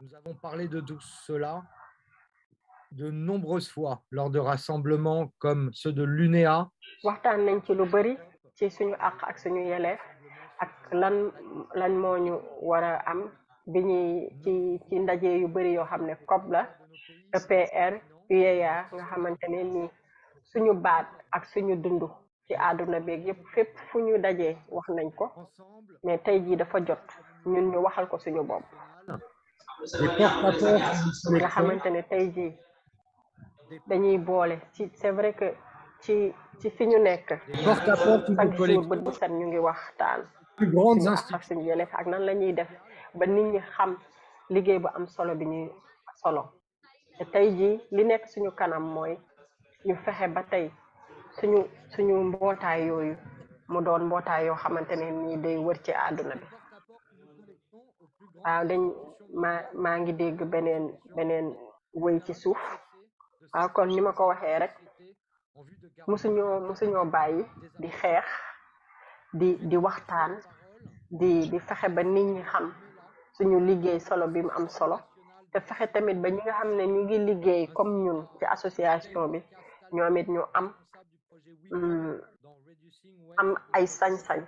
Nous avons parlé de tout cela de nombreuses fois lors de rassemblements comme ceux de l'UNEA. waxtaan nañ ci lu bari ci suñu àq ak suñu yelleef ak lan lan moo ñu war a am bi ñuy ci ci ndaje yu bari yoo xam ne COP la EPR UEA nga xamante ne nii suñu baat ak suñu dund ci àdduna beeg yëpp fépp fu ñu dajee wax nañ ko mais tey jii dafa jot ñun ñu waxal ko suñu bopp nga xamante ne tey jii dañuy boole ci c'est vrai que ci ci fi nekk chaque jour bët bu set ñu ngi waxtaan plus grandes institutions ak nan la def ba nit ñi xam liggéey bu am solo bi ñuy solo tey jii li nekk suñu kanam mooy ñu fexe ba tey suñu suñu mbootaay yooyu mu doon mbootaay yoo xamante ne nii day wër ci àdduna bi waaw dañ maa ngi dégg beneen beneen wëy ci suuf waaw kon ni ma ko waxee rek musuñoo musuñoo bàyyi di xeex di di waxtaan di di fexe ba nit ñi xam suñu liggéey solo bi mu am solo te fexe tamit ba ñi nga xam ne ñu ngi liggéey comme ñun ci association bi ñoom it ñu am mm, am ay sañ-sañ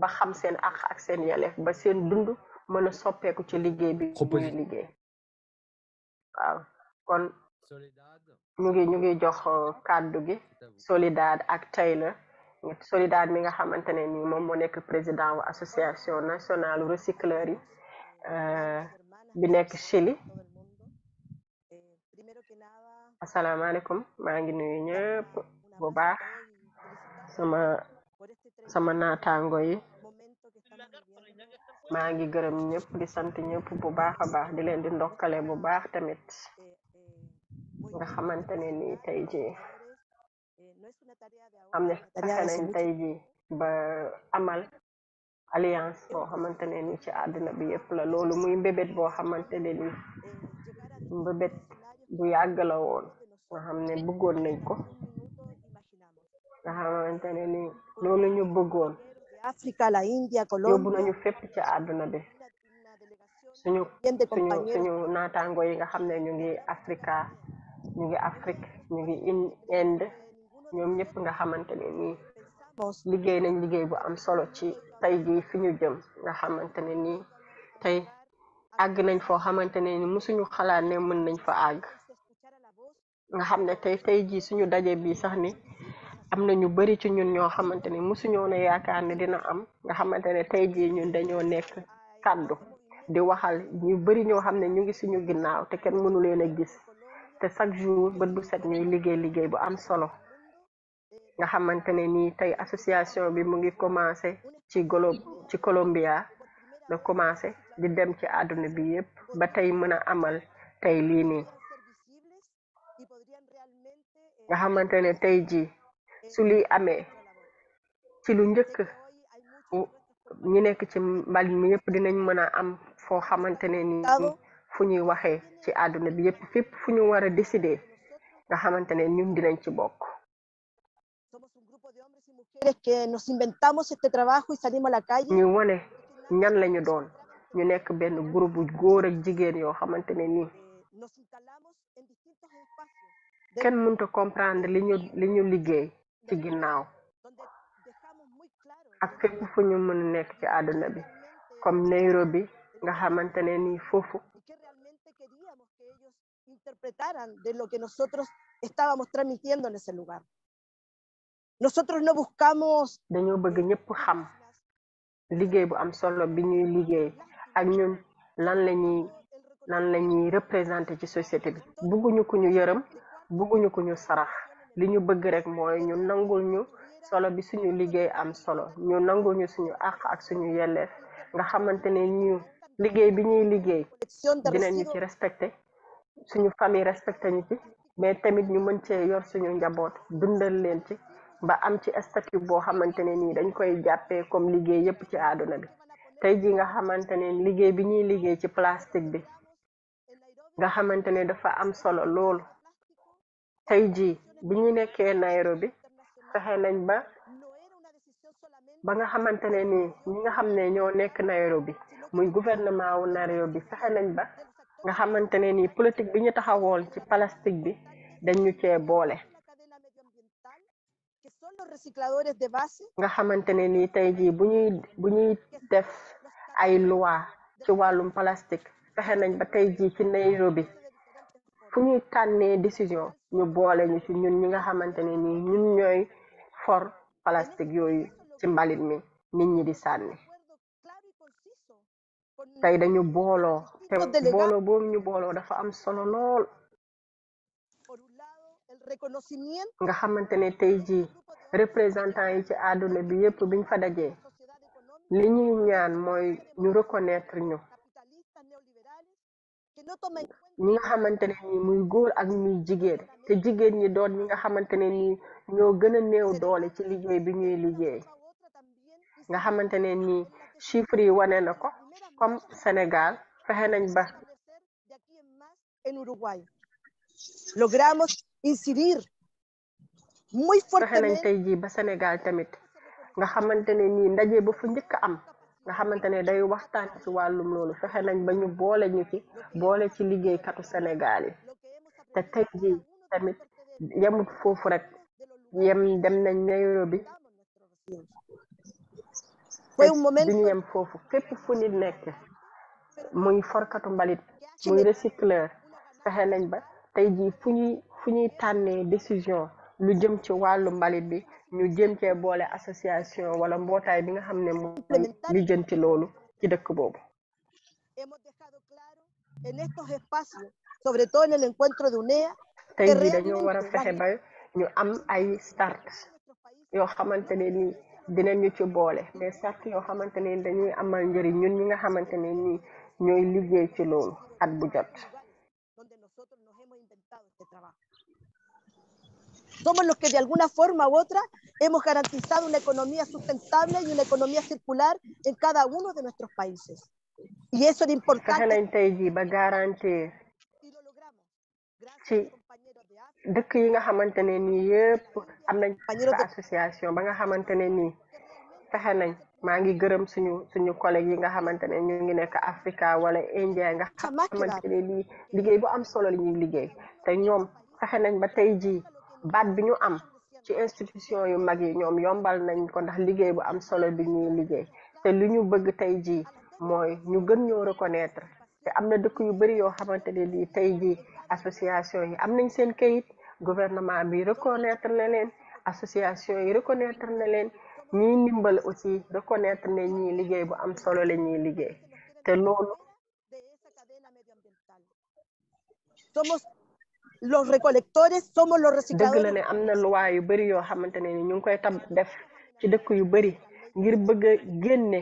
ba xam seen àq ak seen yelef ba seen dund mën soppeeku ci liggéey bi ñuy liggéey waaw kon ñu ngi ñu ngi jox uh, kàddu gi Soledad ak Taylor Solidar mi nga xamante ne ni moom moo nekk président wu association nationale recycleur yi euh, bi nekk Chili asalaamaaleykum maa ngi nuyu ñëpp bu baax sama sama naataango yi maa ngi gërëm ñëpp di sant ñëpp bu baax a baax di leen di ndokkale bu baax tamit nga xamante ne ni tey jii xam ne fexe ba amal alliance boo xamante ne ci àddina bi yëpp la loolu muy mbébét boo xamante ne ni la woon nga xam ne bëggoon nañ ko nga xamante ne ni loolu ñu bëggoon yóbbu nañu fépp ci àdduna bi suñu suñu suñu naataango yi nga xam ne ñu ngi Afrika ngi Afrique ñu ngi Inde ñoom ñëpp nga xamante ne nii liggéey nañ liggéey bu am solo ci tey jii fi ñu jëm nga xamante ne nii tey àgg nañ foo xamante ne ni musuñu xalaat ne mën nañ fa àgg nga xam ne tey tey jii suñu daje bi sax ni am na ñu bari ci ñun ñoo xamante ne musuñoo ne yaakaar ne dina am nga xamante ne tey jii ñun dañoo nekk kàddu di waxal ñu bari ñoo xam ne ñu ngi suñu ginnaaw te kenn mënu leen a gis te chaque jour bët bu set ñuy liggéey liggéey bu am solo nga xamante ne nii tey association bi mu ngi commencé ci golo ci Colombia la commencé di dem ci àdduna bi yëpp ba tey mën a amal tey lii nii nga xamante ne tey jii su lii amee ci lu njëkk ñi nekk ci mbal mi yëpp dinañ mën a am foo xamante ne nii fu ñuy waxee ci àdduna bi yëpp fépp fu ñu war a décider nga xamante ne ñun dinañ ci bokk mujeres que nos inventamos este trabajo y salimos a la calle. ñu wane ñan la doon ñu nekk benn groupe góor ak jigéen yoo xamante ne nii eh, kenn mënta comprendre li ñu li ñu liggéey ci ginnaaw ak fépp fu ñu mën nekk ci àdduna bi comme Nairobi nga xamante ne nii foofu interpretaran de lo que nosotros estábamos transmitiendo en ese lugar. nosotros no buscamos. dañoo bëgg ñëpp xam liggéey bu am solo bi liggéey ak ñun lan la ñuy lan la ñuy représenté ci société bi bëgguñu ku ñu yërëm bëgguñu ku ñu sarax li ñu bëgg rek mooy ñu nangul ñu solo bi suñu liggéey am solo ñu nangul ñu suñu àq ak suñu yelleef nga xamante ne ñu liggéey bi ñuy liggéey dinañ ñu ci respecté suñu famille respecté ñu ci mais tamit ñu mën cee yor suñu njaboot dundal leen ci. ba am ci statut boo xamante ne nii dañ koy jàppee comme liggéey yépp ci àdduna bi tey ji nga xamante ne liggéey bi ñuy liggéey ci plastique bi nga xamante ne dafa am solo lool tey ji bi ñu nekkee Nairobi fexe nañ ba ba nga xamante ne nii ñi nga xam ne ñoo nekk Nairobi muy gouvernement wu Nairobi fexe nañ ba nga xamante ne nii politique bi ñu taxawoon ci plastique bi dañu cee boole recicladores de nga xamante ne ni tey jii bu ñuy bu ñuy def ay loi ci wàllum plastique fexe nañ ba tey jii ci Nairobi fu ñuy tànnee décision ñu boole ñu ci ñun ñi nga xamante ne ni ñun ñooy for plastique yooyu ci mbalit mi nit ñi di sànni tey dañu booloo te booloo boobu ñu booloo dafa am solo lool. nga xamante ne tey jii représentant yi ci àdduna bi yépp biñ fa dajee li ñuy ñaan mooy ñu reconnaître ñu ñi nga xamante ne muy góor ak muy jigéen te jigéen ñi doon ñi nga xamante ne nii ñoo gën a néew doole ci liggéey bi ñuy liggéey nga xamante ne nii chiffre yi wane na ko comme Sénégal fexe nañ ba. incidir muy nañ tey jii ba Sénégal tamit nga xamante ne nii ndaje ba fa njëkk am nga xamante ne day waxtaan ci wàllum loolu fexe nañ ba ñu boole ñu ci boole ci liggéeykatu Sénégal yi te tey jii tamit yemut foofu rek yem dem nañ Nairobi duñu yem foofu fépp fu nit muy forkatu mbalit muy recycleur fexe nañ ba tey jii fu fu ñuy tànnee décision lu jëm ci wàllu mbalit bi ñu jëm cee boole association wala mbootaay bi nga xam ne moom li jëm ci loolu ci dëkk boobu tey jii dañoo war a fexe ba ñu am ay start yoo xamante ne nii dinañu ci boole mais start yoo xamante ne dañuy amal njëriñ ñun ñi nga xamante ne nii ñooy liggéey ci loolu at bu jot Somos los que de alguna forma u otra hemos garantizado una economía sustentable y una economía circular en cada uno de nuestros países. Y eso era importante. ci dëkk yi nga xamante ne ni yëpp eh, am nañ association ba nga xamante ne ni fexe nañ maa ngi gërëm suñu suñu collègue yi nga xamante ne ñu ngi nekk Africa wala India nga xamante ne lii liggéey bu am solo la ñuy liggéey te ñoom fexe nañ ba tey baat bi ñu am ci institution yu mag yi ñoom yombal nañ ko ndax liggéey bu am solo bi ñuy liggéey te li ñu bëgg tey jii mooy ñu gën ñoo reconnaître te am na dëkk yu bëri yoo xamante ne lii tey jii association yi am nañ seen kayit gouvernement bi reconnaître na leen association yi reconnaître na leen ñiy ndimbal aussi reconnaître ne ñii liggéey bu am solo la ñuy liggéey te loolu los recolectores somos los recicladores. dëgg la ne am na loi yu bëri yoo xamante ne ni ñu ngi koy tab def ci dëkk yu bëri ngir bëgg a génne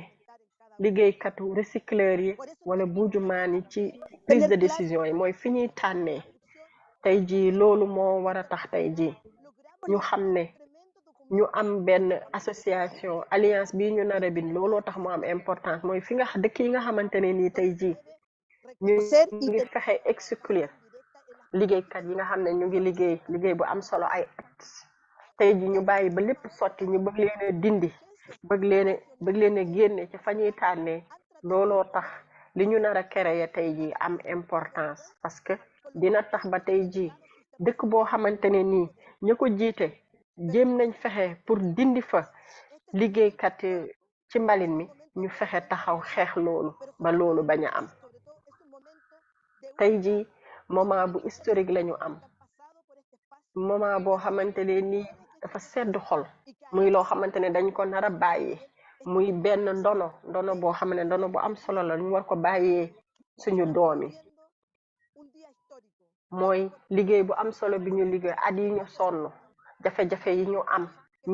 liggéeykatu recycleurs yi wala buujumaan yi ci prise de décision yi mooy fi ñuy tànnee tey jii loolu moo war a tax tey ji ñu xam ne ñu am benn association alliance bi ñu nar a bind looloo tax mu am importance mooy fi nga dëkk yi nga xamante ne nii tey jii ñu ngi fexe exclure kat yi nga xam ne ñu ngi liggéey liggéey bu am solo ay at tey ji ñu bàyyi ba lépp sotti ñu bëgg leen dindi bëgg leen génne ci fa ñuy tànnee looloo tax li ñu nar a créer tey ji am importance parce que dina tax ba tey ji dëkk boo xamante ne nii ñu ko jiite jéem nañ fexe pour dindi fa liggéeykat ci mbalin mi ñu fexe taxaw xeex loolu ba loolu bañ a am tey jii moment bu historique lañu am moment boo xamante ne nii sedd xol muy loo xamante ne dañ ko nar a bàyyi muy benn ndono ndono boo xam ne ndono bu am solo lañu ñu war ko bàyyee suñu doomi mooy liggéey bu am solo bi ñu liggéey at yi ñu sonn jafe-jafe yi ñu am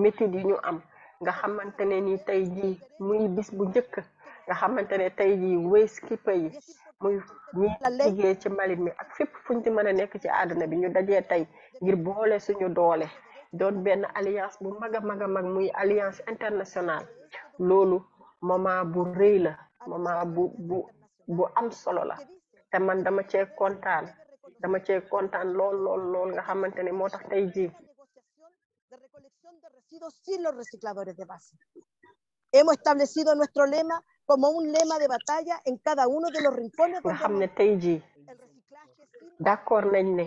métit yi ñu am nga xamante ne ni tey jii muy bis bu njëkk nga xamante ne tey jii waste skipper yi muy ñii liggéey ci malit mi ak fépp fuñ ci mën nekk ci àdduna bi ñu dajee tey ngir boole suñu doole doon benn alliance bu mag a mag a mag muy alliance internationale loolu moment bu rëy la moment bu bu am solo la te man dama cee kontaan dama cee kontaan lool lool lool nga xamante ni moo tax tey jii sin los recicladores de base hemos establecido nuestro lema como nga xam ne tey jii d'accord nañ ne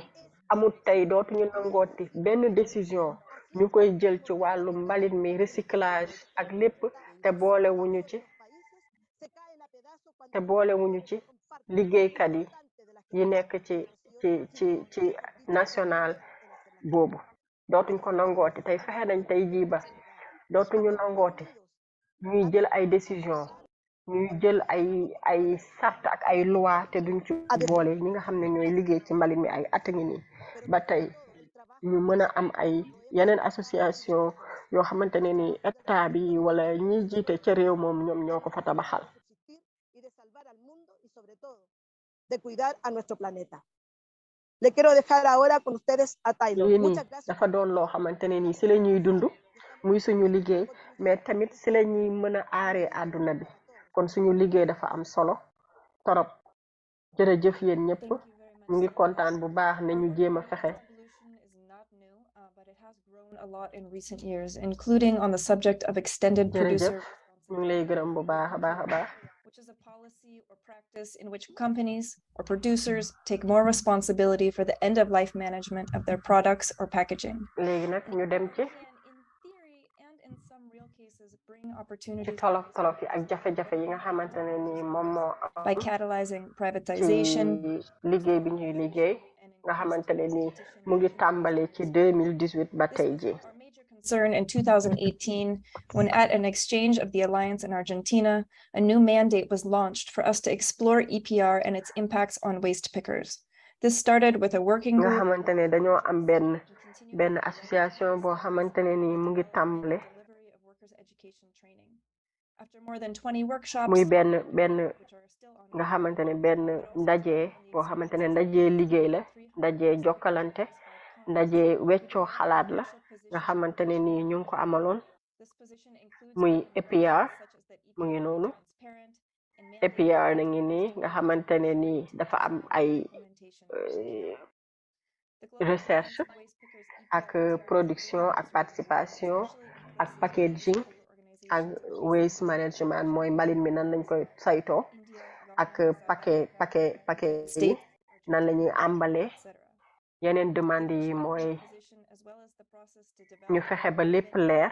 amul tey dootuñu nangooti benn décision ñu koy jël ci wàllu mbalit mi recyclage ak lépp te boole wuñu ci te boole wuñu ci liggéeykat yi yi nekk ci ci ci national boobu dootuñ ko nangooti tey fexe nañ tey jii ba dootuñu nangooti ñuy jël ay décision ñuy jël ay ay sart ak ay loi te duñ ci boole ñi nga xam ne ñooy liggéey ci mbalit mi ay at ba tey ñu mën a am ay yeneen association yoo xamante ne ni état bi wala ñiy jiite ca réew moom ñoom ñoo ko fa tabaxal de cuidar a nuestro planeta le quiero dejar ahora con ustedes a Taylor lii dafa doon loo xamante ne nii si la ñuy dund muy suñu liggéey mais tamit si la ñuy mën a aaree àdduna bi kon suñu liggéey dafa am solo torop jërëjëf yéen ñëpp ñu ngi kontaan bu baax ne ñu jéem a fexe jërëjëf ñu ngi lay gërëm bu baax a baax a baax which is a policy or practice in which companies or producers take more responsibility for the end of life management of their products or packaging. léegi nag ñu dem ci ci tolof tolof yi ak jafe-jafe yi nga xamante ne ni moom moo am by catalyzing privatization liggéey bi ñuy liggéey nga xamante ne ni mu ngi tàmbale ci 2018 ba tey ji concern in 2018 when, at an exchange of the Alliance in Argentina, a new mandate was launched for us to explore EPR and its impacts on waste pickers. This started with a working group. muy benn benn nga xamante ne benn ndaje boo xamante ne ndaje liggéey la ndaje jokkalante ndaje wecco xalaat la nga xamante ne nii ñu ngi ko amaloon muy APR e e mu ngi noonu APR e na ngi nii nga xamante ne nii dafa am ay euh, recherche ak euh, production ak participation ak packaging ak waste management mooy mbalin mi nan lañ koy saytoo ak paquet paquet nan la ñuy àmbale yeneen demande yi mooy ñu fexe ba lépp leer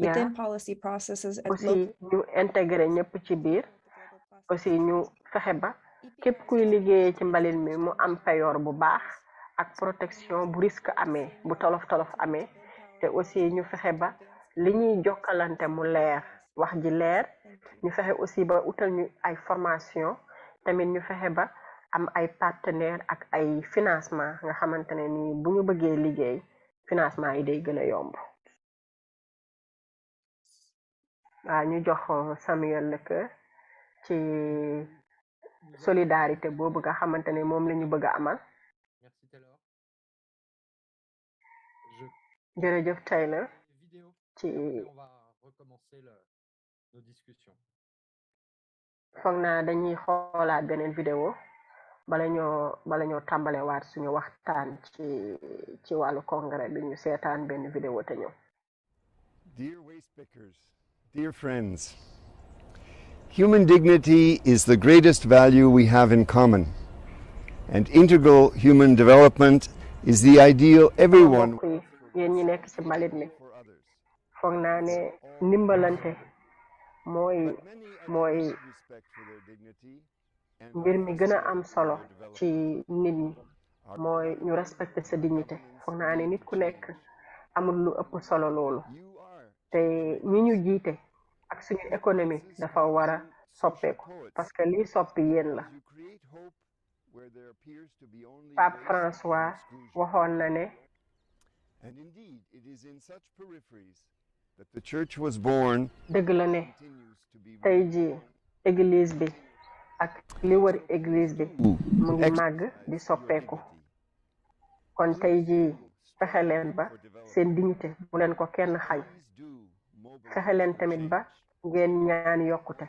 yaa aussi ñu intégré ñëpp ci biir aussi ñu fexe ba e képp kuy liggéeyee ci mbalin mi mu am payoor bu baax ak protection bu risque amee bu tolof tolof amee te aussi ñu fexe ba li ñuy jokkalante mu leer wax ji leer ñu fexe aussi ba utal ñu ay formation tamit ñu fexe ba am ay partenaire ak ay financement nga xamante ne nii bu ñu bëggee liggéey financement yi day gën a yomb waaw ñu jox Samuel Leke ci solidarité boobu nga xamante ne moom la ñu bëgg a amal jërëjëf Tyler ci foog naa dañuy xoolaat beneen vidéo bala ñoo bala ñoo tàmbale waat suñu waxtaan ci ci wàllu congrès bi ñu seetaan benn vidéo te ñëw Dear waste pickers, dear friends, human dignity is the greatest value we have in common, and integral human development is the ideal everyone. yéen ñi nekk ci mbalit mi foog naa ne ndimbalante mooy mooy mbir mi gën a am solo ci nit ñi mooy ñu respecter sa dignité foog naa nit ku nekk amul lu ëpp solo loolu te ñi ñu jiite ak suñu économie dafa war a soppeeku parce que li sopp yéen la Pape François waxoon ne And indeed, it is in such peripheries that the church was born. dëgg la ne tey église bi ak li wër église bi mu ngi màgg di soppeeku kon tey jii leen ba seen dignité bu leen ko kenn xañ fexe leen tamit ba ngeen ñaan yokkute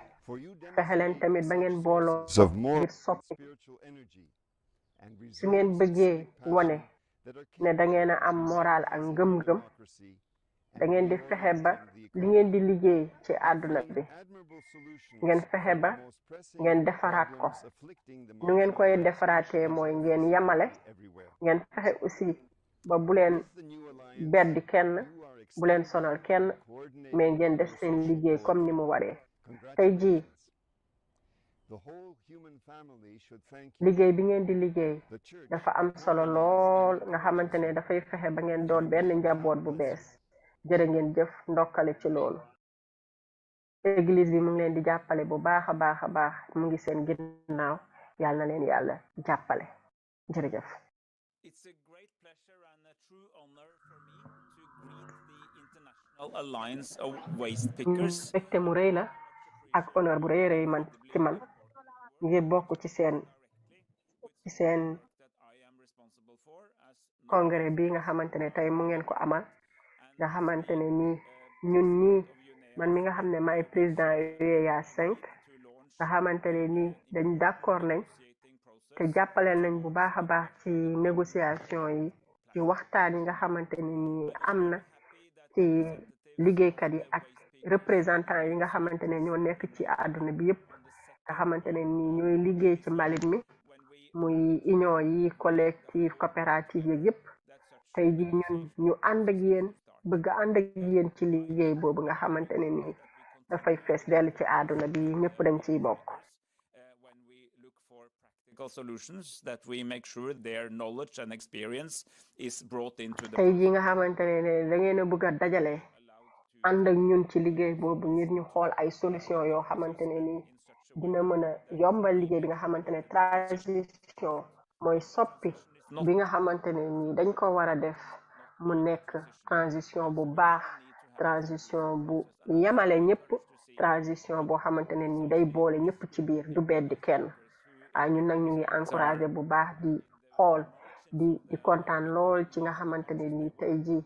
fexe leen tamit ba ngeen booloo ngir soppi su ngeen bëggee ne da ngeen a am moral ak ngëm-ngëm da ngeen di fexe ba li ngeen di liggéey ci àdduna bi ngeen fexe ba ngeen defaraat ko nu ngeen koy defaraatee mooy ngeen yamale ngeen fexe aussi ba bu leen beddi kenn bu leen sonal kenn mais ngeen def seen liggéey comme ni mu waree tey jii liggéey bi ngeen di liggéey dafa am solo lool nga xamante ne dafay fexe ba ngeen doon benn njaboot bu bees jërë ngeen jëf ndokkale ci loolu église bi mu ngi leen di jàppale bu baax a baax a baax mu ngi seen ginnaaw yàlla na leen yàlla jàppale jërëjëf mbégte mu rëy la ak honneur bu rëy rëy man ci man ngir bokk ci seen ci seen congrès bi nga xamante ne tey mu ngeen ko amal nga xamante ne nii ñun ñii man mi nga xam ne maay président UEA 5 nga xamante ne nii dañ d'accord nañ te jàppale nañ bu baax a baax ci négociation yi ci waxtaan yi nga xamante ne nii am na ci liggéeykat yi ak représentant yi nga xamante ne ñoo nekk ci a àdduna bi yëpp nga xamante ne ni ñooy liggéey ci mbalit mi muy union yi collectif coopérative yi yëpp tey ji ñun ñu ànd ak yéen bëgg ànd ak yéen ci liggéey boobu nga xamante ne ni dafay fees dell ci àdduna bi ñëpp dañ ciy bokk solutions that we make sure their knowledge and experience is brought into the tey jii nga xamante ne da ngeen a bëgg a dajale ànd ak ñun ci liggéey boobu ñu xool ay solution yoo xamante ne dina mën a yombal liggéey bi nga xamante ne transition mooy soppi bi nga xamante ne nii dañ ko war a def mu nekk transition bu baax transition bu yemale ñëpp transition boo xamante ne nii day boole ñëpp ci biir du beddi kenn a ah, ñun nag ñu ngi encouragé bu baax di xool di di kontaan lool ci nga xamante ne nii tey jii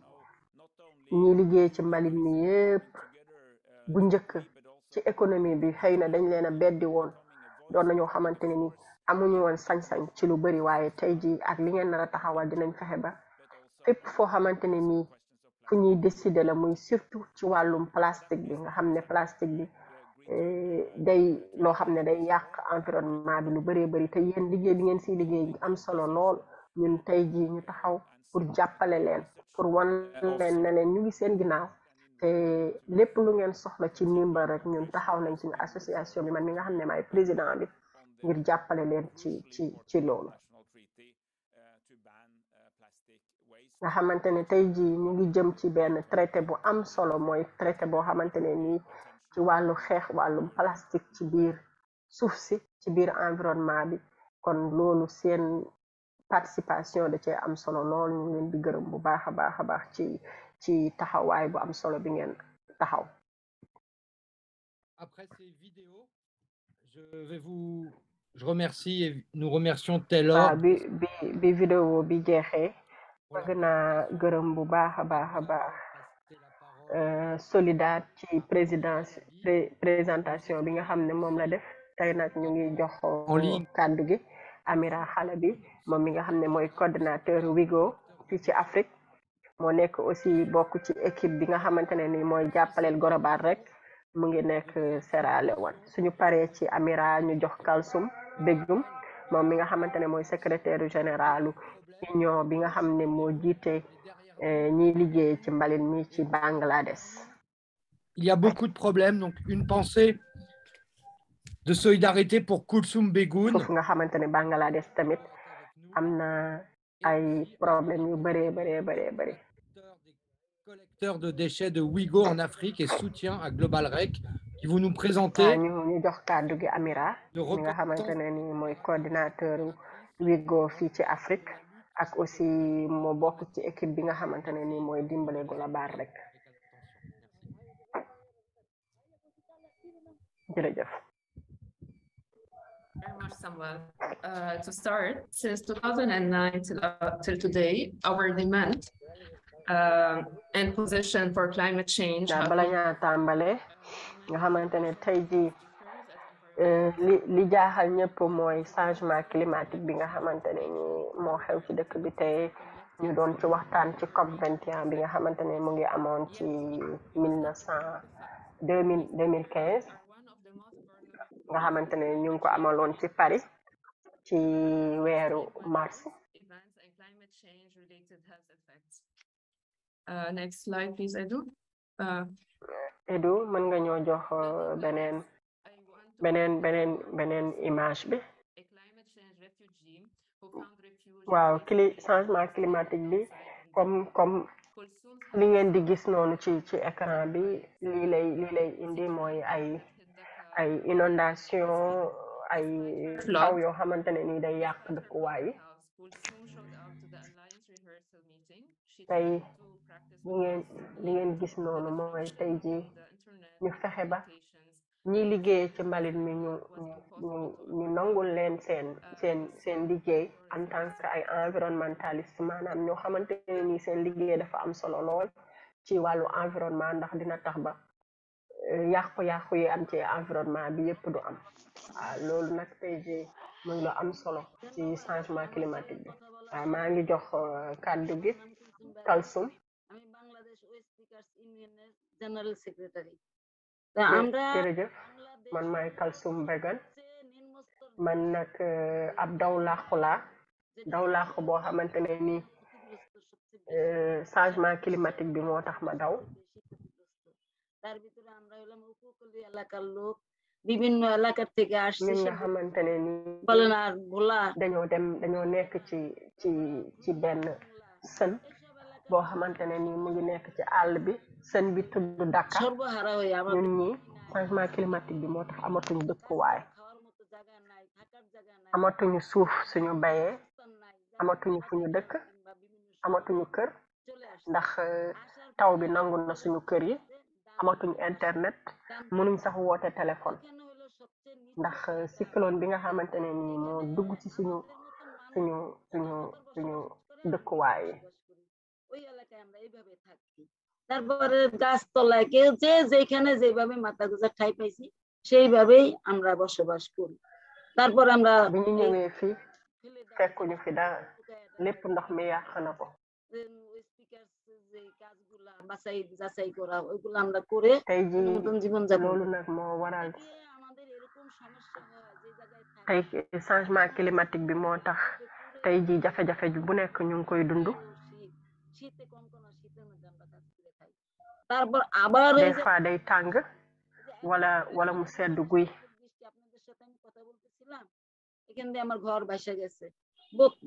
ñi liggéey ci mbalit mi yëpp bu njëkk ci économie bi xëy na dañ leen a beddi woon doon nañoo xamante ne ni amuñu woon sañ-sañ ci lu bëri waaye tey jii ak li ngeen nar a di nañ fexe ba fépp foo xamante ne nii fu ñuy décider la muy surtout ci wàllum plastique bi nga xam ne plastique bi eh, day loo xam ne day yàq environnement bi lu bëree bari te yéen liggéey bi ngeen siy liggéey am solo lool ñun tey jii ñu taxaw pour jàppale leen pour wan leen ne leen ñu ngi seen ginnaaw te lépp lu ngeen soxla ci ndimbal rek ñun taxaw nañ suñu association bi man mi nga xam ne maay président bi ngir jàppale leen ci ci ci loolu nga xamante ne tey jii ñu ngi jëm ci benn traité bu am solo mooy traité boo xamante ne nii ci wàllu xeex wàllum plastique ci biir suuf si ci biir environnement bi kon loolu seen participation da cee am solo lool ñu leen di gërëm bu baax a baax a baax ci ci taxawaay bu am solo bi ngeen taxaw. Après ces vidéos, je remercie et nous remercions Taylor. bi bi bi vidéo bi jeexee bëgg naa gërëm bu baax a baax a baax euh, Soledad ci présidence présentation bi nga xam ne moom la def tey nag ñu ngi jox kàddu gi Amira Xalabi moom mi nga xam ne mooy coordinateur Wigo fii ci Afrique. moo nekk aussi bokk ci équipe bi nga xamante ne ni mooy jàppaleel Gorobaar rek mu ngi nekk Sierra Leone suñu paree ci Amira ñu jox Kalsum Begum moom mi nga xamante ne mooy secretaire généralu union bi nga xam ne moo jiite eh, ñiy liggéey ci mbalit mi ci Bangladesh. Il y a beaucoup de problèmes donc une pensée de solidarité pour Kulsum Begun. foofu nga xamante Bangladesh tamit am na. ay problème yu bëree bëree bëree bëri collecteur de déchets de Ouïghour en Afrique et soutien à Global Rec qui vous nous présenter ñu jox kàddu gi Amira mi nga xamante ne ni mooy coordinateur Ouïghour fii ci Afrique ak aussi moo bokk ci équipe bi nga xamante ne ni mooy dimbale Global Rec rek much, Samuel. Uh, to start, since 2009 till, uh, till today, our demand uh, and position for climate change. bala ñaa tàmbale nga xamante ne tey jii eh, li li jaaxal ñëpp mooy changement climatique bi nga xamante ne ni moo xew ci dëkk bi tey ñu doon ci waxtaan ci COP 21 bi nga xamante ne mu ngi amoon ci mille neuf cent deux mille deux mille quinze nga xamante ne ñu ngi ko amaloon ci Paris ci weeru mars events and climate change uh, uh, nga ñoo jox uh, beneen beneen beneen image bi waaw cli changement climatique bi comme comme li ngeen di gis noonu ci ci écran bi lii lay lii lay indi mooy ay ay inondation ay taw yoo xamante ne nii day yàq dëkkuwaay yi tey li ngeen li ngeen gis noonu mooy tey ji ñu fexe ba ñiy liggéey ci mbalit mi ñu ñu ñu nangul leen seen seen seen liggéey en tant que ay environnementaliste maanaam ñoo xamante ne seen liggéey dafa am solo lool ci wàllu environnement ndax dina tax ba yàqu-yàqu yi am ci environnement bi yëpp du am waaw loolu nag tey ji am solo ci changement climatique bi waaw maa ngi jox euh, kàddu gi Kalsum jërëjëf man maay Kalsum Began man nag euh, ab daw làqu laa boo xamante ne nii euh, changement climatique bi moo tax ma daw তার ভিতরে আমরা হলাম উপকূলীয় এলাকার লোক বিভিন্ন এলাকার থেকে xamante ne ni bala naa bula dañoo dem dañoo nekk ci ci ci benn sën boo xamante ne ni mu ngi nekk ci àll bi seen bi tudd Dakar ñun ñi changement climatique bi moo tax amatuñu dëkkuwaay amatuñu suuf suñu bayee amatuñu fu ñu dëkk amatuñu kër ndax taw bi nangu na suñu kër yi amatuñ internet mënuñ sax woote téléphone ndax euh, cyclone bi nga xamante ne nii moo dugg ci suñu suñu suñu suñu dëkkuwaay তারপরে গাছতলাকে যে যেখানে যেভাবে মাথা গোজা ঠাই পাইছি সেইভাবেই আমরা বসবাস করি তারপর আমরা ফেকুñu fi dara lépp ndox mi yàq বাছাই যাচাই করা ওইগুলো আমরা করে moo waral আমাদের changement climatique bi moo tax tey ji jafe-jafe bu nekk ñu ngi koy dund শীতে Konkona day tàng wala wala mu sedd guy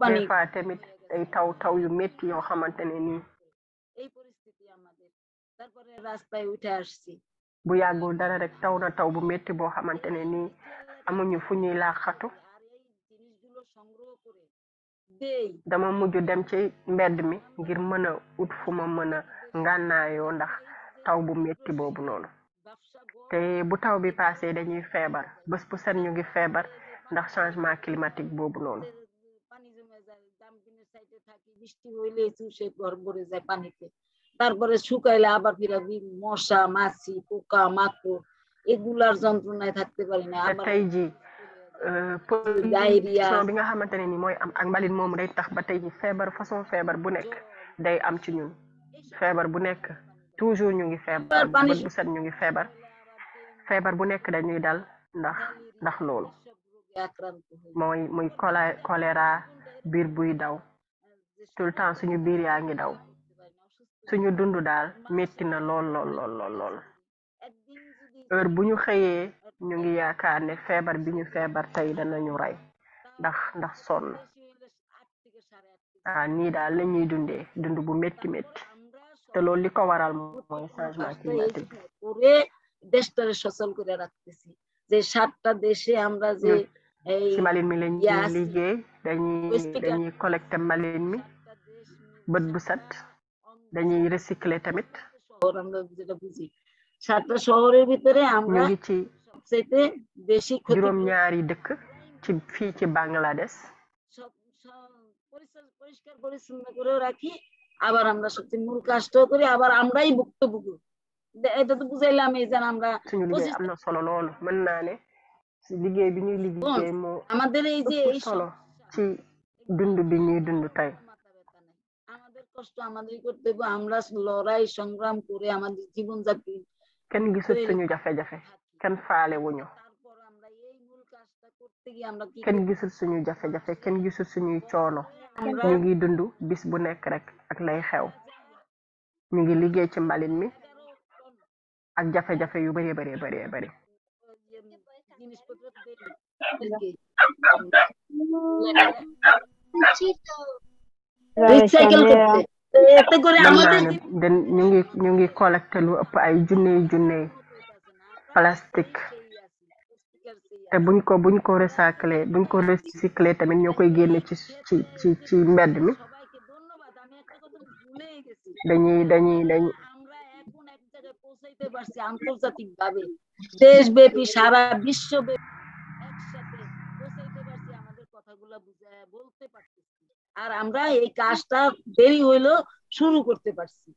আপনাদের সাথে tamit day taw taw yu métti yoo xamante ne nii তারপরে রাস্তায় উঠে bu yàggul dara rek taw na taw bu metti boo xamante ne nii amuñu fu ñuy laaxatu dama mujj dem ci mbedd mi ngir mën a ut fu ma mën a ngànnaayoo ndax taw bu metti boobu noonu te bu taw bi passé dañuy feebar bés bu set ñu ngi feebar ndax changement climatique boobu noonu তারপরে শুকাইলে আবার ফিরা মশা মাছি পোকা মাকড় এগুলার যন্ত্রণায় থাকতে পারি bi nga xamante ne ni mooy am ak mbalit moomu day tax ba tey ji feebar façon feebar bu nekk day am ci ñun feebar bu nekk toujours ñu ngi feebar bu set ñu ngi feebar feebar bu nekk dañuy dal ndax ndax loolu mooy muy choléra biir buy daw tout le temps suñu biir yaa ngi daw suñu dund daal metti na lool lool lool lool heure bu ñu xëyee ñu ngi yaakaar ne feebar bi ñu feebar tey danañu rey ndax ndax sonn ah nii daal lañuy dundee dund bu métti métti te loolu li ko waral mooy changement climatique bi দেশটারে সচল করে রাখতেছি যে mi lañuy liggéey dañuy dañuy collecté mi bët bu set dañuy recycler tamit শহর আমরা যেটা বুঝি সাতটা শহরের ভিতরে আমরা ngi ci সবচেয়ে বেশি juróom ñaari dëkk ci fii ci Bangladesh পরিষ্কার পরিচ্ছন্ন করেও রাখি আবার আমরা সবচেয়ে মূল কাজটাও করি আবার আমরাই ভুক্তভোগী এটা তো বুঝাইলাম এই যেন আমরা suñu liggéey am na solo loolu mën naa ne si liggéey bi ñuy liggéey moo আমাদের এই যে solo ci dund bi ñuy dund tey কষ্ট আমাদের করতে হবে আমরা লড়াই সংগ্রাম করে আমাদের জীবন jafe-jafe kenn faale wuñu kenn gisul suñu jafe-jafe kenn gisul suñuy coono ñu ngi dundu bis bu nekk rek ak lay xew ñu ngi liggéey ci mbalit mi ak jafe-jafe yu bëree bari bëree recycle eh, ñu ngi ñu lu ëpp ay junney junney plastique te buñ ko buñ ko recyclé buñ ko recyclé tamit ñoo koy génne ci ci ci mbedd mi dañuy dañuy dañuy পৌঁছাইতে পারছি আন্তর্জাতিক ভাবে দেশব্যাপী সারা আর আমরা এই কাজটা দেরি হইলো শুরু করতে পারছি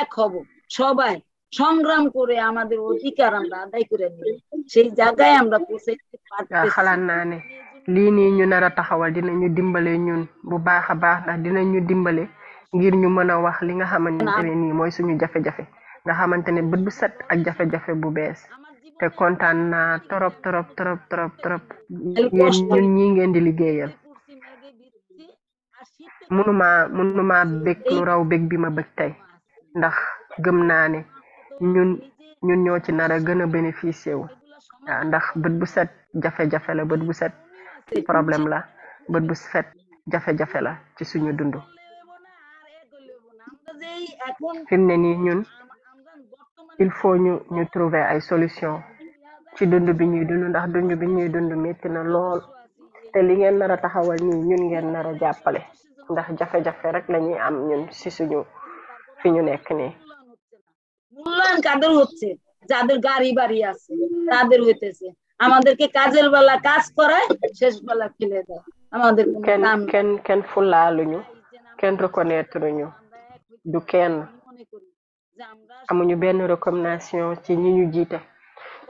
এক হব সবাই সংগ্রাম করে আমাদের অধিকার আমরা আদায় করে নিই সেই জায়গায় আমরা পৌঁছাইতে পারতেছি xalaat naa ne lii nii ñu nar a taxawal dinañu dimbale ñun bu baax a baax ndax ñu dimbale ngir ñu mën a wax li nga xamante ne nii mooy suñu jafe-jafe nga xamante ne bët bu set ak jafe-jafe bu bees te kontaan naa torop torop torop torop torop yéen ñun ngeen di liggéeyal mënumaa mënumaa bég lu raw bég bi ma bëgg tey ndax gëm naa ne ñun ñun ñoo ci nar a gën a bénéficier wu ndax bët bu set jafe-jafe la bët bu set problème la bët bu set jafe-jafe la ci suñu dund fi mu ne nii ñun il faut ñu ñu trouver ay solution ci dund bi ñuy dund ndax dund bi ñuy dund métti na lool te li ngeen nar a taxawal nii ñun ngeen nar a jàppale ndax jafe-jafe rek lañuy am ñun si suñu fi ñu nekk nii মূল্যায়ন কাদের হচ্ছে যাদের গাড়ি বাড়ি আছে তাদের হইতেছে আমাদেরকে কাজের বেলা কাজ করায় শেষ বেলা ফেলে দেয় আমাদের কেন কেন ফুলালুñu কেন reconnaîtreñu du kenn amuñu benn recommandation ci ñi ñu jiite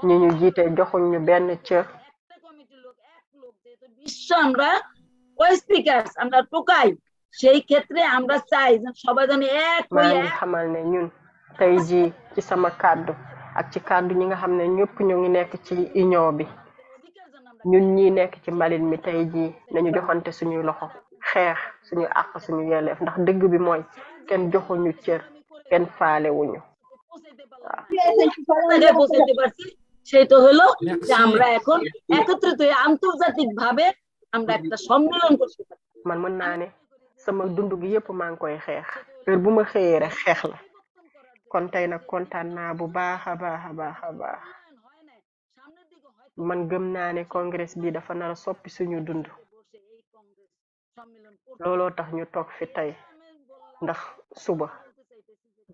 ñi ñu jiite joxuñu benn cër বিশ্ব আমরা ওই স্পিকার আমরা সেই ক্ষেত্রে আমরা চাই যে সবাই যেন এক হয়ে xamal ne ñun tey jii ci sama kàddu ak ci kàddu ñi nga xam ne ñëpp ñu ngi nekk ci union bi ñun ñi nekk ci mbalit mi tey jii nañu joxante suñuy loxo xeex suñu àq suñu yelleef ndax dëgg bi mooy kenn joxuñu cër kenn faalewuñu waaw বোঝাতে পারছি সেটা হলো যে আমরা এখন একত্রিত আন্তর্জাতিক ভাবে আমরা একটা সম্মেলন করতে পারি man mën naa ne sama dund gi yëpp maa ngi koy xeex heure bu ma xëyee rek xeex la kon tey nag kontaan naa bu baax a baax a baax man gëm naa ne congrès bi dafa nar soppi suñu dund looloo tax ñu toog fi tey ndax suba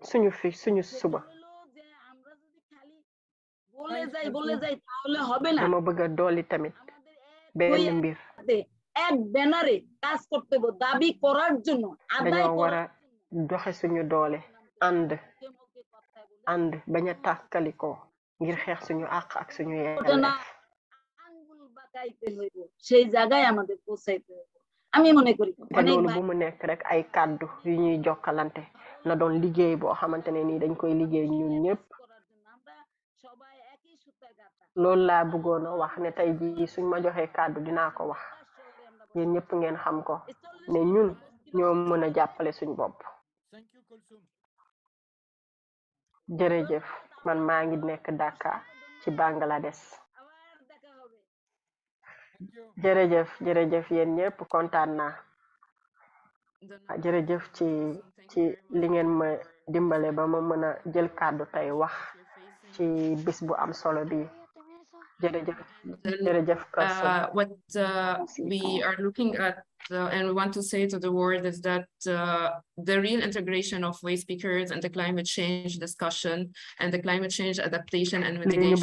suñu fi suñu suba dama bëgg a dolli tamit benn mbir এক ব্যানারে কাজ করতে হবে দাবি করার জন্য আদায় করার suñu doole ànd ànd bañ a tàkkalikoo ngir xeex suñu àq ak suñu yelleef আঙ্গুল বাকাইতে হইব সেই জায়গায় mu nekk rek ay kàddu yu ñuy jokkalante na doon liggéey boo xamante ne nii dañ koy liggéey ñun ñëpp loolu laa bëggoon a wax ne tey jii suñ ma joxee kàddu dinaa ko wax yéen ñëpp ngeen xam ko ne ñun ñoo mën a jàppale suñ bopp jërëjëf man maa ngi nekk Dhaka ci Bangladesh jërëjëf jërëjëf yéen ñëpp kontaan naa ah, jërëjëf ci ci li ngeen ma dimbale ba ma mën a jël kàddu tey wax ci bis bu am solo bi Uh, what uh, we are looking at uh, and we want to say to the world is that uh, the real integration of waste speakers and the climate change discussion and the climate change adaptation and mitigation.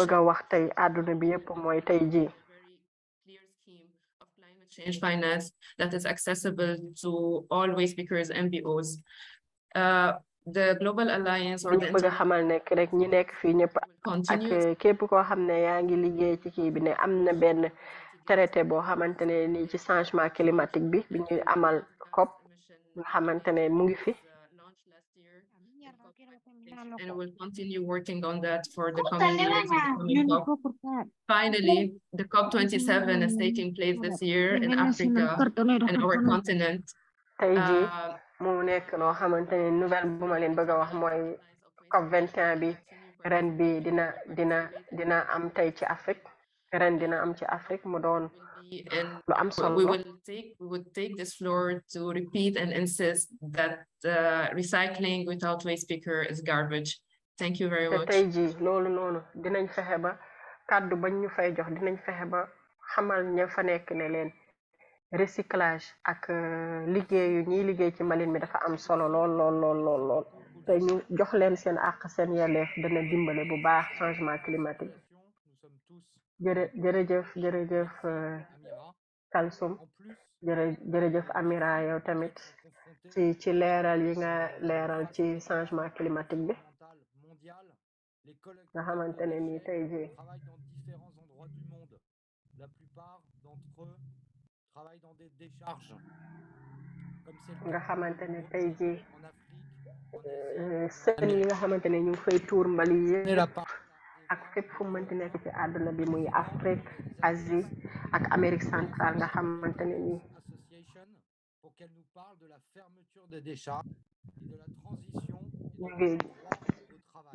Change finance that is accessible to all waste speakers MBOs. the global alliance or the bëgg a xamal nekk rek ñi nekk fii ñëpp ak eh, képp koo xam ne yaa ngi liggéey ci kii bi ne am na benn traité boo xamante ne nii ci changement climatique bi bi ñuy amal COP nga xamante ne mu ngi fi and we'll continue working on that for the coming years. Coming Finally, the COP27 place this year in Africa and our continent. Uh, mu nekk loo xamante ne nouvelle bu ma leen bëgg a wax mooy COP 21 bi ren bi dina dina dina am tey ci Afrique ren dina am ci Afrique mu doon lu am solo we will take this floor to repeat and insist that uh, recycling without waste picker is garbage thank you very much tey jii loolu noonu dinañ fexe ba kàddu bañ ñu fay jox dinañ fexe ba xamal ña fa nekk ne leen recyclage ak euh, liggéey ñiy liggéey ci mbalit mi dafa am solo lool lool lool lool lool ñu jox leen seen ak seen yelleef dana dimbale bu baax changement climatique jërë jërëjëf jërëjëf euh, Kalsum jërë jërëjëf Amira yow tamit ci ci leeral yi nga leeral ci changement climatique bi nga xamante ne nii tey jii travaille dans des décharges. comme c'est nga xamante ne tey jii seen yi euh, nga xamante ne ñu ngi fay tour mbali yëpp ak fépp fu mënti nekk ci àdduna bi muy Afrique Asie ak Amérique centrale nga xamante ne ni pour qu'elle nous parle de la fermeture des décharges et la transition ñu ngi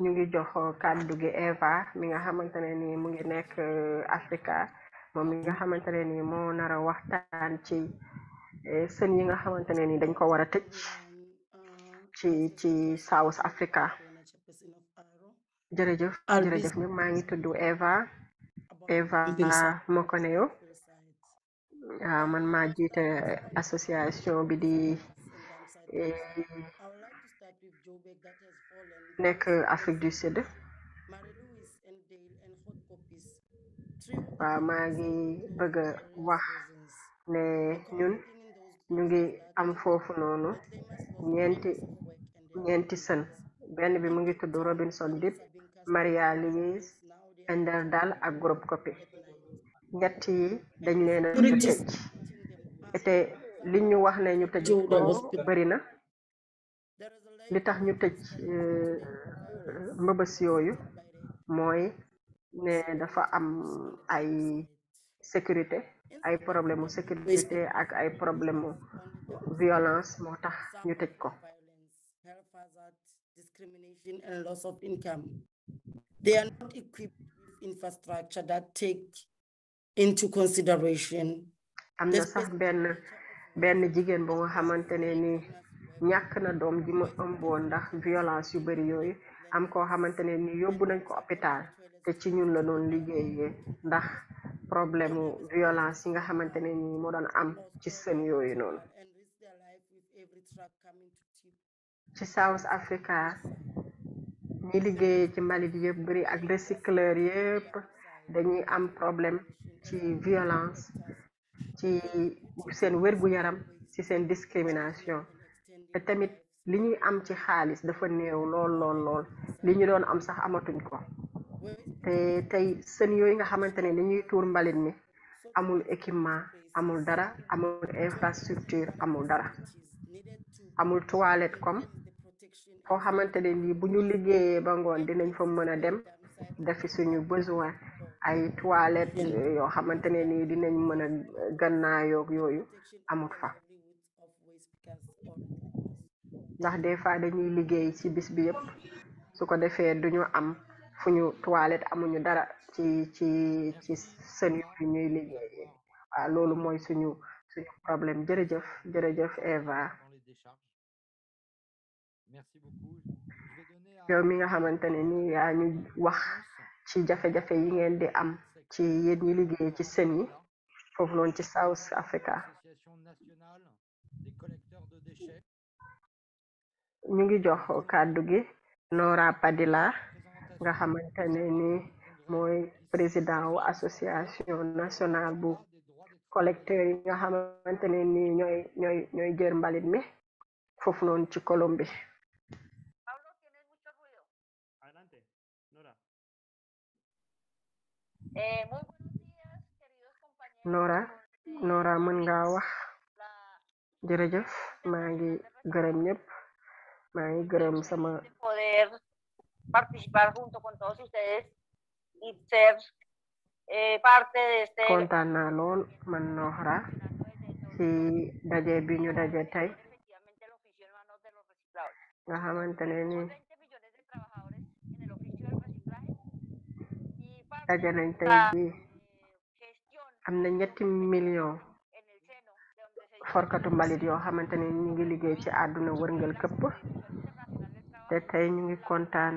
ñu ngi jox kàddu gi Eva mi nga xamante ne ni mu ngi nekk euh, Africa moom mi nga xamante ne ni moo nara a waxtaan ci eh, nga xamante ne ni dañ ko war a tëj ci ci South Africa jërëjëf jërëjëf ñëpp maa ngi tudd Eva Eva Mokoneyo ah, man maa jiite association bi di eh, nekk Afrique du Sud waaw maa ngi bëgg a wax ne ñun ñu ngi am foofu noonu ñeenti ñeenti sën benn bi mu ngi tudd Robinson Dip Maria Louise Ender Daal ak groupe Kopi ñett yi dañ leen a tëj te li ñu wax ne ñu tëj ko bëri na li tax ñu tëj euh, mbëbës yooyu mooy ne dafa am ay sécurité ay problème mu sécurité ak ay problème mu violence moo tax ñu teg ko discrimination and loss of income they are not equipped with infrastructure take into consideration am na sax benn benn jigéen bu nga xamante ne ni ñàkk na doom ji mu ëmboon ndax violence yu bari yooyu am koo xamante ne ni yóbbu nañ ko hôpital te ci ñun la doon liggéeyee ndax problème violence yi nga xamante ne nii moo doon am ci sën yooyu noonu ci South Africa ñi liggéeye ci mbalit yëpp bëri ak recycleur yëpp dañuy am problème ci violence ci seen wérgu yaram ci seen discrimination te tamit li ñuy am ci xaalis dafa néew lool lool li ñu doon am sax amatuñ ko te tey seen yooyu nga xamante ne dañuy tuur mbalit mi amul équipement amul dara amul infrastructure amul dara amul toilette comme foo xamante ne nii bu ñu liggéeyee ba dinañ fa mën a dem defi suñu besoin ay toilette yoo xamante ne nii dinañ mën a gannaayoog yooyu amut fa ndax des fois dañuy liggéey ci bis bi yëpp su ko defee duñu am fu ñu toilette amuñu dara ci ci ci seen yooyu ñuy liggéey waaw loolu mooy suñu suñu problème jërëjëf jërëjëf Eva yow mi nga xamante ne ni yaa ñu wax ci jafe-jafe yi ngeen di am ci yéen ñi liggéey ci sen yi foofu noonu ci South Africa ñu ngi jox kàddu gi Nora Padilla nga xamante ne ni mooy président wu association nationale bu collecteurs yi nga xamante ne ni ñooy ñooy ñooy jër mbalit mi foofu noonu ci Colombie Nora Nora mën nga wax jërëjëf maa ngi gërëm ñëpp maa ngi gërëm sama participar junto con todos lool man Nohra si daje bi ñu daje tey nga xamante ne ni daje nañ tey am na ñetti million forkatu mbalit yoo xamante ne ngi liggéey ci àdduna wërngël këpp te tey ñu ngi kontaan.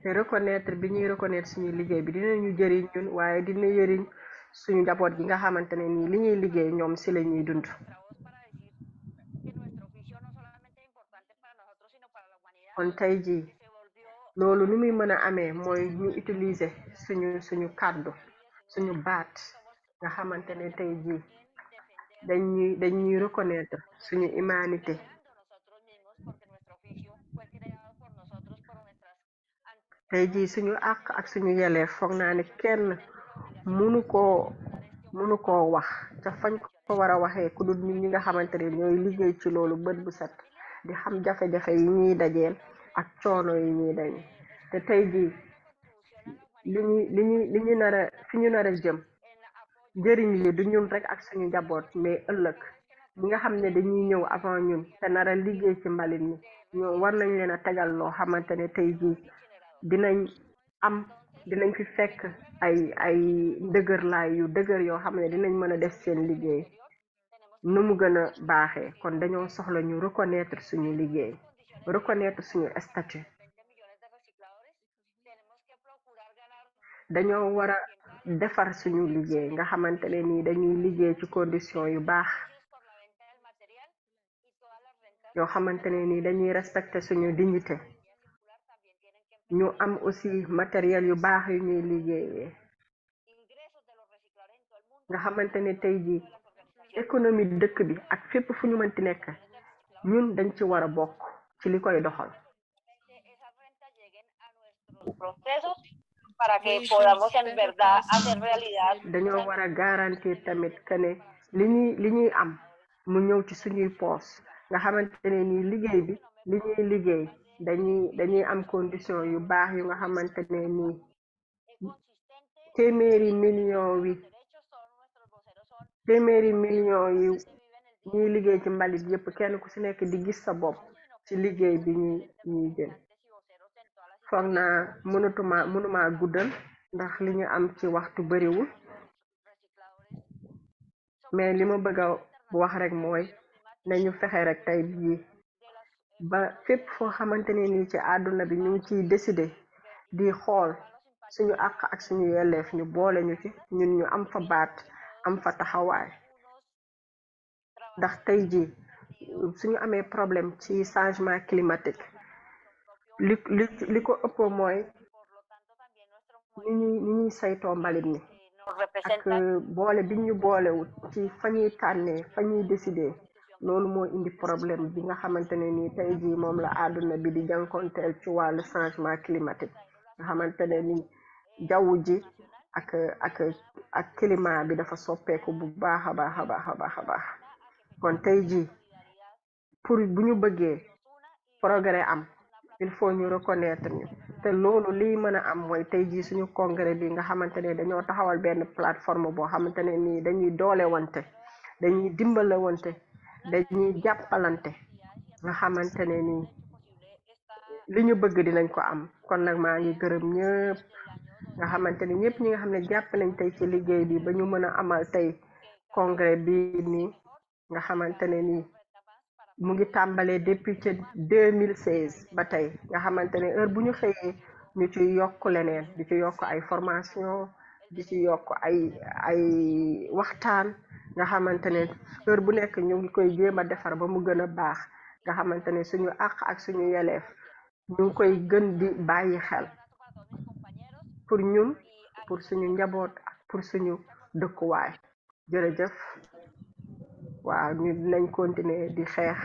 te bi ñuy reconnaître suñuy liggéey bi dina ñu jëriñ ñun waaye dina yëriñ suñu njaboot gi nga xamante ne nii li ñuy liggéey ñoom si la ñuy dund kon tey jii loolu ni muy mën a amee mooy ñu utiliser suñu suñu kàddu suñu baat nga xamante ne tey jii dañuy dañuy reconnaître suñu humanité tey jii suñu àq ak suñu yeleef foog naa ne kenn munu ko munu ko wax te fañ ko war a waxee ku ñi nga xamante ne ñooy liggéey ci loolu bët bu set di xam jafe-jafe yi ñuy dajeel ak coono yi ñuy daje te tey jii li ñuy li ñuy li ñu nar a fi ñu nar a jëm njëriñ li du ñun rek ak suñu njaboot mais ëllëg ñi nga xam ne dañuy ñëw avant ñun te nar a liggéey ci mbalit mi ñoo war nañ leen a tegal loo xamante ne tey jii dinañ am dinañ fi fekk ay ay ndëgërlaay yu dëgër yoo xam ne dinañ mën a def seen liggéey nu mu gën a baaxee kon dañoo soxla ñu reconnaître suñu liggéey reconnaître suñu statut dañoo war defar suñu liggéey nga xamante ne nii dañuy liggéey ci condition yu baax yoo xamante ne nii dañuy respecter suñu dignité ñu am aussi matériel yu baax yu ñuy liggéeyee nga xamante ne tey jii économie dëkk bi ak fépp fu ñu mënti nekk ñun dañ ci war a bokk ci li koy doxal dañoo war a garantir tamit que ne li ñuy li ñuy am mu ñëw ci suñuy poos nga xamante ne liggéey bi li ñuy liggéey dañuy dañuy am condition yu baax yu nga xamante ne nii téeméeri million wi téeméeri million yi ñuy liggéey ci mbalit yépp kenn ku ci nekk di gis sa bopp ci liggéey bi ñuy ñuy jël foog naa mënatuma mënuma guddal ndax li ñu am ci waxtu bariwul mais li ma bëgg a wax rek mooy ñu fexe rek tey bii ba fépp foo xamante ne nii ci àdduna bi ñu ngi ciy décidé di xool suñu àq ak suñu yelleef ñu boole ñu ci ñun ñu am fa baat am fa taxawaay ndax tey jii suñu amee problème ci changement climatique li li ko ëppoo mooy ni ñuy ni ñuy saytoo mbalit mi ak euh, boole bi ñu boolewut ci fa ñuy tànnee fa décidé loolu mooy indi problème bi nga xamante ne nii tey jii moom la àdduna bi di jànkonteel ci wàllu changement climatique nga xamante ne ni jaww ji ak ak ak climat bi dafa soppeeku bu baax a baax a baax a baax a baax kon tey jii pour bu ñu bëggee progrès am il faut ñu reconnaître ñu te loolu liy mën a am mooy tey jii suñu congrès bi nga xamante ne dañoo taxawal benn plateforme boo xamante ne nii dañuy doole wante dañuy dimbale wante dañuy jàppalante nga xamante ne nii li ñu bëgg dinañ ko am kon nag maa ngi gërëm ñëpp nga xamante ne ñëpp ñi nga xam ne jàpp nañ ci liggéey bi ba mën a amal tey congrès bi nii nga xamante ne nii mu ngi tàmbalee depuis ca 2016 ba tey nga xamante ne heure bu ñu xëyee ñu ci yokk leneen di ci yokk ay formation di ci yokk ay ay waxtaan nga xamante ne heure bu nekk ñu ngi koy jéem a defar ba mu gën a baax nga xamante ne suñu àq ak suñu yeleef ñu ngi koy gën di bàyyi xel pour ñun pour suñu njaboot ak pour suñu dëkkuwaay jërëjëf waa ñu dinañ continuer di xeex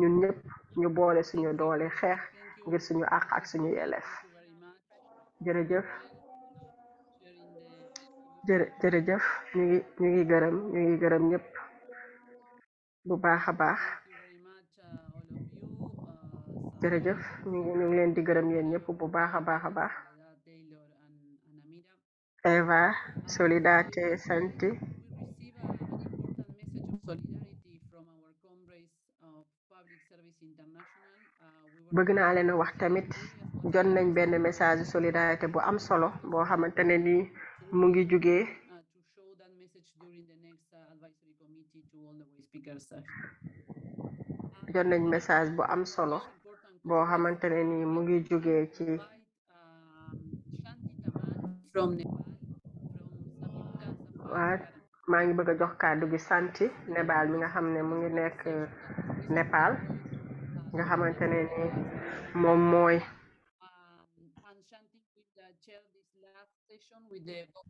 ñun ñépp ñu boole suñu doole xeex ngir suñu àq ak suñu yeleef jërëjëf jërëjëf ñu ngi ñu ngi gërëm ñu ngi gërëm ñëpp bu baax a baax jërëjëf ñu ngi ñu ngi leen di gërëm yéen ñëpp bu baax a baax a baax Eva Solidate Santi bëgg naa leen wax tamit jot nañ benn message solidarité bu am solo boo xamante ne nii mu ngi jógee uh, uh, uh, jot nañ message bu am solo boo xamante ne ni mu ngi jógee ci um, waa maa ngi bëgg a jox kàddu gi santi Nebal mi nga xam ne mu ngi nekk Nepal nga xamante moom mooy with the uh,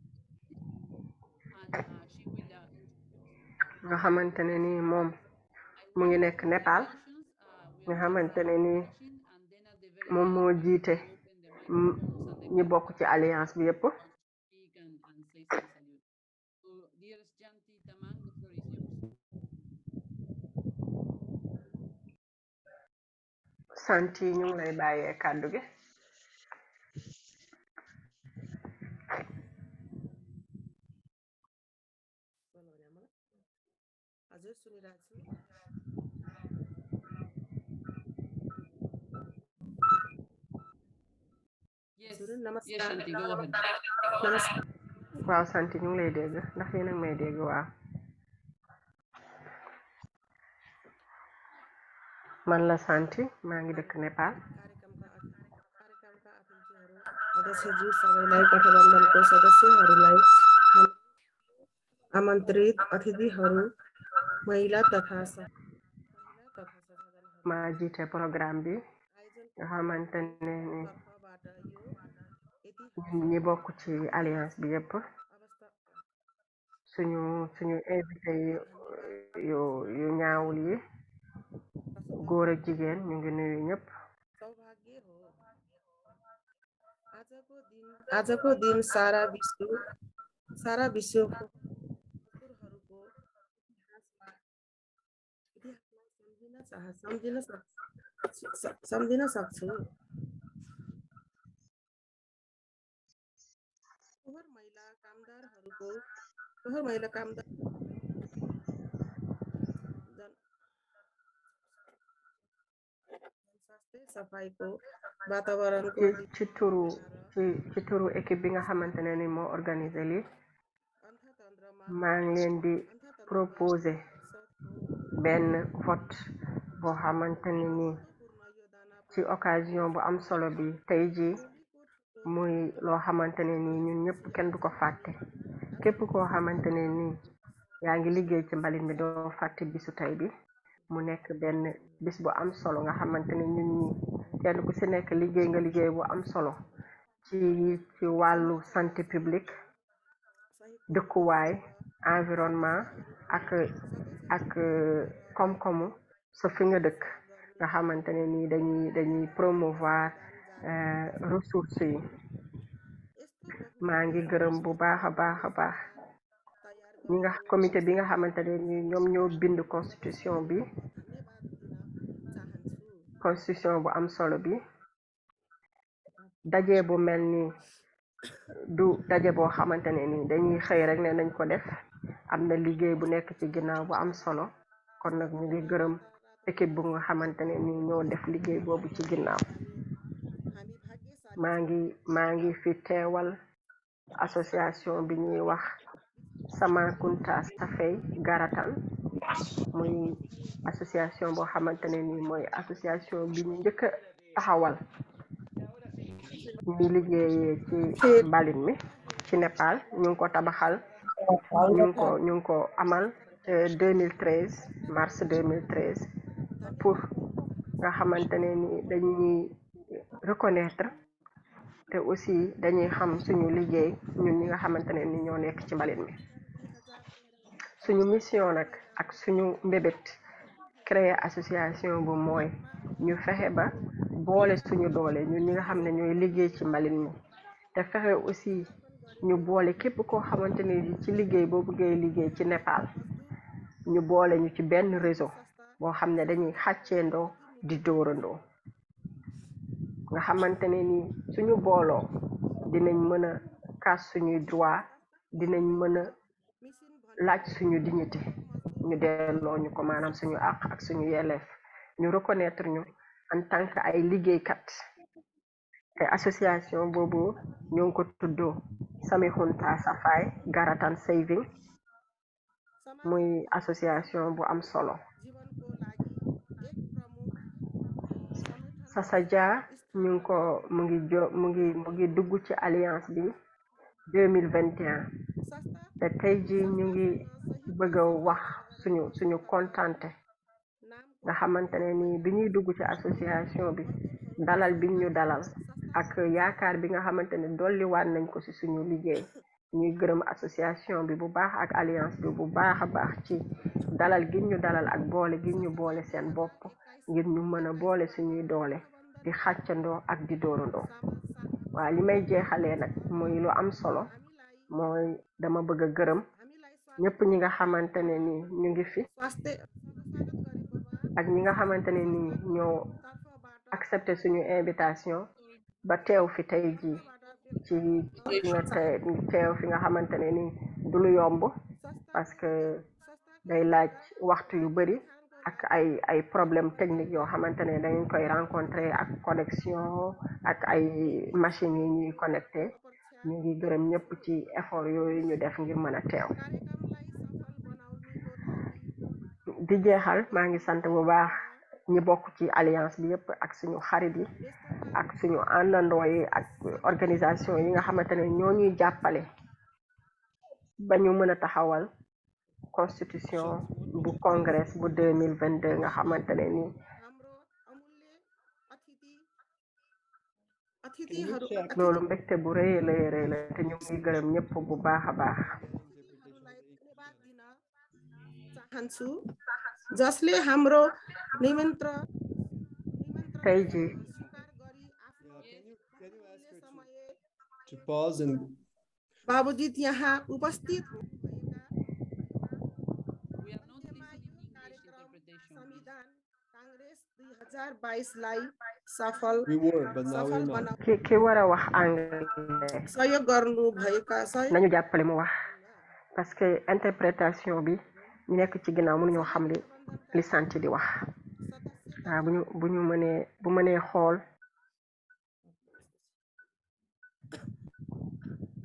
nga xamante ni moom mu ngi nekk Nepal uh, nga xamante ni moom moo jiite ñi bokk ci alliance bi yépp santi ñu ngi lay bàyyee kàddu gi jërëjëf waaw sant ñu ngi lay dégg ndax yéen a may dégg waaw man la sant maa ngi dëkk Népal आमन्त्रित अतिथिहरू महिला तथा ma jiite programme bi nga xamante ne ñun ñi bokk ci alliance bi yépp suñu suñu invité yu yu ñaawul yi góor jigéen ñu ngi nuyu ñëpp sucks. Uh, some dinner sucks. Some dinner sucks too. हर महिला कामदारहरूको हर महिला कामदार स्वास्थ्य सफाइको वातावरणको ci turu ci ci turu équipe bi nga xamante ne ni moo organisé li maa ngi leen di proposé benn vote boo xamante ni ni ci occasion bu am solo bi tey ji muy loo xamante ne ni ñun ñëpp kenn du ko fàtte képp koo xamante ni yaa ngi liggéey ci mbalit mi doo fàtte bisu tey bi mu nekk benn bis bu am solo nga xamante ni ñun ñi kenn ku si nekk liggéey nga liggéey bu am solo ci ci wàllu santé publique dëkkuwaay environnement ak ak euh, koom-koomu sa fi nga dëkk nga xamante ne ni dañuy dañuy promouvoir euh, ressources yi maa ngi gërëm bu baax a baax a baax ñi nga comité bi nga xamante ne ni ñoom ñoo bind constitution bi constitution bu am solo bi daje bu mel ni du daje boo xamante ne ni dañuy xëy rek ne nañ ko def am na liggéey bu nekk ci ginnaaw bu am solo kon nag ngi gërëm équipe bu nga xamantane ni ñoo def liggéey boobu ci ginnaaw maa ngi maa ngi fi teewal association bi ñuy wax Samankunta Safey Garatan muy association boo xamantane ni mooy association bi ñu njëkk taxawal ñu liggéeyee ci mbalin mi ci Nepal ñu ngi ko tabaxal ñu ngi ko ñu ngi ko amal 2013 euh, mars 2013 pur nga xamante ne ni dañuy reconnaître te aussi dañuy xam suñu liggéey ñun ñi nga xamante ne ni ñoo nekk ci mbalit mi suñu mission nag ak suñu mbébét créer association bu mooy ñu fexe ba boole suñu doole ñun ñi nga xam ne ñooy liggéey ci mbalit mi te fexe aussi ñu boole képp koo xamante ne ci liggéey boobu ngay liggéey ci Nepal ñu boole ñu ci benn réseau boo xam ne dañuy xàcceendoo di dóorandoo nga xamante ne ni suñu booloo dinañ mën a kaas suñuy droit dinañ mën a laaj suñu dignité ñu delloo ñu ko maanaam suñu àq ak suñu yelleef ñu reconnaître ñu en tant que ay liggéeykat te association boobu ñoo ngi ko tuddoo Samihunta Safai Garatan Saving muy association bu am solo Sassa Dia ñu ngi ko mu ngi mu ngi mu ngi dugg ci alliance bi mille 2021 te tey ji ñu ngi bëgg a wax suñu suñu kontante nga xamante ne ni bi ñuy dugg ci association bi dalal biñ ñu dalal ak yaakaar bi nga xamante ne dolli waat nañ ko ci suñu liggéey ñuy gërëm association bi bu baax ak alliance bi bu baax a baax ci dalal giñu dalal ak boole gi ñu boole seen bopp ngir ñu mën a boole suñuy doole di xàccandoo ak di dóorandoo waa li may jeexalee nag mooy lu am solo mooy dama bëgg a gërëm ñëpp ñi nga xamante ne ni ñu ngi fi ak ñi nga xamante ne ni ñoo accepté suñu invitation ba teew fi tey jii ci teew fi nga xamante ne ni du lu yomb parce que day laaj waxtu yu bari ak ay ay problème technique yoo xamante ne dañu koy rencontrer ak connexion ak ay machines yi ñuy connecté ñu ngi gërëm ñëpp ci effort yooyu ñu def ngir mën a teew di jeexal maa ngi sant bu baax ñu bokk ci alliance bi yëpp ak suñu xarit yi ak suñu àndandoo yi ak organisation yi nga xamante ne ñoo ñuy jàppale ba ñu mën a taxawal constitution bu congrès bu 2022 nga xamante ne ni loolu mbégte bu rëy la rëy la te ñu ngi gërëm ñëpp bu baax a baax tey ji बाबूजी 2022 lay ki ki war a wax anglais soyo nañu jàppale mu wax parce que interprétation bi ñu nekk ci ginnaaw mënuñoo xam li li sant di wax waaw bu ñu bu ñu mënee bu mënee xool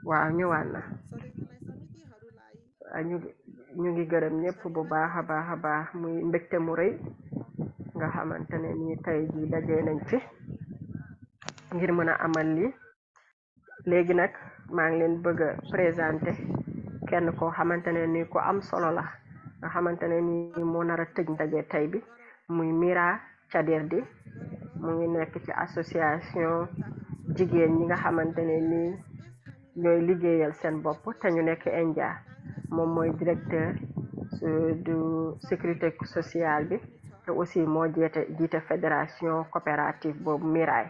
waaw ñëwaat na ñu ngi gërëm ñépp bu baax a baax a baax muy mbégte mu rëy nga xamantane ni tay ji dajee nañ ci ngir a amal li léegi nak maa ngi leen bëgga présenter kenn ko xamantane ni ko am solo la nga xamantane ni moo nara tëj ndaje tay bi muy Mira Caderdi mu ngi nekk ci association jigéen ñi nga xamantane ni ñooy liggéeyal seen bopp te ñu nekk India moom mooy directeur euh, du sécurité social bi aussi moo jiite jiite fédération coopérative boobu Miraay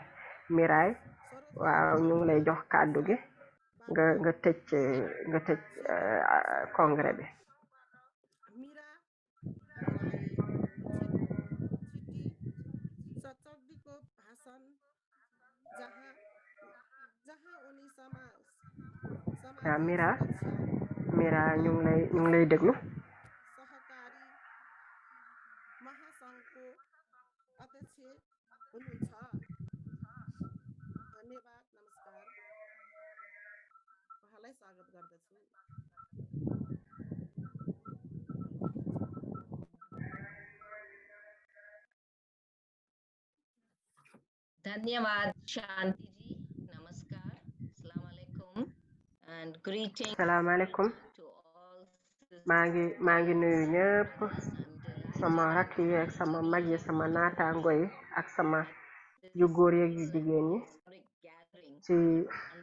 Miraay waaw ñu ngi lay jox kàddu gi nga nga tëj nga tëj euh, congrès bi waaw Mira Mira ñu ngi lay déglu धन्यवाद Shanti maa ngi maa ngi nuyu ñëpp sama rakk yi ak sama mag yi sama naataango yi ak sama yu góor yeeg yu jigéen ñi ci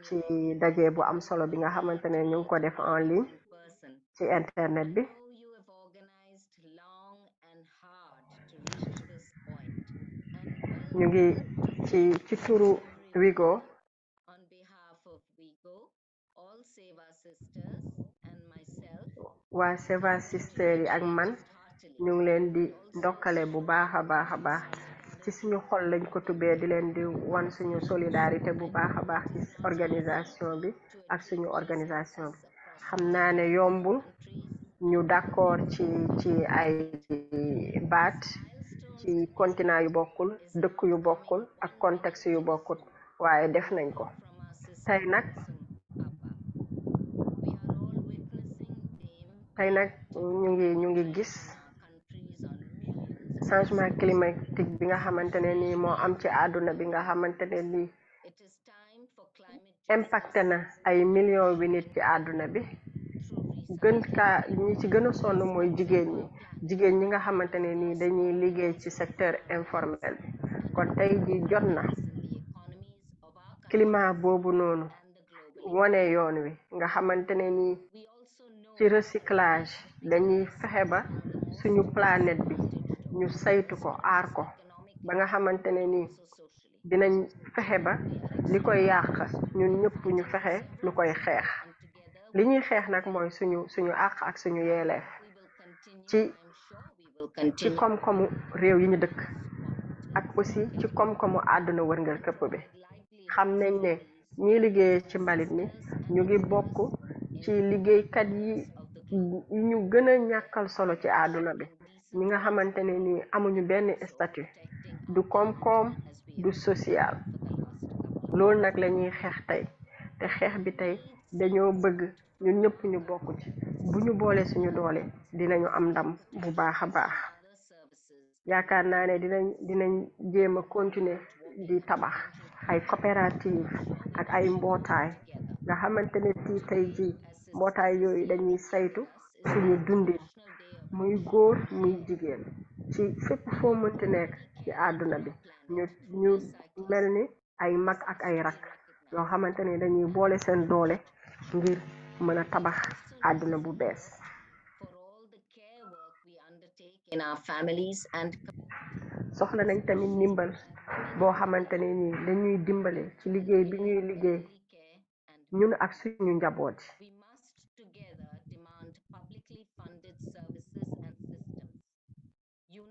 ci daje bu am solo bi nga xamante ne ñu ngi ko def en ligne ci internet bi ñu ci ci turu Wigo waa Seva Sisters yi ak man ñu ngi leen di ndokkale bu baax a baax a baax ci suñu xol lañ ko tubee di leen di wan suñu solidarité bu baax a baax ci organisation bi ak suñu organisation bi xam naa ne yombul ñu d'accord ci ci ay baat ci continent yu bokkul dëkk yu bokkul ak contexte yu bokkul waaye def nañ ko tey nag tey nag ñu ngi ñu ngi gis changement climatique bi nga xamante ne nii moo am ci àdduna bi nga xamante ne nii na ay million wi nit ci àdduna bi gën kaa ñi ci gën a sonn mooy jigéen ñi jigéen ñi nga xamante ne nii dañuy liggéey ci secteur informel bi kon tey ji jot na climat boobu noonu wone yoon wi nga xamante ne nii ci recyclage dañuy fexe ba suñu planète bi ñu saytu ko aar ko ba nga xamante ne nii dinañ fexe ba li koy yàq ñun ñëpp ñu fexe lu koy xeex li ñuy xeex nag mooy suñu suñu àq ak suñu yeeleef ci ci koom-koomu réew yi ñu dëkk ak aussi ci koom-koomu àdduna wërngal këpp bi xam nañ ne ñiy liggéey ci mbalit mi ñu ngi bokk ci liggéeykat yi ñu gën a ñàkkal solo ci àdduna bi ñi nga xamante ne ni amuñu benn statut du koom-koom du social loolu nag la ñuy xeex tey te xeex bi tey dañoo bëgg ñun ñëpp ñu bokk bu ñu boole suñu doole dinañu am ndam bu baax a baax yaakaar naa ne dina dinañ jéem a continuer di tabax ay coopérative ak ay mbootaay nga xamante ne fii tey mbootaay yooyu dañuy saytu suñu dundin muy góor muy jigéen ci fépp foo mënti nekk ci àdduna bi ñu ñu mel ni ay mag ak ay rakk yoo xamante ne dañuy boole seen doole ngir mën a tabax àdduna bu bees soxla nañ tamit ndimbal boo xamante ne ni dañuy dimbale ci liggéey bi ñuy liggéey ñun ak suñu njaboot yi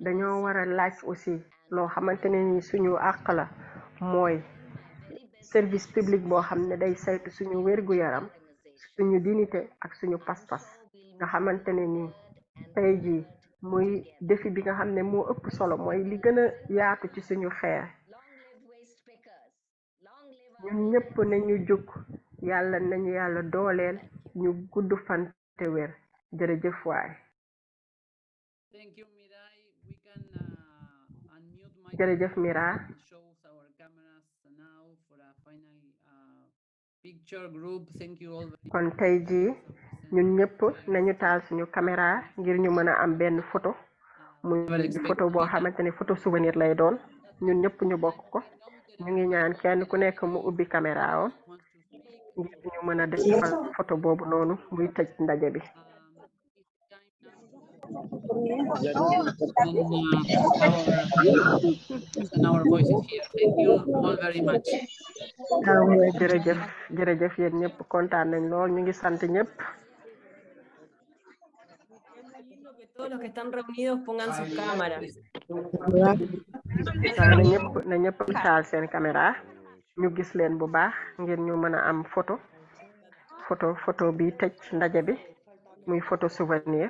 dañoo war a laaj aussi loo xamante ne ni suñu àq la mooy service public boo xam ne day saytu suñu wérgu yaram suñu dignité ak suñu pas-pas nga xamante ne nii tey jii muy defi bi nga xam ne moo ëpp solo mooy li gën a yaatu ci suñu xeer ñun ñëpp nañu jóg yàlla nañu yàlla dooleel ñu gudd fan te wér jërëjëf waay uh, jërëjëf Mira picture kon tey jii ñun ñëpp nañu taal ñu caméra ngir ñu mën a am benn photo muy photo boo xamante ne photo souvenir lay doon ñun ñëpp ñu bokk ko ñu ngi ñaan kenn ku nekk mu ubbi caméra am ngir ñu mën a def photo boobu noonu muy tëj ndaje bi Oh, uh, And, our, jërëjëf jërëjëf yéen ñëpp kontaan nañ lool ñu ngi sant ñëpp. todos los seen caméra ñu gis leen bu baax ngir ñu mën a am photo photo photo bi tëj ndaje bi muy photo souvenir.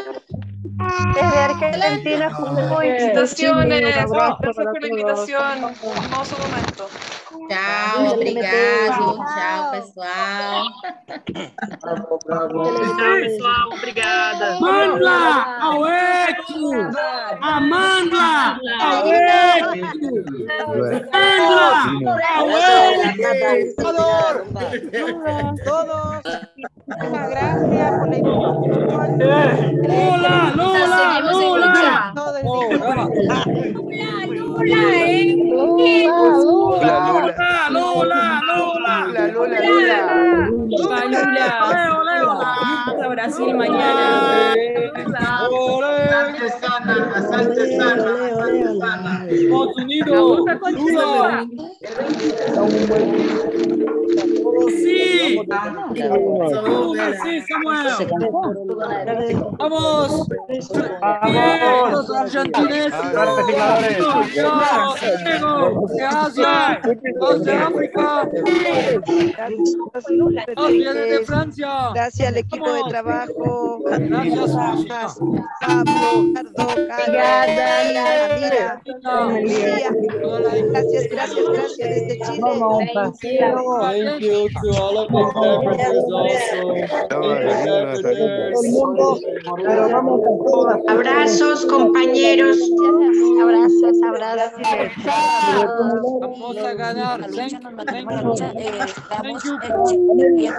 Desde Argentina, Jujuy. Felicitaciones. Gracias por la invitación. Hermoso momento. Tchau, obrigado. Tchau, pessoal. Bravo, bravo. Tchau, pessoal. Obrigada. Mandla, ao eco. Amanda, ao eco. Mandla, ao eco. Todos. Muchísimas gracias por la información. Eh, Lula, Lula, oh, Lula. <laughs> Ah. Lula, Lula, eh. Lula, Lula, Lula, Lula, Lula, Lula, Lula, Lula. Brasil mañana. Lula. Asante sana, asante sana, asante sana. Estados Unidos, Lula. Sí. Lula, sí, Samuel. Vamos. Vamos. Los argentineses. Los de Asia. Los de África. Los vienen de Francia. Gracias al equipo de trabajo. Gracias. Vamos. Ricardo, Carla, Gracias, gracias, gracias desde Chile. Thank you. Thank you to all of the members also. Abrazos, compañeros. Abrazos, abrazos. Vamos a ganar. Thank you.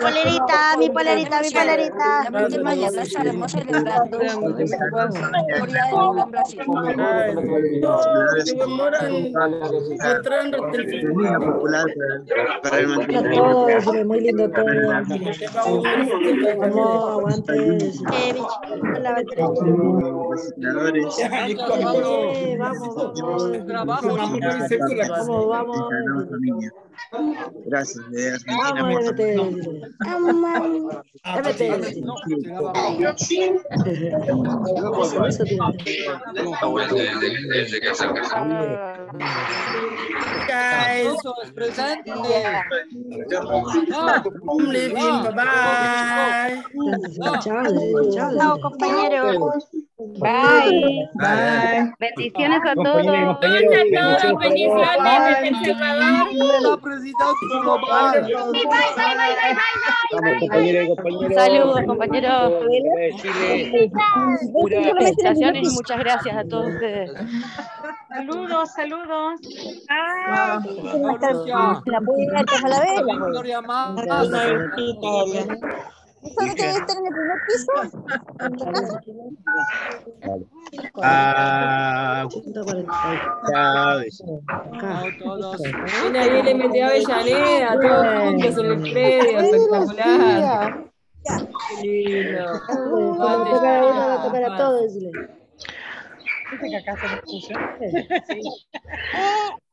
Polerita, mi polerita, mi polerita. La próxima ya la estaremos celebrando. Florida Brasil. popular para el mantenimiento. Muy lindo todo. No aguantes. Patrocinadores. Vamos, vamos. Vamos, vamos. Gracias. Ah, Argentina, amor. Guys, I'm leaving. Bye bye. Chao, compañero. Bye. Bye. Bendiciones a todos. Bendiciones desde El Salvador. La presidencia global. Bye, bye, bye, bye, bye. Saludos, compañeros. Felicitaciones y muchas gracias a todos ustedes. Saludos, saludos. La pueden a la vez. ¿Eso que te viste en el primer piso? <laughs> Vale. Ah, todos. Una bien le metió a Avellaneda, todos juntos en el predio, espectacular. Qué lindo. Cuando toca a uno, va a tocar a todos, dile. ¿Viste que acá se me escucha? Sí.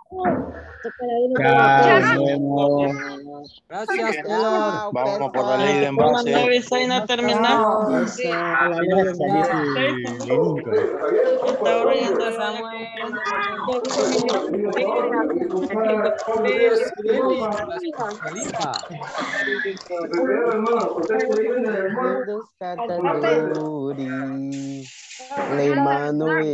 Ya, bueno. Gracias, Taylor. Vamos por la ley de envase. No terminamos. Sí. Sí. Le mano y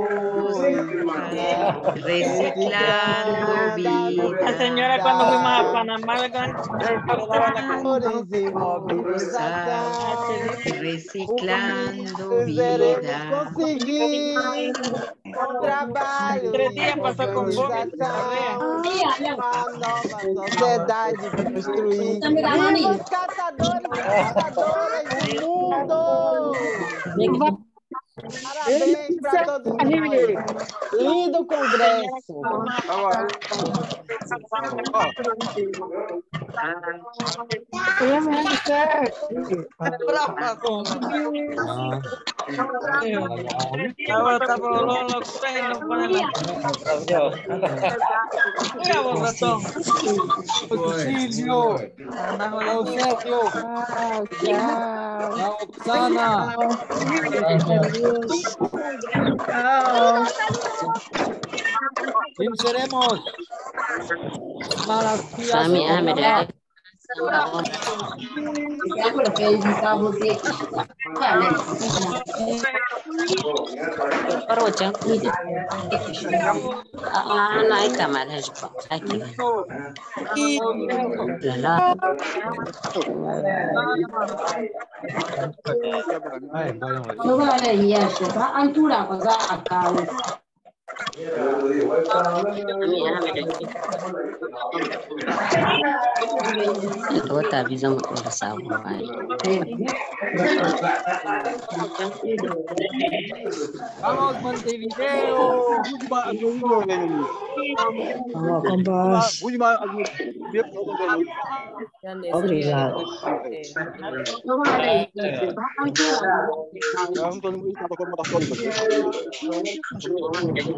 Reciclando vidas. Señora, cuando fuimos a Panamá, Reciclando vidas. Conseguir un trabalho. Tres días pasó con vos. Uma sociedade construir. Os catadores e catadoras do mundo. Parabéns para todos nós. Lindo congresso. Auxílio! Auxílio! Roxana! Adiós. Chao. Nos veremos. Para, ah, mira, mira. Короче, она и там лежит. Ла-ла. Ba an tura ba za a kawo. Daga wata biyu zan ɗora sabon bayi. Vamos Montevideo! Vamos compas! Obrigado. Obrigado.